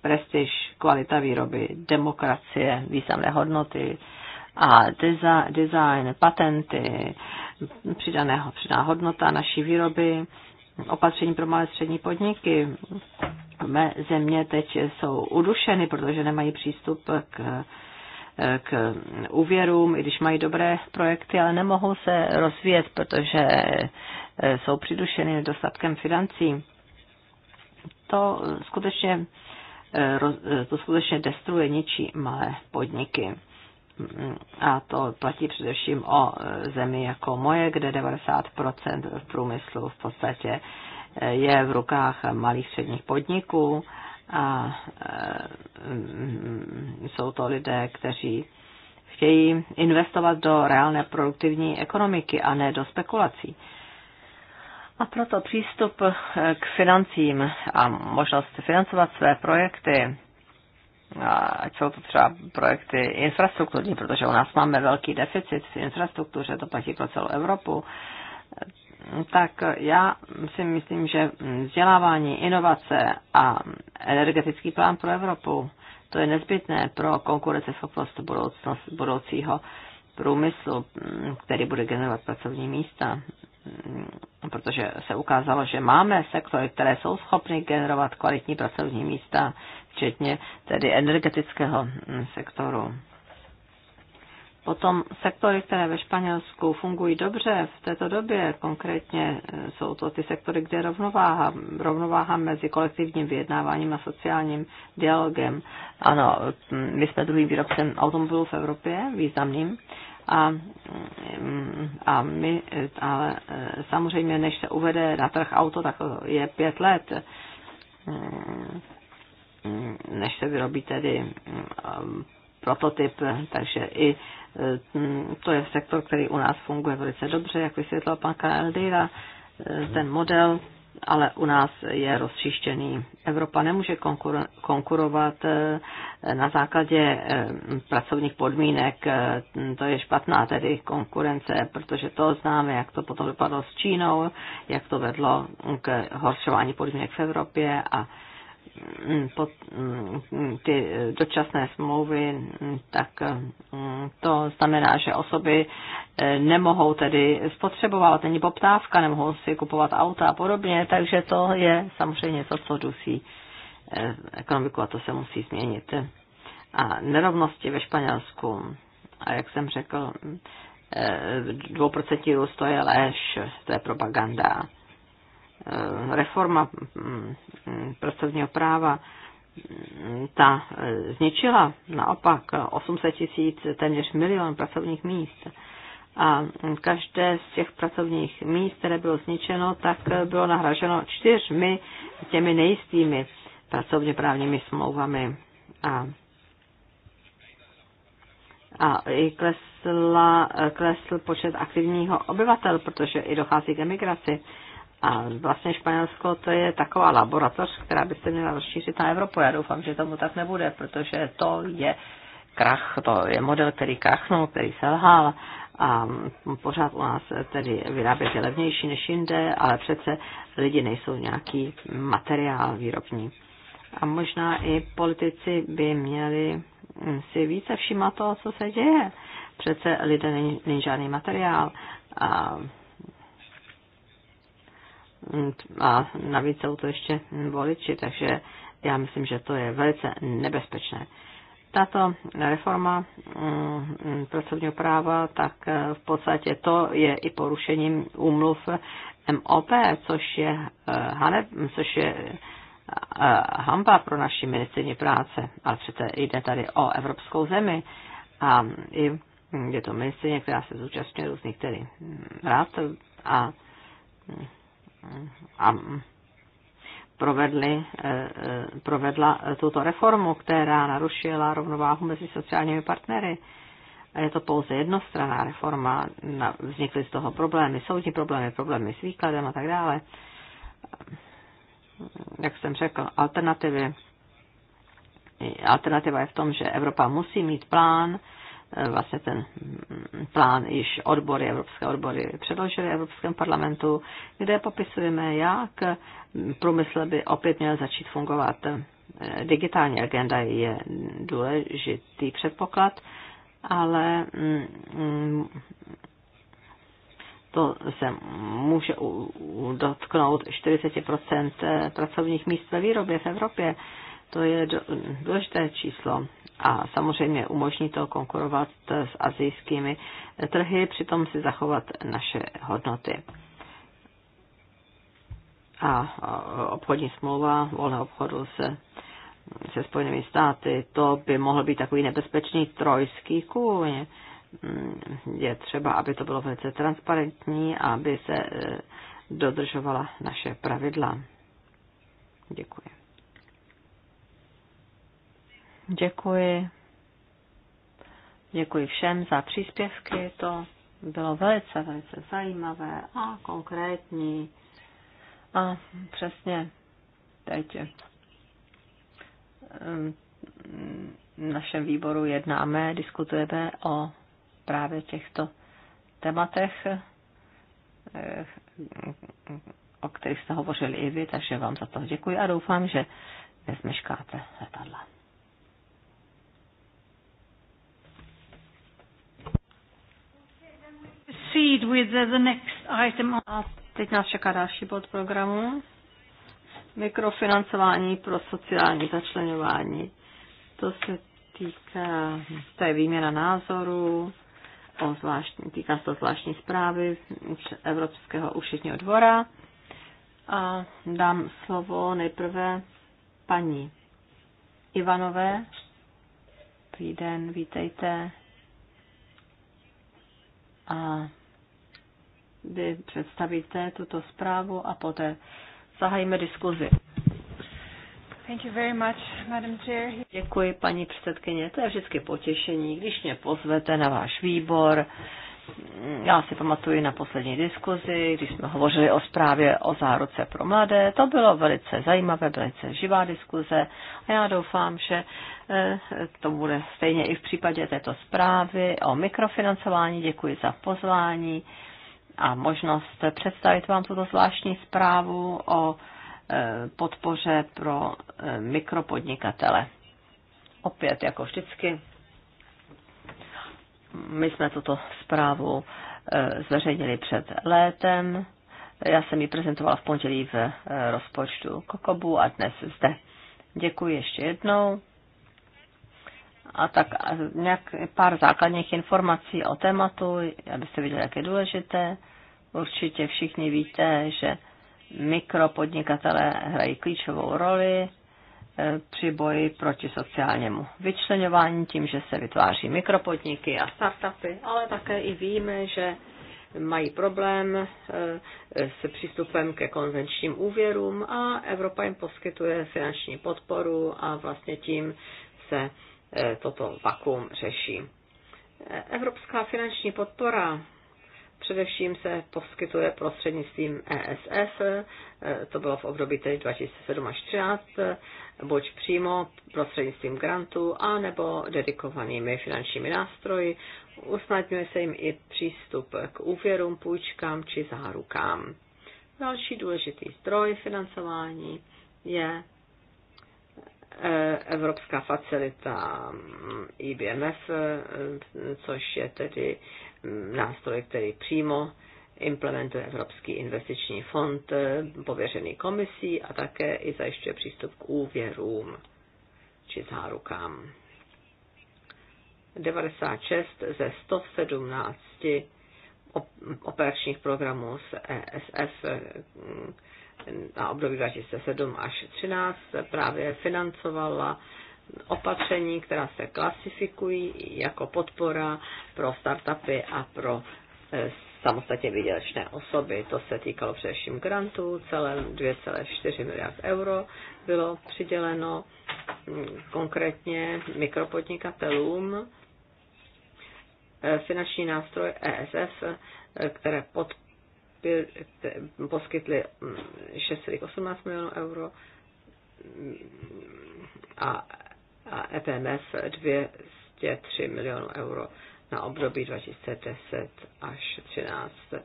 prestiž, kvalita výroby, demokracie, významné hodnoty a design, patenty, přidaného, přidaná hodnota naší výroby, opatření pro malé střední podniky. Mé země teď jsou udušeny, protože nemají přístup k, k úvěrům, i když mají dobré projekty, ale nemohou se rozvíjet, protože jsou přidušeny nedostatkem financí. To skutečně, eh, to skutečně destruje ničí malé podniky a to platí především o e, zemi jako moje, kde 90% v průmyslu v podstatě e, je v rukách malých středních podniků a e, jsou to lidé, kteří chtějí investovat do reálné produktivní ekonomiky a ne do spekulací. A proto přístup k financím a možnost financovat své projekty ať jsou to třeba projekty infrastrukturní, protože u nás máme velký deficit v infrastruktuře, to platí pro celou Evropu, tak já si myslím, že vzdělávání, inovace a energetický plán pro Evropu, to je nezbytné pro konkurenceschopnost budoucnost, budoucího průmyslu, který bude generovat pracovní místa. Protože se ukázalo, že máme sektory, které jsou schopny generovat kvalitní pracovní místa, včetně tedy energetického mm, sektoru. Potom sektory, které ve Španělsku fungují dobře v této době, konkrétně eh, jsou to ty sektory, kde je rovnováha, rovnováha mezi kolektivním vyjednáváním a sociálním dialogem. Ano, mm, my jsme druhým výrobcem automobilů v Evropě, významným, a, mm, a my, eh, ale eh, samozřejmě, než se uvede na trh auto, tak je pět let Mm, než se vyrobí tedy mm, um, prototyp, takže i mm, to je sektor, který u nás funguje velice dobře, jak vysvětlil pan Kaldeira, eh, ten model, ale u nás je rozčištěný. Evropa nemůže konkurovat eh, na základě eh, pracovních podmínek, to je špatná tedy konkurence, protože to známe, jak to potom dopadlo s Čínou, jak to vedlo k horšování podmínek v Evropě a Mm, mm, mm, ty dočasné smlouvy, tak to znamená, že osoby eh, nemohou tedy spotřebovat, není poptávka, nemohou si kupovat auta a podobně, takže to je samozřejmě něco, co dusí eh, ekonomiku a to se musí změnit. A nerovnosti ve Španělsku, a jak jsem řekl, eh, dvouprocentní růst to je lež, to je propaganda Eh, reforma mm, pracovního práva, mm, ta eh, zničila naopak 800 tisíc, téměř milion pracovních míst. A každé z těch pracovních míst, které bylo zničeno, tak bylo nahraženo čtyřmi těmi nejistými pracovně právními smlouvami. A, a i klesla, klesl počet aktivního obyvatel, protože i dochází k emigraci. A vlastně Španělsko to je taková laboratoř, která by se měla rozšířit na Evropu. Já doufám, že tomu tak nebude, protože to je krach, to je model, který krachnul, který selhal a pořád u nás tedy vyrábět je levnější než jinde, ale přece lidi nejsou nějaký materiál výrobní. A možná i politici by měli si více všímat toho, co se děje. Přece lidé není, není žádný materiál a Mm, a navíc jsou to ještě voliči, takže já myslím, že to je velice nebezpečné. Tato reforma mm, pracovního práva, tak eh, v podstatě to je i porušením úmluv MOP, což je, eh, haneb, což je eh, hamba pro naši ministrině práce, ale přece jde tady o evropskou zemi a i je to ministrině, která se zúčastňuje různých tedy rád a mm, a provedli, eh, eh, provedla tuto reformu, která narušila rovnováhu mezi sociálními partnery. A je to pouze jednostranná reforma, vznikly z toho problémy, soudní problémy, problémy s výkladem a tak dále. Jak jsem řekl, alternativy. Alternativa je v tom, že Evropa musí mít plán, Eh, vlastně ten mm, plán již odbory, evropské odbory předložily Evropském parlamentu, kde popisujeme, jak mm, průmysl by opět měl začít fungovat. Eh, digitální agenda je důležitý předpoklad, ale mm, to se může dotknout 40 eh, pracovních míst ve výrobě v Evropě. To je důležité číslo a samozřejmě umožní to konkurovat s azijskými trhy, přitom si zachovat naše hodnoty. A obchodní smlouva volného obchodu se, se Spojenými státy, to by mohl být takový nebezpečný trojský kůň. Je třeba, aby to bylo velice transparentní a aby se e, dodržovala naše pravidla. Děkuji. Děkuji. Děkuji všem za příspěvky. To bylo velice, velice zajímavé a konkrétní. A přesně teď ehm, v našem výboru jednáme, diskutujeme o právě těchto tématech, eh, o kterých jste hovořili i vy, takže vám za to děkuji a doufám, že nezmeškáte letadla. proceed with the next item. A teď nás čeká další bod programu. Mikrofinancování pro sociální začlenování. To se týká, to je výměna názorů, o zvláštní, týká se to zvláštní zprávy Evropského ušitního dvora. A dám slovo nejprve paní Ivanové. Dobrý den, vítejte. A kdy představíte tuto zprávu a poté zahajíme diskuzi. Thank you very much, Madam Chair. Děkuji, paní předsedkyně. To je vždycky potěšení, když mě pozvete na váš výbor. Já si pamatuju na poslední diskuzi, když jsme hovořili o zprávě o záruce pro mladé. To bylo velice zajímavé, velice živá diskuze a já doufám, že eh, to bude stejně i v případě této zprávy o mikrofinancování. Děkuji za pozvání a možnost představit vám tuto zvláštní zprávu o e, podpoře pro e, mikropodnikatele. Opět, jako vždycky, my jsme tuto zprávu e, zveřejnili před létem. Já jsem ji prezentovala v pondělí v rozpočtu Kokobu a dnes zde. Děkuji ještě jednou a tak nějak pár základních informací o tématu, abyste viděli, jak je důležité. Určitě všichni víte, že mikropodnikatelé hrají klíčovou roli e, při boji proti sociálnímu vyčlenování tím, že se vytváří mikropodniky a startupy, ale také i víme, že mají problém e, se přístupem ke konvenčním úvěrům a Evropa jim poskytuje finanční podporu a vlastně tím se Eh, toto vakuum řeší. Eh, Evropská finanční podpora především se poskytuje prostřednictvím ESF, eh, to bylo v období tedy 2007 až 2013, buď přímo prostřednictvím grantů, a nebo dedikovanými finančními nástroji. Usnadňuje se jim i přístup k úvěrům, půjčkám či zárukám. Další důležitý zdroj financování je Evropská facilita IBMF, což je tedy nástroj, který přímo implementuje Evropský investiční fond pověřený komisí a také i zajišťuje přístup k úvěrům či zárukám. 96 ze 117 operačních programů z ESF na období 2007 až 2013 právě financovala opatření, která se klasifikují jako podpora pro startupy a pro e, samostatně výdělečné osoby. To se týkalo především grantů, celé 2,4 miliard euro bylo přiděleno mm, konkrétně mikropodnikatelům. E, finanční nástroj ESF, e, které podporují byl, poskytli 6,18 mm, milionů euro mm, a, a EPMF 203 milionů euro na období 2010 až 2013, e,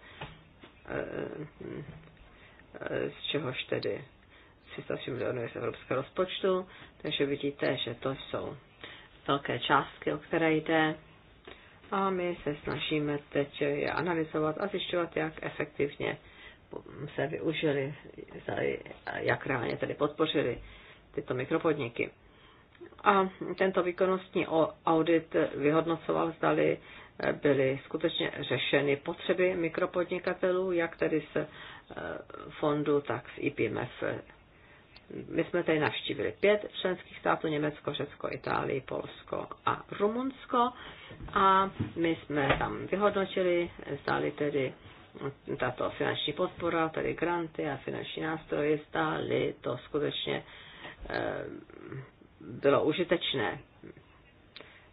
e, z čehož tedy 303 milionů je z evropského rozpočtu, takže vidíte, že to jsou velké částky, o které jde a my se snažíme teď je analyzovat a zjišťovat, jak efektivně se využili, jak reálně tedy podpořili tyto mikropodniky. A tento výkonnostní audit vyhodnocoval, zdali byly skutečně řešeny potřeby mikropodnikatelů, jak tedy z eh, fondu, tak z IPMF my jsme tady navštívili pět členských států, Německo, Řecko, Itálii, Polsko a Rumunsko a my jsme tam vyhodnotili, zdali tedy tato finanční podpora, tedy granty a finanční nástroje, zdali to skutečně eh, bylo užitečné.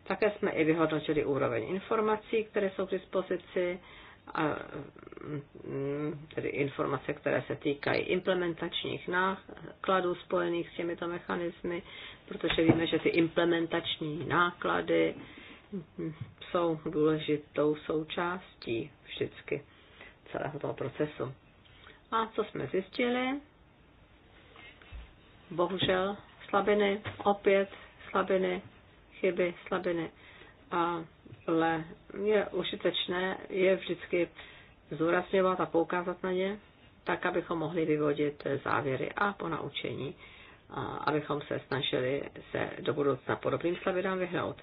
Také jsme i vyhodnotili úroveň informací, které jsou k dispozici, Mm, tedy informace, které se týkají implementačních nákladů spojených s těmito mechanismy, protože víme, že ty implementační náklady mm, jsou důležitou součástí vždycky celého toho procesu. A co jsme zjistili? Bohužel slabiny, opět slabiny, chyby, slabiny. A ale je užitečné je vždycky zúrazněvat a poukázat na ně, tak, abychom mohli vyvodit závěry a ponaučení, abychom se snažili se do budoucna podobným slavidám vyhnout.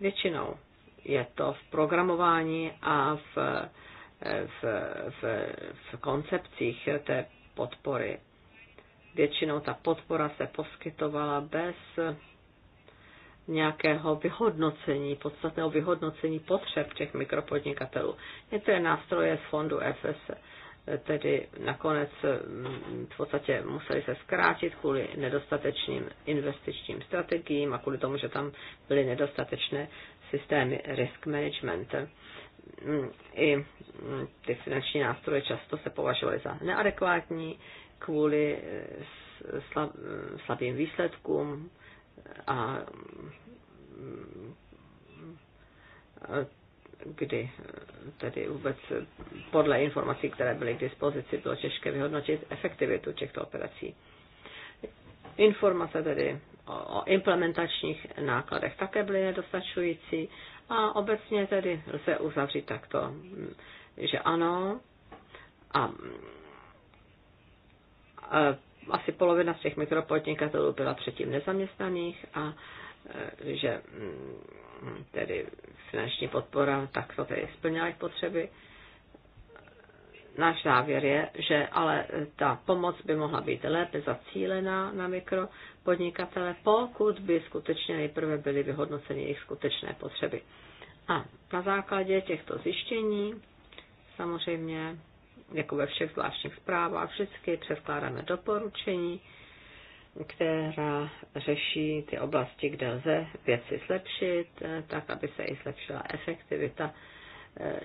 Většinou je to v programování a v, v, v, v koncepcích té podpory. Většinou ta podpora se poskytovala bez nějakého vyhodnocení, podstatného vyhodnocení potřeb těch mikropodnikatelů. je nástroje z fondu FS e. tedy nakonec mm, v podstatě museli se zkrátit kvůli nedostatečným investičním strategiím a kvůli tomu, že tam byly nedostatečné systémy risk management. Mm, I mm, ty finanční nástroje často se považovaly za neadekvátní kvůli eh, slabým výsledkům a kdy tedy vůbec podle informací, které byly k dispozici, bylo těžké vyhodnotit efektivitu těchto operací. Informace tedy o implementačních nákladech také byly nedostačující a obecně tedy lze uzavřít takto, že ano, a asi polovina z těch mikropodnikatelů byla předtím nezaměstnaných a e, že mm, tedy finanční podpora takto tedy splněla jejich potřeby. Náš závěr je, že ale ta pomoc by mohla být lépe zacílená na mikropodnikatele, pokud by skutečně nejprve byly vyhodnoceny jejich skutečné potřeby. A na základě těchto zjištění samozřejmě jako ve všech zvláštních zprávách, vždycky přeskládáme doporučení, která řeší ty oblasti, kde lze věci zlepšit, eh, tak aby se i zlepšila efektivita eh,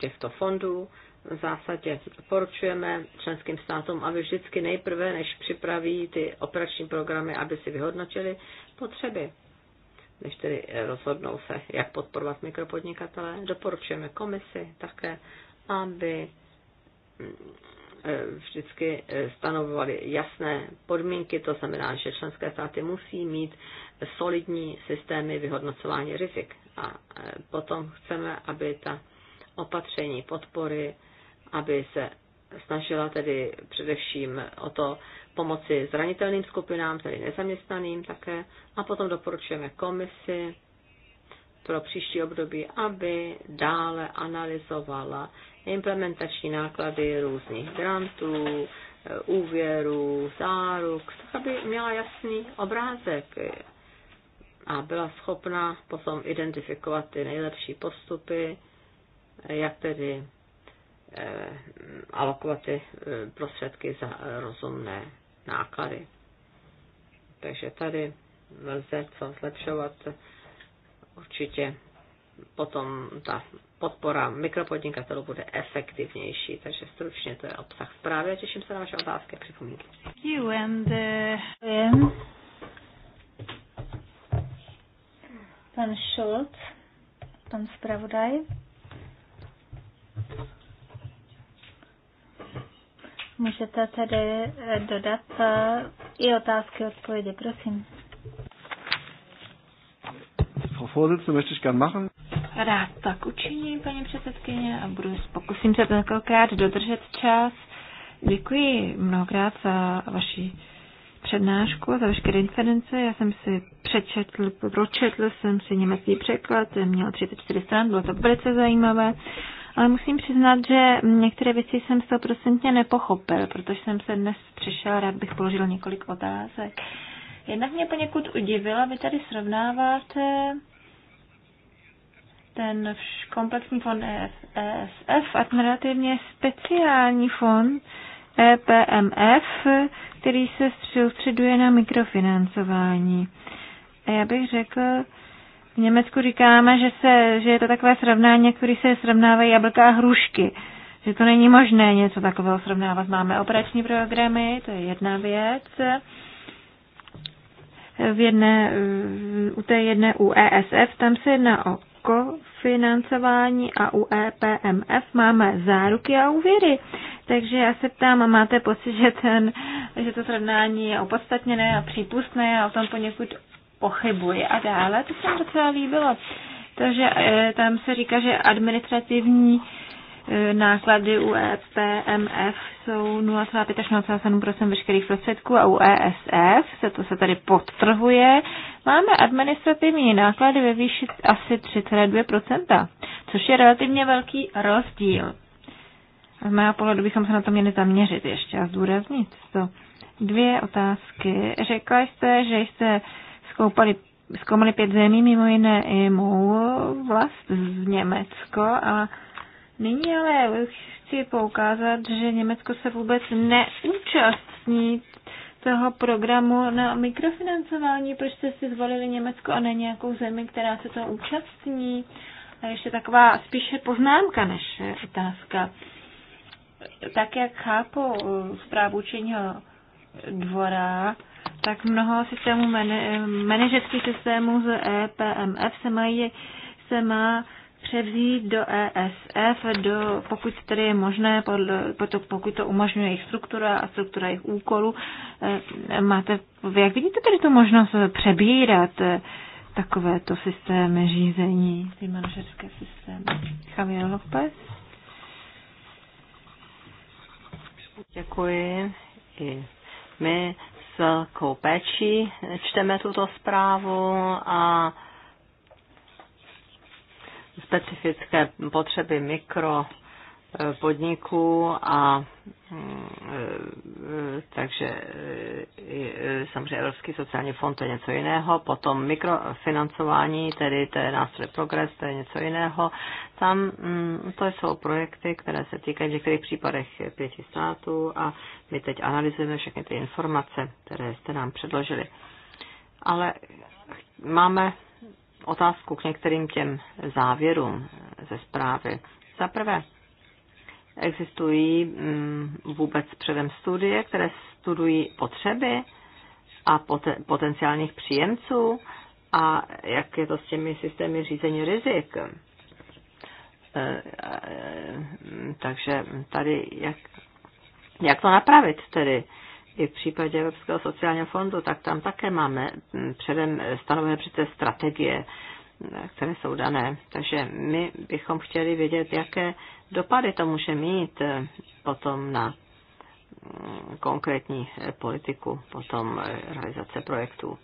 těchto fondů. V zásadě poručujeme členským státům, aby vždycky nejprve, než připraví ty operační programy, aby si vyhodnotili potřeby než tedy eh, rozhodnou se, jak podporovat mikropodnikatele. Doporučujeme komisi také, aby mm, eh, vždycky eh, stanovovali jasné podmínky, to znamená, že členské státy musí mít solidní systémy vyhodnocování rizik. A potom chceme, aby ta opatření podpory, aby se snažila tedy především o to pomoci zranitelným skupinám, tedy nezaměstnaným také. A potom doporučujeme komisi pro příští období, aby dále analyzovala implementační náklady různých grantů, úvěrů, záruk, tak aby měla jasný obrázek a byla schopna potom identifikovat ty nejlepší postupy, jak tedy eh, alokovat ty eh, prostředky za rozumné náklady. Takže tady lze co zlepšovat. Určitě potom ta podpora mikropodnikatelů bude efektivnější. Takže stručně to je obsah zprávy a těším se na vaše otázky a připomínky. You and, uh, um, pan Schulz, pan zpravodaj. Můžete tedy eh, dodat eh, i otázky, odpovědi, prosím. Rád tak učiním, paní předsedkyně, a budu pokusím se tentokrát dodržet čas. Děkuji mnohokrát za vaši přednášku, za veškeré inference. Já jsem si přečetl, pročetl jsem si německý překlad, měl 34 stran, bylo to velice zajímavé ale musím přiznat, že některé věci jsem stoprocentně nepochopil, protože jsem se dnes přišel, rád bych položil několik otázek. Jednak mě poněkud udivila, vy tady srovnáváte ten komplexní fond ESF, admirativně speciální fond EPMF, který se soustředuje na mikrofinancování. A já bych řekl, v Německu říkáme, že, se, že je to takové srovnání, které se srovnávají jablka a hrušky. Že to není možné něco takového srovnávat. Máme operační programy, to je jedna věc. V jedné, u té jedné u ESF, tam se jedná o kofinancování a u EPMF máme záruky a úvěry. Takže já se ptám, máte pocit, že, ten, že to srovnání je opodstatněné a přípustné a o tom poněkud pochybuji. A dále, to se mi docela líbilo, takže e, tam se říká, že administrativní e, náklady u EPMF jsou 0,5 až 0,7 veškerých prostředků a u ESF, se to se tady podtrhuje, máme administrativní náklady ve výši asi 3,2 což je relativně velký rozdíl. Z mého pohledu bychom se na to měli zaměřit ještě a zdůraznit to. Dvě otázky. Řekla jste, že jste skoupali, zkoumali pět zemí, mimo jiné i mou vlast z Německo a nyní ale chci poukázat, že Německo se vůbec neúčastní toho programu na mikrofinancování, proč jste si zvolili Německo a ne nějakou zemi, která se toho účastní. A ještě taková spíše poznámka než otázka. Tak jak chápu eh, zprávu učeního dvora, tak mnoho systémů, manažerských systémů z EPMF se, mají, se má převzít do ESF, do, pokud tedy je možné, podle, pokud to umožňuje jejich struktura a struktura jejich úkolů. E, máte, jak vidíte tedy tu možnost přebírat e, takovéto systémy řízení, ty manažerské systémy? Javier Lopez? Děkuji. my velkou péčí čteme tuto zprávu a specifické potřeby mikro podniků a mm, e, takže e, e, samozřejmě Evropský sociální fond to je něco jiného, potom mikrofinancování, tedy to je nástroj progres, to je něco jiného. Tam mm, to jsou projekty, které se týkají v některých případech pěti států a my teď analyzujeme všechny ty informace, které jste nám předložili. Ale máme otázku k některým těm závěrům ze zprávy. Za prvé, Existují mm, vůbec předem studie, které studují potřeby a poten- potenciálních příjemců a jak je to s těmi systémy řízení rizik. E, e, takže tady jak, jak to napravit tedy? I v případě Evropského sociálního fondu, tak tam také máme mm, předem stanovené přece strategie, které jsou dané. Takže my bychom chtěli vědět, jaké dopady to může mít eh, potom na mm, konkrétní eh, politiku, potom eh, realizace projektů.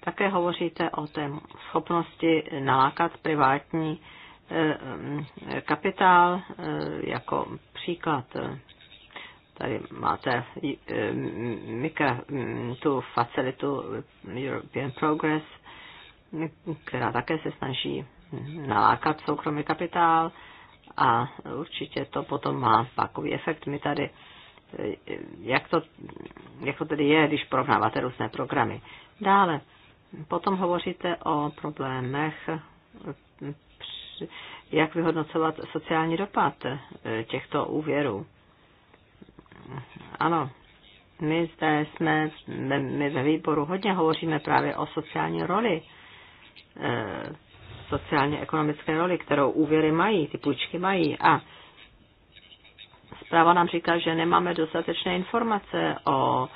Také hovoříte o té schopnosti nalákat privátní mm, kapitál jako příklad. Tady máte mm, tu facilitu European Progress, která také se snaží nalákat soukromý kapitál a určitě to potom má pákový efekt. My tady, eh, jak to, jak to tedy je, když porovnáváte různé programy. Dále, potom hovoříte o problémech, eh, jak vyhodnocovat sociální dopad eh, těchto úvěrů. Ano, my zde jsme, my ve výboru hodně hovoříme právě o sociální roli sociálně-ekonomické roli, kterou úvěry mají, ty půjčky mají. A zpráva nám říká, že nemáme dostatečné informace o,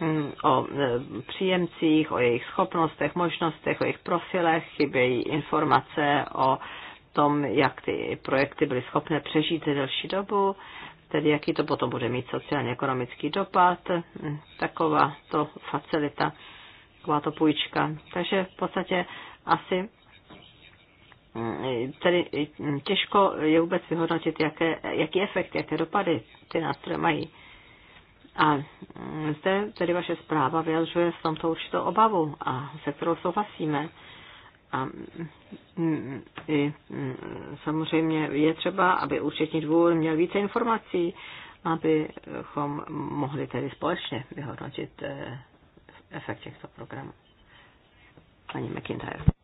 mm, o e, příjemcích, o jejich schopnostech, možnostech, o jejich profilech, chybějí informace o tom, jak ty projekty byly schopné přežít delší dobu, tedy jaký to potom bude mít sociálně-ekonomický dopad, mm, taková to facilita, taková to půjčka. Takže v podstatě asi tedy těžko je vůbec vyhodnotit, jaké, jaký efekt, jaké dopady ty nástroje mají. A zde tedy vaše zpráva vyjadřuje v tomto určitou obavu, a se kterou souhlasíme. A mm, mm, i, mm, samozřejmě je třeba, aby účetní dvůr měl více informací, abychom mohli tedy společně vyhodnotit eh, efekt těchto programů. Paní McIntyre.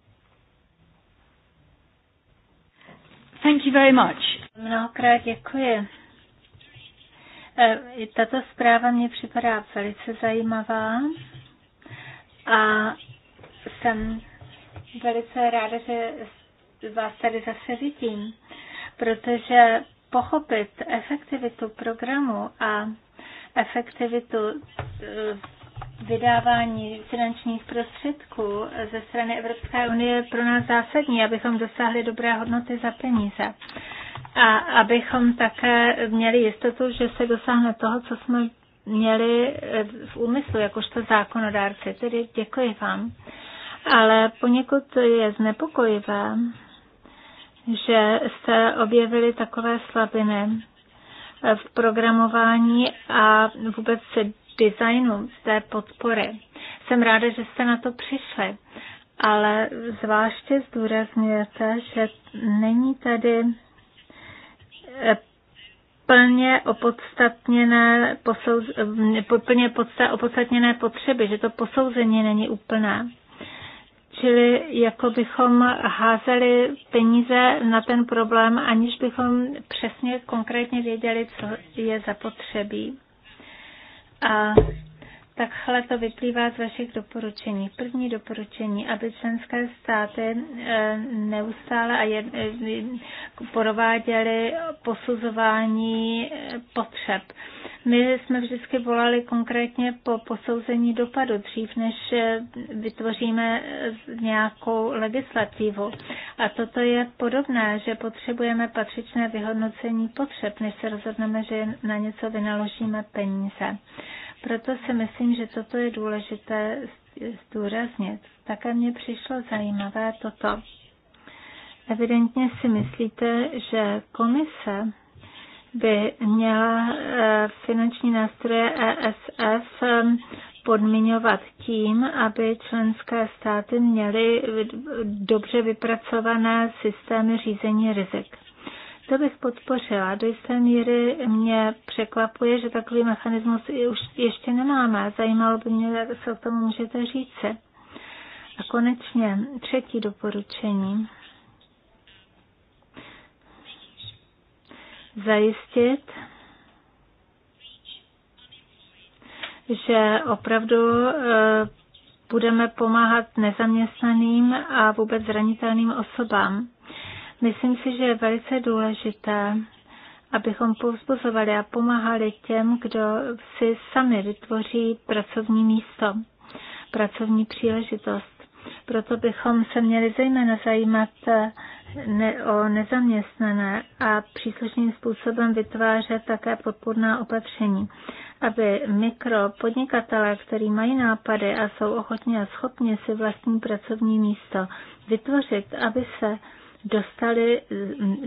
Thank you very much. Mnohokrát děkuji. E, tato zpráva mě připadá velice zajímavá a jsem velice ráda, že vás tady zase vidím, protože pochopit efektivitu programu a efektivitu e, vydávání finančních prostředků ze strany Evropské unie pro nás zásadní, abychom dosáhli dobré hodnoty za peníze. A abychom také měli jistotu, že se dosáhne toho, co jsme měli eh, v úmyslu, jakožto zákonodárci. Tedy děkuji vám. Ale poněkud je znepokojivé, že se objevily takové slabiny v programování a vůbec se designu té podpory. Jsem ráda, že jste na to přišli, ale zvláště zdůrazňujete, že není tady eh, plně opodstatněné, posouz, eh, plně opodstatněné potřeby, že to posouzení není úplné. Čili jako bychom házeli peníze na ten problém, aniž bychom přesně konkrétně věděli, co je zapotřebí. A Takhle to vyplývá z vašich doporučení. První doporučení, aby členské státy e, neustále a e, prováděly posuzování e, potřeb. My jsme vždycky volali konkrétně po posouzení dopadu, dřív než vytvoříme nějakou legislativu. A toto je podobné, že potřebujeme patřičné vyhodnocení potřeb, než se rozhodneme, že na něco vynaložíme peníze. Proto si myslím, že toto je důležité zdůraznit. Také mě přišlo zajímavé toto. Evidentně si myslíte, že komise by měla eh, finanční nástroje ESF eh, podmiňovat tím, aby členské státy měly dobře vypracované systémy řízení rizik. To bych podpořila. Do jisté míry mě překvapuje, že takový mechanismus už ještě nemáme. Zajímalo by mě, jak se o tom můžete říci. A konečně třetí doporučení. zajistit, že opravdu eh, budeme pomáhat nezaměstnaným a vůbec zranitelným osobám. Myslím si, že je velice důležité, abychom povzbuzovali a pomáhali těm, kdo si sami vytvoří pracovní místo, pracovní příležitost. Proto bychom se měli zejména zajímat eh, ne, o nezaměstnané a příslušným způsobem vytvářet také podpůrná opatření, aby mikropodnikatelé, kteří mají nápady a jsou ochotně a schopni si vlastní pracovní místo vytvořit, aby se dostali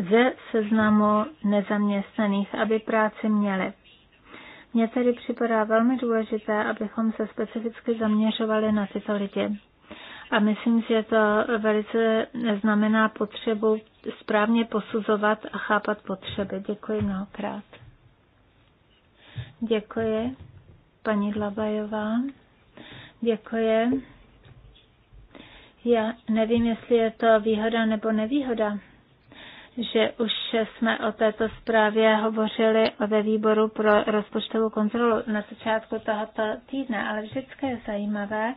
ze seznamu nezaměstnaných, aby práci měli. Mně tedy připadá velmi důležité, abychom se specificky zaměřovali na tyto lidi. A myslím, že to velice znamená potřebu správně posuzovat a chápat potřeby. Děkuji mnohokrát. Děkuji, paní Dlabajová. Děkuji. Já nevím, jestli je to výhoda nebo nevýhoda že už jsme o této zprávě hovořili ve výboru pro rozpočtovou kontrolu na začátku tohoto týdne, ale vždycky je zajímavé,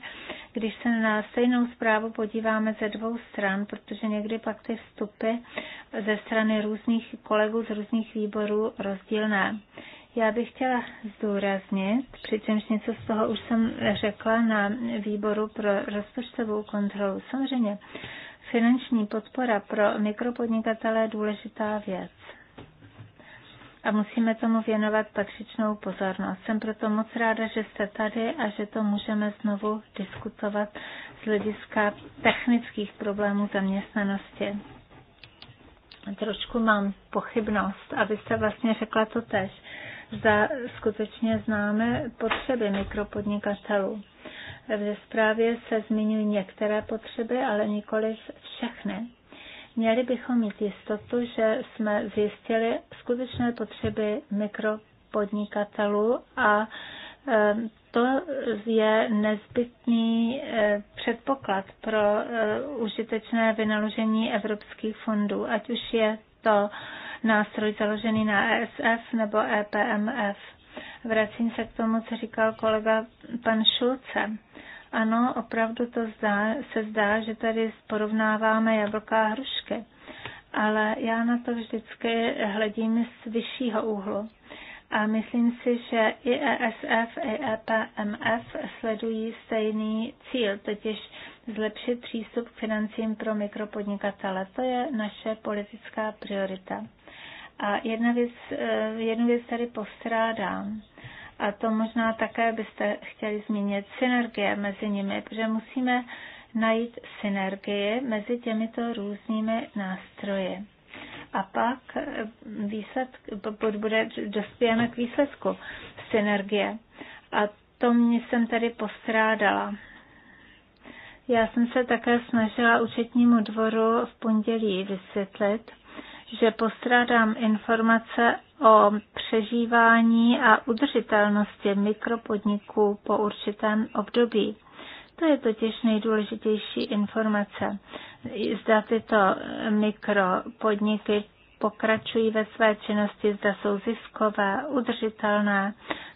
když se na stejnou zprávu podíváme ze dvou stran, protože někdy pak ty vstupy ze strany různých kolegů z různých výborů rozdílné. Já bych chtěla zdůraznit, přičemž něco z toho už jsem řekla na výboru pro rozpočtovou kontrolu. Samozřejmě Finanční podpora pro mikropodnikatele je důležitá věc a musíme tomu věnovat patřičnou pozornost. Jsem proto moc ráda, že jste tady a že to můžeme znovu diskutovat z hlediska technických problémů zaměstnanosti. Trošku mám pochybnost, abyste vlastně řekla to tež. Zda skutečně známe potřeby mikropodnikatelů. Ve zprávě se zmiňují některé potřeby, ale nikoli všechny. Měli bychom mít jistotu, že jsme zjistili skutečné potřeby mikropodnikatelů a eh, to je nezbytný eh, předpoklad pro eh, užitečné vynaložení evropských fondů, ať už je to nástroj založený na ESF nebo EPMF. Vracím se k tomu, co říkal kolega pan Šulce. Ano, opravdu to zdá, se zdá, že tady porovnáváme jablka a hrušky, ale já na to vždycky hledím z vyššího úhlu. A myslím si, že i ESF, i EPMF sledují stejný cíl, totiž zlepšit přístup k financím pro mikropodnikatele. To je naše politická priorita. A jedna věc, eh, jednu věc tady postrádám. A to možná také byste chtěli zmínit synergie mezi nimi, protože musíme najít synergie mezi těmito různými nástroji. A pak eh, výsledk, bude, dospějeme k výsledku synergie. A to mě jsem tady postrádala. Já jsem se také snažila účetnímu dvoru v pondělí vysvětlit, že postrádám informace o přežívání a udržitelnosti mikropodniků po určitém období. To je totiž nejdůležitější informace. Zda tyto mikropodniky pokračují ve své činnosti, zda jsou ziskové, udržitelné,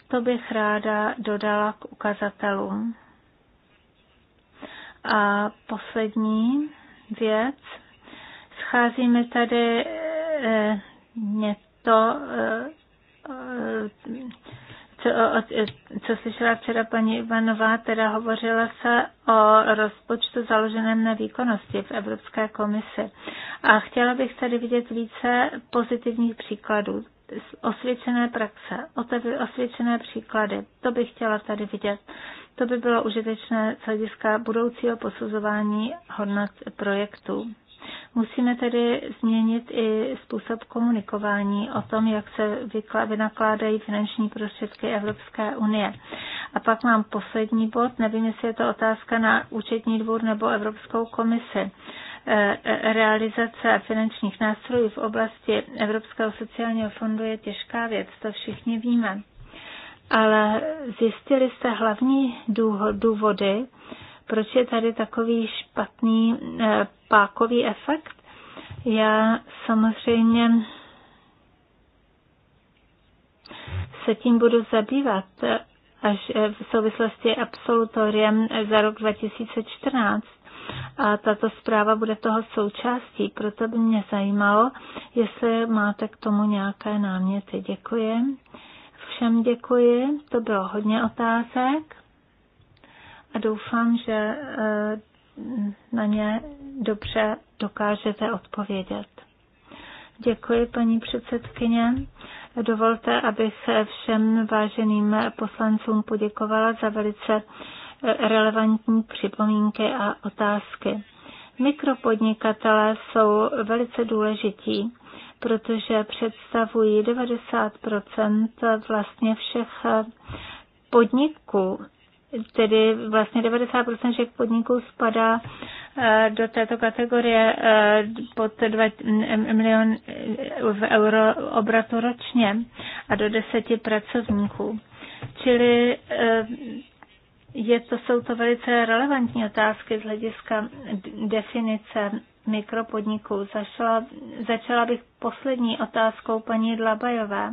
to bych ráda dodala k ukazatelům. A poslední věc. Scházíme tady něco, eh, eh, co, eh, co slyšela včera paní Ivanová, teda hovořila se o rozpočtu založeném na výkonnosti v Evropské komisi. A chtěla bych tady vidět více pozitivních příkladů, osvědčené praxe, osvědčené příklady. To bych chtěla tady vidět. To by bylo užitečné z hlediska budoucího posuzování hodnot projektů. Musíme tedy změnit i způsob komunikování o tom, jak se vynakládají finanční prostředky Evropské unie. A pak mám poslední bod, nevím, jestli je to otázka na účetní dvůr nebo Evropskou komisi e, e, realizace finančních nástrojů v oblasti Evropského sociálního fondu je těžká věc, to všichni víme. Ale zjistili jste hlavní důvody, proč je tady takový špatný eh, pákový efekt? Já samozřejmě se tím budu zabývat eh, až eh, v souvislosti absolutoriem za rok 2014 a tato zpráva bude toho součástí. Proto by mě zajímalo, jestli máte k tomu nějaké náměty. Děkuji. Všem děkuji, to bylo hodně otázek a doufám, že eh, na ně dobře dokážete odpovědět. Děkuji, paní předsedkyně. Dovolte, abych všem váženým poslancům poděkovala za velice eh, relevantní připomínky a otázky. Mikropodnikatelé jsou velice důležití, protože představují 90 vlastně všech eh, podniků tedy vlastně 90% všech podniků spadá eh, do této kategorie eh, pod 2 mm, mm, milion eh, euro obratu ročně a do 10 pracovníků. Čili je to, jsou to velice relevantní otázky z hlediska definice mikropodniků. Začala, začala bych poslední otázkou paní Dlabajové.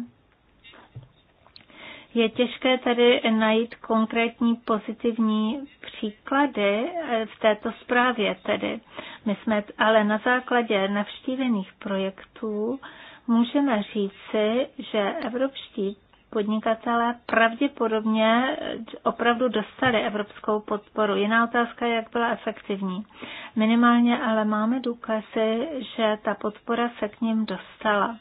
Je těžké tady najít konkrétní pozitivní příklady eh, v této zprávě tedy. My jsme ale na základě navštívených projektů můžeme říci, že evropští podnikatelé pravděpodobně opravdu dostali evropskou podporu. Jiná otázka je, jak byla efektivní. Minimálně ale máme důkazy, že ta podpora se k ním dostala.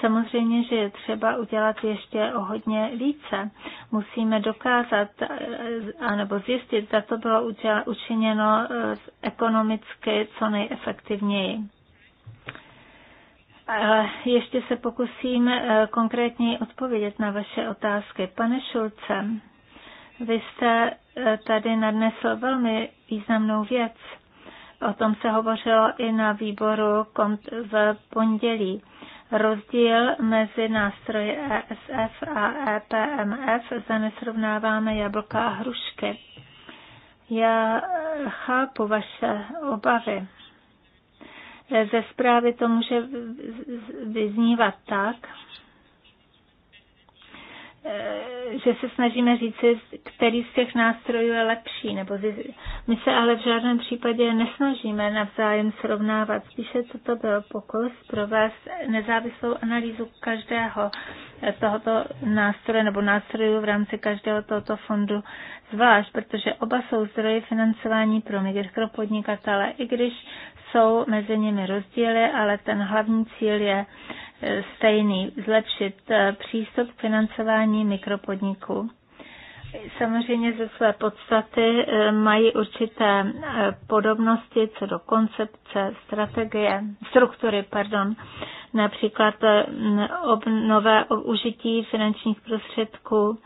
Samozřejmě, že je třeba udělat ještě o hodně více. Musíme dokázat eh, anebo zjistit, zda to bylo učiněno eh, ekonomicky co nejefektivněji. Ještě se pokusím eh, konkrétně odpovědět na vaše otázky. Pane Šulce, vy jste tady nadnesl velmi významnou věc. O tom se hovořilo i na výboru v pondělí. Rozdíl mezi nástroji ESF a EPMF zde nesrovnáváme jablka a hrušky. Já chápu vaše obavy. Ze zprávy to může vyznívat tak, Eh, že se snažíme říci, který z těch nástrojů je lepší. Nebo my se ale v žádném případě nesnažíme navzájem srovnávat. Spíše toto byl pokus pro vás nezávislou analýzu každého eh, tohoto nástroje nebo nástrojů v rámci každého tohoto fondu zvlášť, protože oba jsou zdroje financování pro mikropodnikatele, i když jsou mezi nimi rozdíly, ale ten hlavní cíl je stejný, zlepšit eh, přístup k financování mikropodniků. Samozřejmě ze své podstaty eh, mají určité eh, podobnosti co do koncepce, strategie, struktury, pardon, například nové užití finančních prostředků,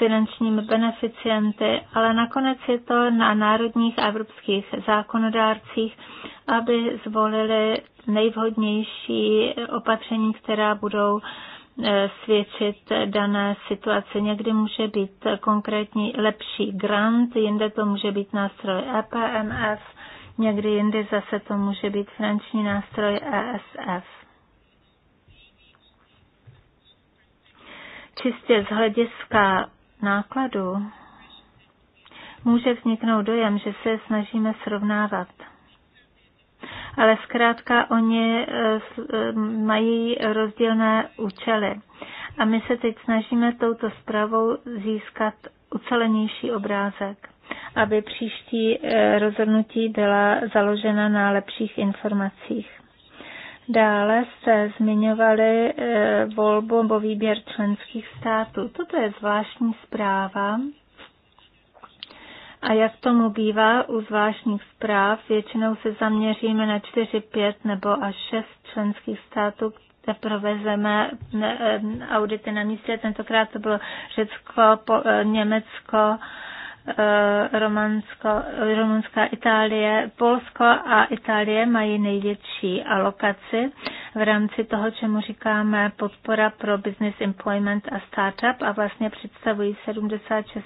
finančními beneficienty, ale nakonec je to na národních a evropských zákonodárcích, aby zvolili nejvhodnější opatření, která budou eh, svědčit dané situaci. Někdy může být konkrétní lepší grant, jinde to může být nástroj EPMF, někdy jinde zase to může být finanční nástroj ESF. Čistě z hlediska nákladů může vzniknout dojem, že se snažíme srovnávat. Ale zkrátka oni eh, eh, mají rozdílné účely. A my se teď snažíme touto zprávou získat ucelenější obrázek, aby příští eh, rozhodnutí byla založena na lepších informacích. Dále se zmiňovali eh, volbu nebo výběr členských států. Toto je zvláštní zpráva. A jak tomu bývá u zvláštních zpráv, většinou se zaměříme na 4, 5 nebo až 6 členských států, kde provezeme eh, eh, audity na místě. Tentokrát to bylo Řecko, Německo, Eh, Romansko, Rumunská Itálie, Polsko a Itálie mají největší alokaci v rámci toho, čemu říkáme podpora pro business employment a startup a vlastně představují 76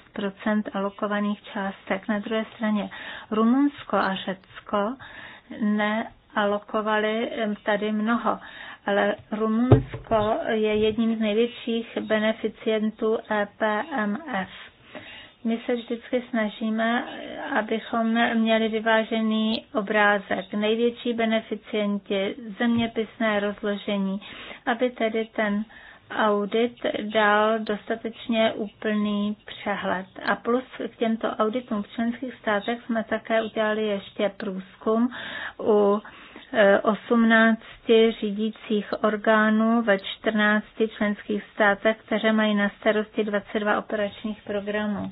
alokovaných částek. Na druhé straně Rumunsko a Řecko nealokovali tady mnoho, ale Rumunsko je jedním z největších beneficientů EPMF my se vždycky snažíme, abychom měli vyvážený obrázek. Největší beneficienti, zeměpisné rozložení, aby tedy ten audit dal dostatečně úplný přehled. A plus k těmto auditům v členských státech jsme také udělali ještě průzkum u 18 e, řídících orgánů ve 14 členských státech, které mají na starosti 22 operačních programů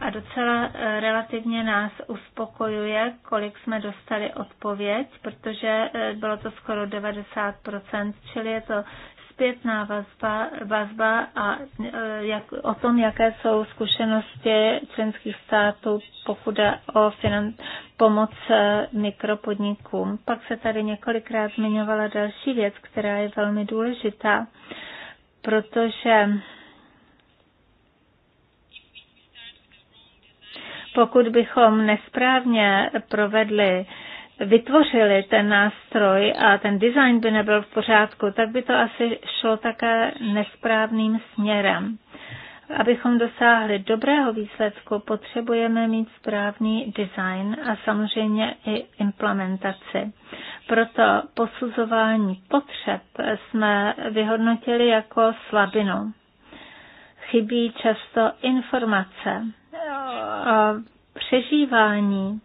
a docela eh, relativně nás uspokojuje, kolik jsme dostali odpověď, protože eh, bylo to skoro 90%, čili je to zpětná vazba, vazba a eh, jak, o tom, jaké jsou zkušenosti členských států, pokud jde o finan, pomoc mikropodnikům. Pak se tady několikrát zmiňovala další věc, která je velmi důležitá, protože pokud bychom nesprávně provedli vytvořili ten nástroj a ten design by nebyl v pořádku, tak by to asi šlo také nesprávným směrem. Abychom dosáhli dobrého výsledku, potřebujeme mít správný design a samozřejmě i implementaci. Proto posuzování potřeb jsme vyhodnotili jako slabinu. Chybí často informace přežívání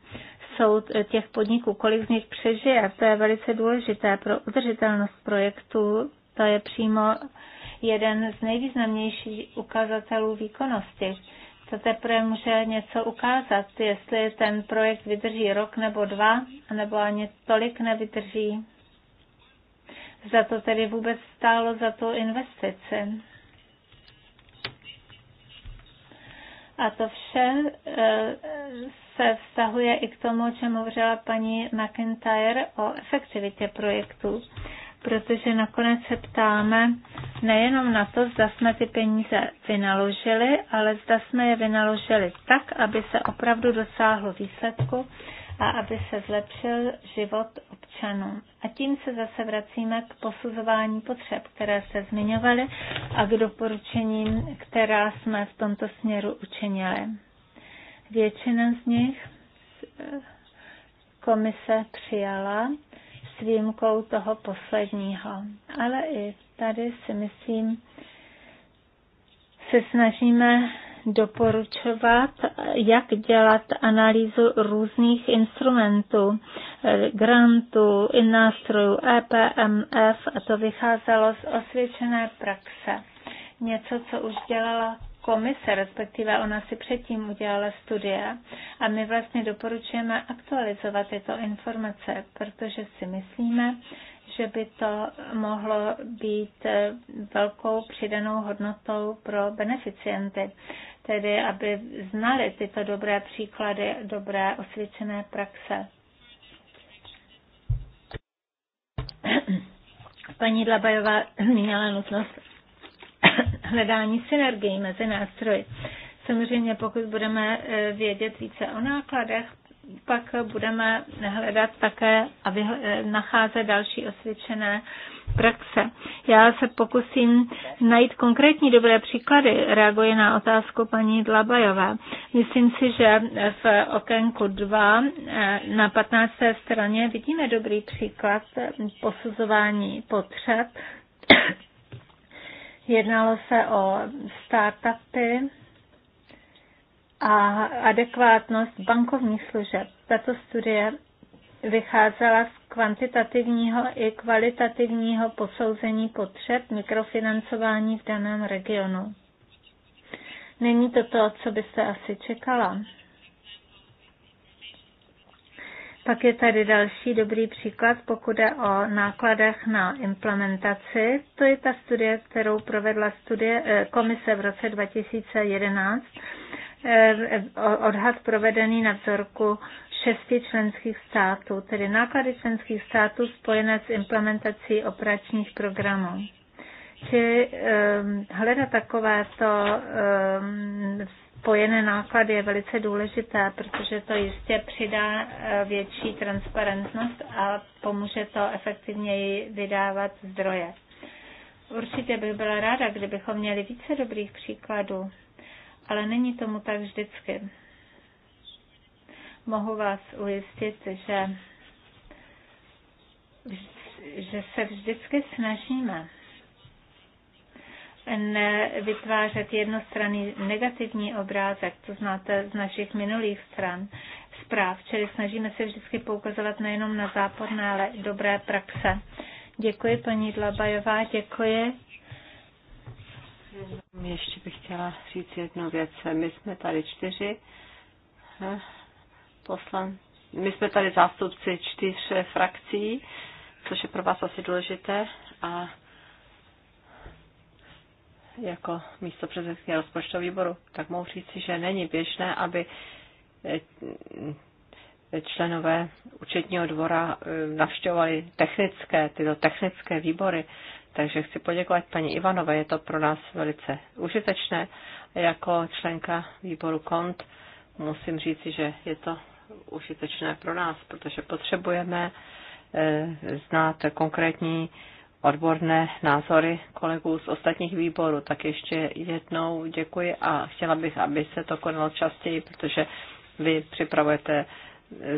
jsou těch podniků, kolik z nich přežije. To je velice důležité pro udržitelnost projektu. To je přímo jeden z nejvýznamnějších ukazatelů výkonnosti. To teprve může něco ukázat, jestli ten projekt vydrží rok nebo dva, nebo ani tolik nevydrží. Za to tedy vůbec stálo za tu investici. A to vše eh, se vztahuje i k tomu, o čem hovořila paní McIntyre o efektivitě projektů, protože nakonec se ptáme nejenom na to, zda jsme ty peníze vynaložili, ale zda jsme je vynaložili tak, aby se opravdu dosáhlo výsledku, a aby se zlepšil život občanů. A tím se zase vracíme k posuzování potřeb, které se zmiňovaly a k doporučením, která jsme v tomto směru učinili. Většina z nich komise přijala s výjimkou toho posledního. Ale i tady si myslím, se snažíme doporučovat, jak dělat analýzu různých instrumentů, eh, grantů, i nástrojů EPMF a to vycházelo z osvědčené praxe. Něco, co už dělala komise, respektive ona si předtím udělala studie a my vlastně doporučujeme aktualizovat tyto informace, protože si myslíme, že by to mohlo být eh, velkou přidanou hodnotou pro beneficienty tedy aby znali tyto dobré příklady, dobré osvědčené praxe. [clears throat] Paní Dlabajová měla nutnost [clears throat] hledání synergii mezi nástroji. Samozřejmě, pokud budeme eh, vědět více o nákladech, pak budeme hledat také a nacházet další osvědčené praxe. Já se pokusím najít konkrétní dobré příklady, reaguje na otázku paní Dlabajové. Myslím si, že v okénku 2 eh, na 15. straně vidíme dobrý příklad posuzování potřeb. [coughs] Jednalo se o startupy, a adekvátnost bankovních služeb. Tato studie vycházela z kvantitativního i kvalitativního posouzení potřeb mikrofinancování v daném regionu. Není to to, co byste asi čekala. Pak je tady další dobrý příklad, pokud je o nákladech na implementaci. To je ta studie, kterou provedla studie, eh, komise v roce 2011 Eh, odhad provedený na vzorku šesti členských států, tedy náklady členských států spojené s implementací operačních programů. Či um, hledat takovéto um, spojené náklady je velice důležité, protože to jistě přidá eh, větší transparentnost a pomůže to efektivněji vydávat zdroje. Určitě bych byla ráda, kdybychom měli více dobrých příkladů ale není tomu tak vždycky. Mohu vás ujistit, že, že se vždycky snažíme nevytvářet jednostranný negativní obrázek, to znáte z našich minulých stran, zpráv, čili snažíme se vždycky poukazovat nejenom na záporné, ale dobré praxe. Děkuji, paní Dlabajová, děkuji. Ještě bych chtěla říct jednu věc. My jsme tady čtyři eh, poslan. My jsme tady zástupci čtyř frakcí, což je pro vás asi důležité. A jako místo předsedkyně rozpočtového výboru, tak mohu říci, že není běžné, aby eh, členové účetního dvora eh, navštěvovali technické, tyto technické výbory. Takže chci poděkovat paní Ivanové, je to pro nás velice užitečné. Jako členka výboru KONT musím říci, že je to užitečné pro nás, protože potřebujeme eh, znát konkrétní odborné názory kolegů z ostatních výborů. Tak ještě jednou děkuji a chtěla bych, aby se to konalo častěji, protože vy připravujete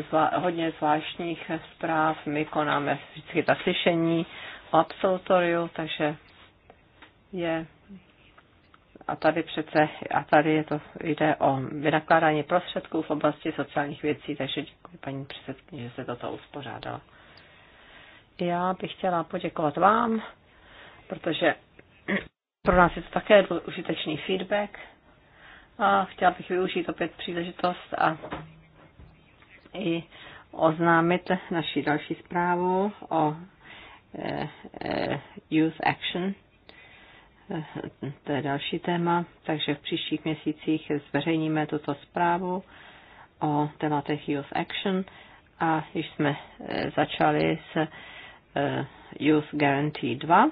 zva, hodně zvláštních zpráv, my konáme vždycky ta slyšení absolutoriu, takže je a tady přece, a tady je to, jde o vynakládání prostředků v oblasti sociálních věcí, takže děkuji paní předsedkyni, že se toto uspořádala. Já bych chtěla poděkovat vám, protože pro nás je to také užitečný feedback a chtěla bych využít opět příležitost a i oznámit naši další zprávu o Eh, eh, youth Action. Eh, to je další téma, takže v příštích měsících zveřejníme tuto zprávu o tématech Youth Action a již jsme začali s Youth Guarantee 2,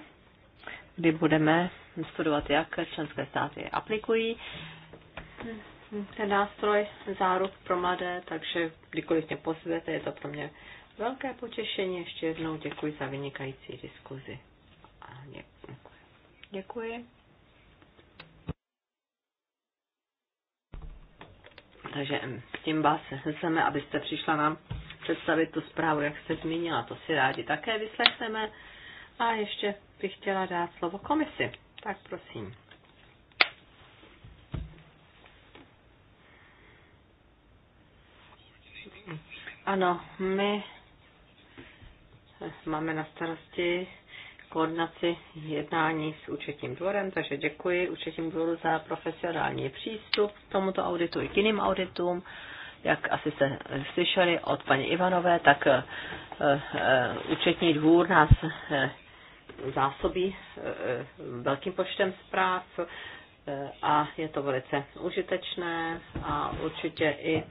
kdy budeme studovat, jak členské státy aplikují ten nástroj záruk pro mladé, takže kdykoliv mě pozvete, je to pro mě velké potěšení. Ještě jednou děkuji za vynikající diskuzi. A děkuji. Děkuji. Takže s tím vás chceme, abyste přišla nám představit tu zprávu, jak jste zmínila. To si rádi také vyslechneme. A ještě bych chtěla dát slovo komisi. Tak prosím. Ano, my máme na starosti koordinaci jednání s účetním dvorem, takže děkuji účetním dvoru za profesionální přístup k tomuto auditu i k jiným auditům. Jak asi jste slyšeli od paní Ivanové, tak eh, eh, účetní dvůr nás eh, zásobí velkým počtem zpráv a je to velice užitečné a určitě i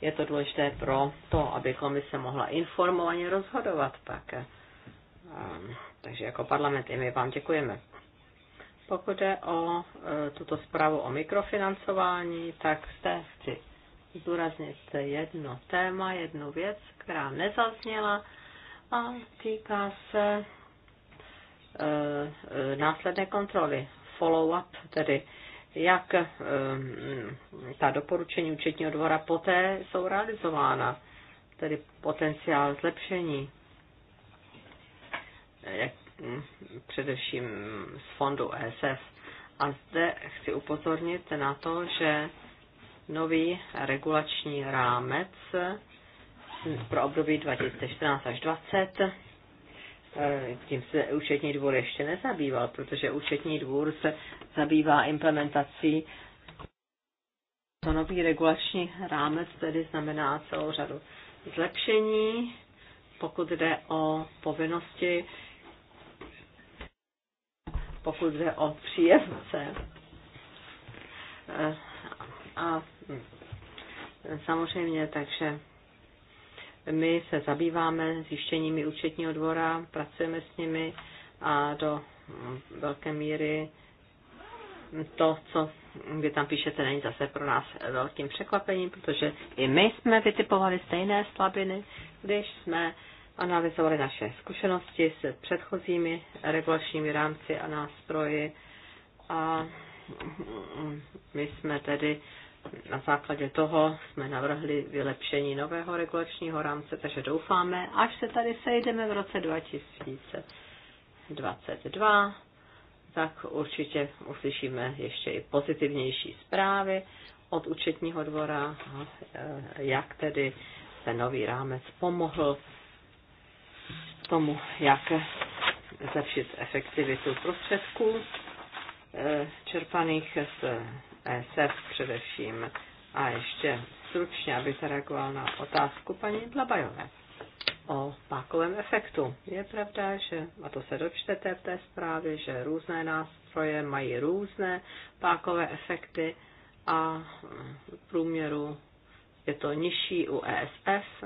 je to důležité pro to, aby Komise mohla informovaně rozhodovat pak. Ehm, takže jako parlament i my vám děkujeme. Pokud jde o e, tuto zprávu o mikrofinancování, tak jste chci zdůraznit jedno téma, jednu věc, která nezazněla a týká se e, e, následné kontroly, follow-up, tedy jak eh, ta doporučení účetního dvora poté jsou realizována, tedy potenciál zlepšení, eh, jak, hm, především z fondu ESF. A zde chci upozornit na to, že nový regulační rámec hm, pro období 2014 až 2020 E, tím se účetní dvůr ještě nezabýval, protože účetní dvůr se zabývá implementací to nový regulační rámec tedy znamená celou řadu zlepšení, pokud jde o povinnosti, pokud jde o příjemce. E, a hm, samozřejmě, takže my se zabýváme zjištěními účetního dvora, pracujeme s nimi a do velké míry to, co vy tam píšete, není zase pro nás velkým překvapením, protože i my jsme vytipovali stejné slabiny, když jsme analyzovali naše zkušenosti s předchozími regulačními rámci a nástroji a my jsme tedy na základě toho jsme navrhli vylepšení nového regulačního rámce, takže doufáme, až se tady sejdeme v roce 2022, tak určitě uslyšíme ještě i pozitivnější zprávy od účetního dvora, e, jak tedy ten nový rámec pomohl tomu, jak zlepšit efektivitu prostředků e, čerpaných z ESF e především. A ještě stručně, aby se reagoval na otázku paní Dlabajové o pákovém efektu. Je pravda, že, a to se dočtete v té zprávě, že různé nástroje mají různé pákové efekty a v průměru je to nižší u ESF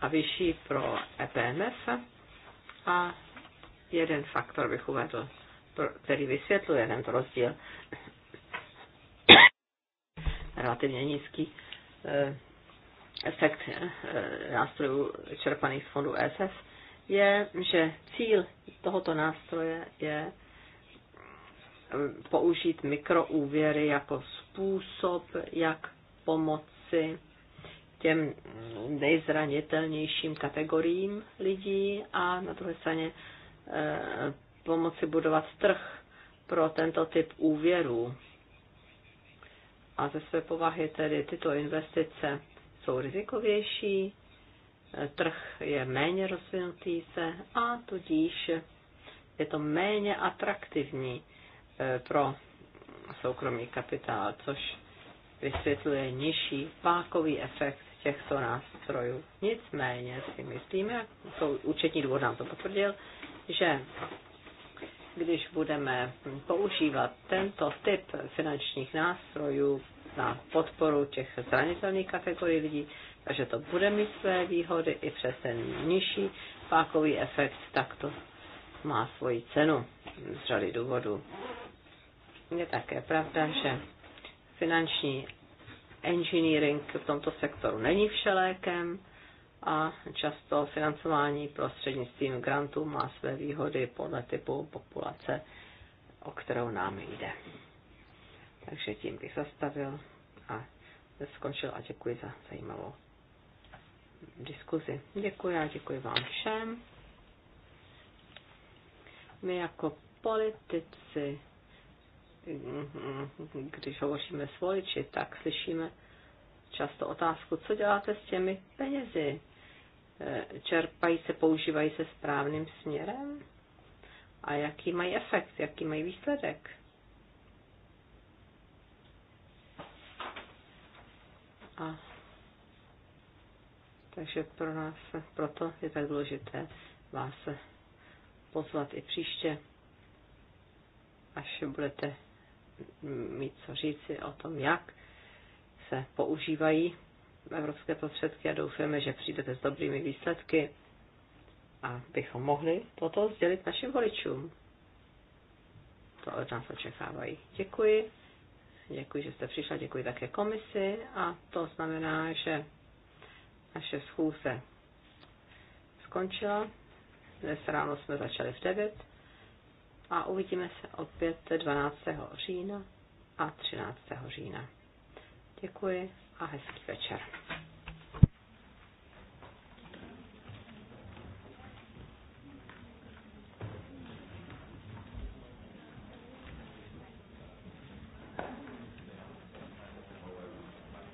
a vyšší pro EPMF. A jeden faktor bych uvedl, který vysvětluje tento rozdíl. Relativně nízký eh, efekt eh, nástrojů čerpaných z fondu ESF je, že cíl tohoto nástroje je eh, použít mikroúvěry jako způsob, jak pomoci těm nejzranitelnějším kategoriím lidí a na druhé straně pomoci budovat trh pro tento typ úvěrů. A ze své povahy tedy tyto investice jsou rizikovější, trh je méně rozvinutý se a tudíž je to méně atraktivní eh, pro soukromý kapitál, což vysvětluje nižší pákový efekt těchto nástrojů. Nicméně si myslíme, to účetní důvod nám to potvrdil, že když budeme používat tento typ finančních nástrojů na podporu těch zranitelných kategorií lidí, takže to bude mít své výhody i přes ten nižší pákový efekt, tak to má svoji cenu z řady důvodů. Je také pravda, že finanční engineering v tomto sektoru není všelékem, a často financování prostřednictvím grantů má své výhody podle typu populace, o kterou nám jde. Takže tím bych zastavil a skončil a děkuji za zajímavou diskuzi. Děkuji a děkuji vám všem. My jako politici, když hovoříme s voliči, tak slyšíme často otázku, co děláte s těmi penězi, čerpají se, používají se správným směrem a jaký mají efekt, jaký mají výsledek. A takže pro nás, proto je tak důležité vás pozvat i příště, až budete mít co říci o tom, jak se používají evropské prostředky a doufáme, že přijdete s dobrými výsledky, a bychom mohli toto sdělit našim voličům. To od nás očekávají. Děkuji. Děkuji, že jste přišla, děkuji také komisi a to znamená, že naše schůze skončila. Dnes ráno jsme začali v 9 a uvidíme se opět 12. října a 13. října. Děkuji a hezký večer.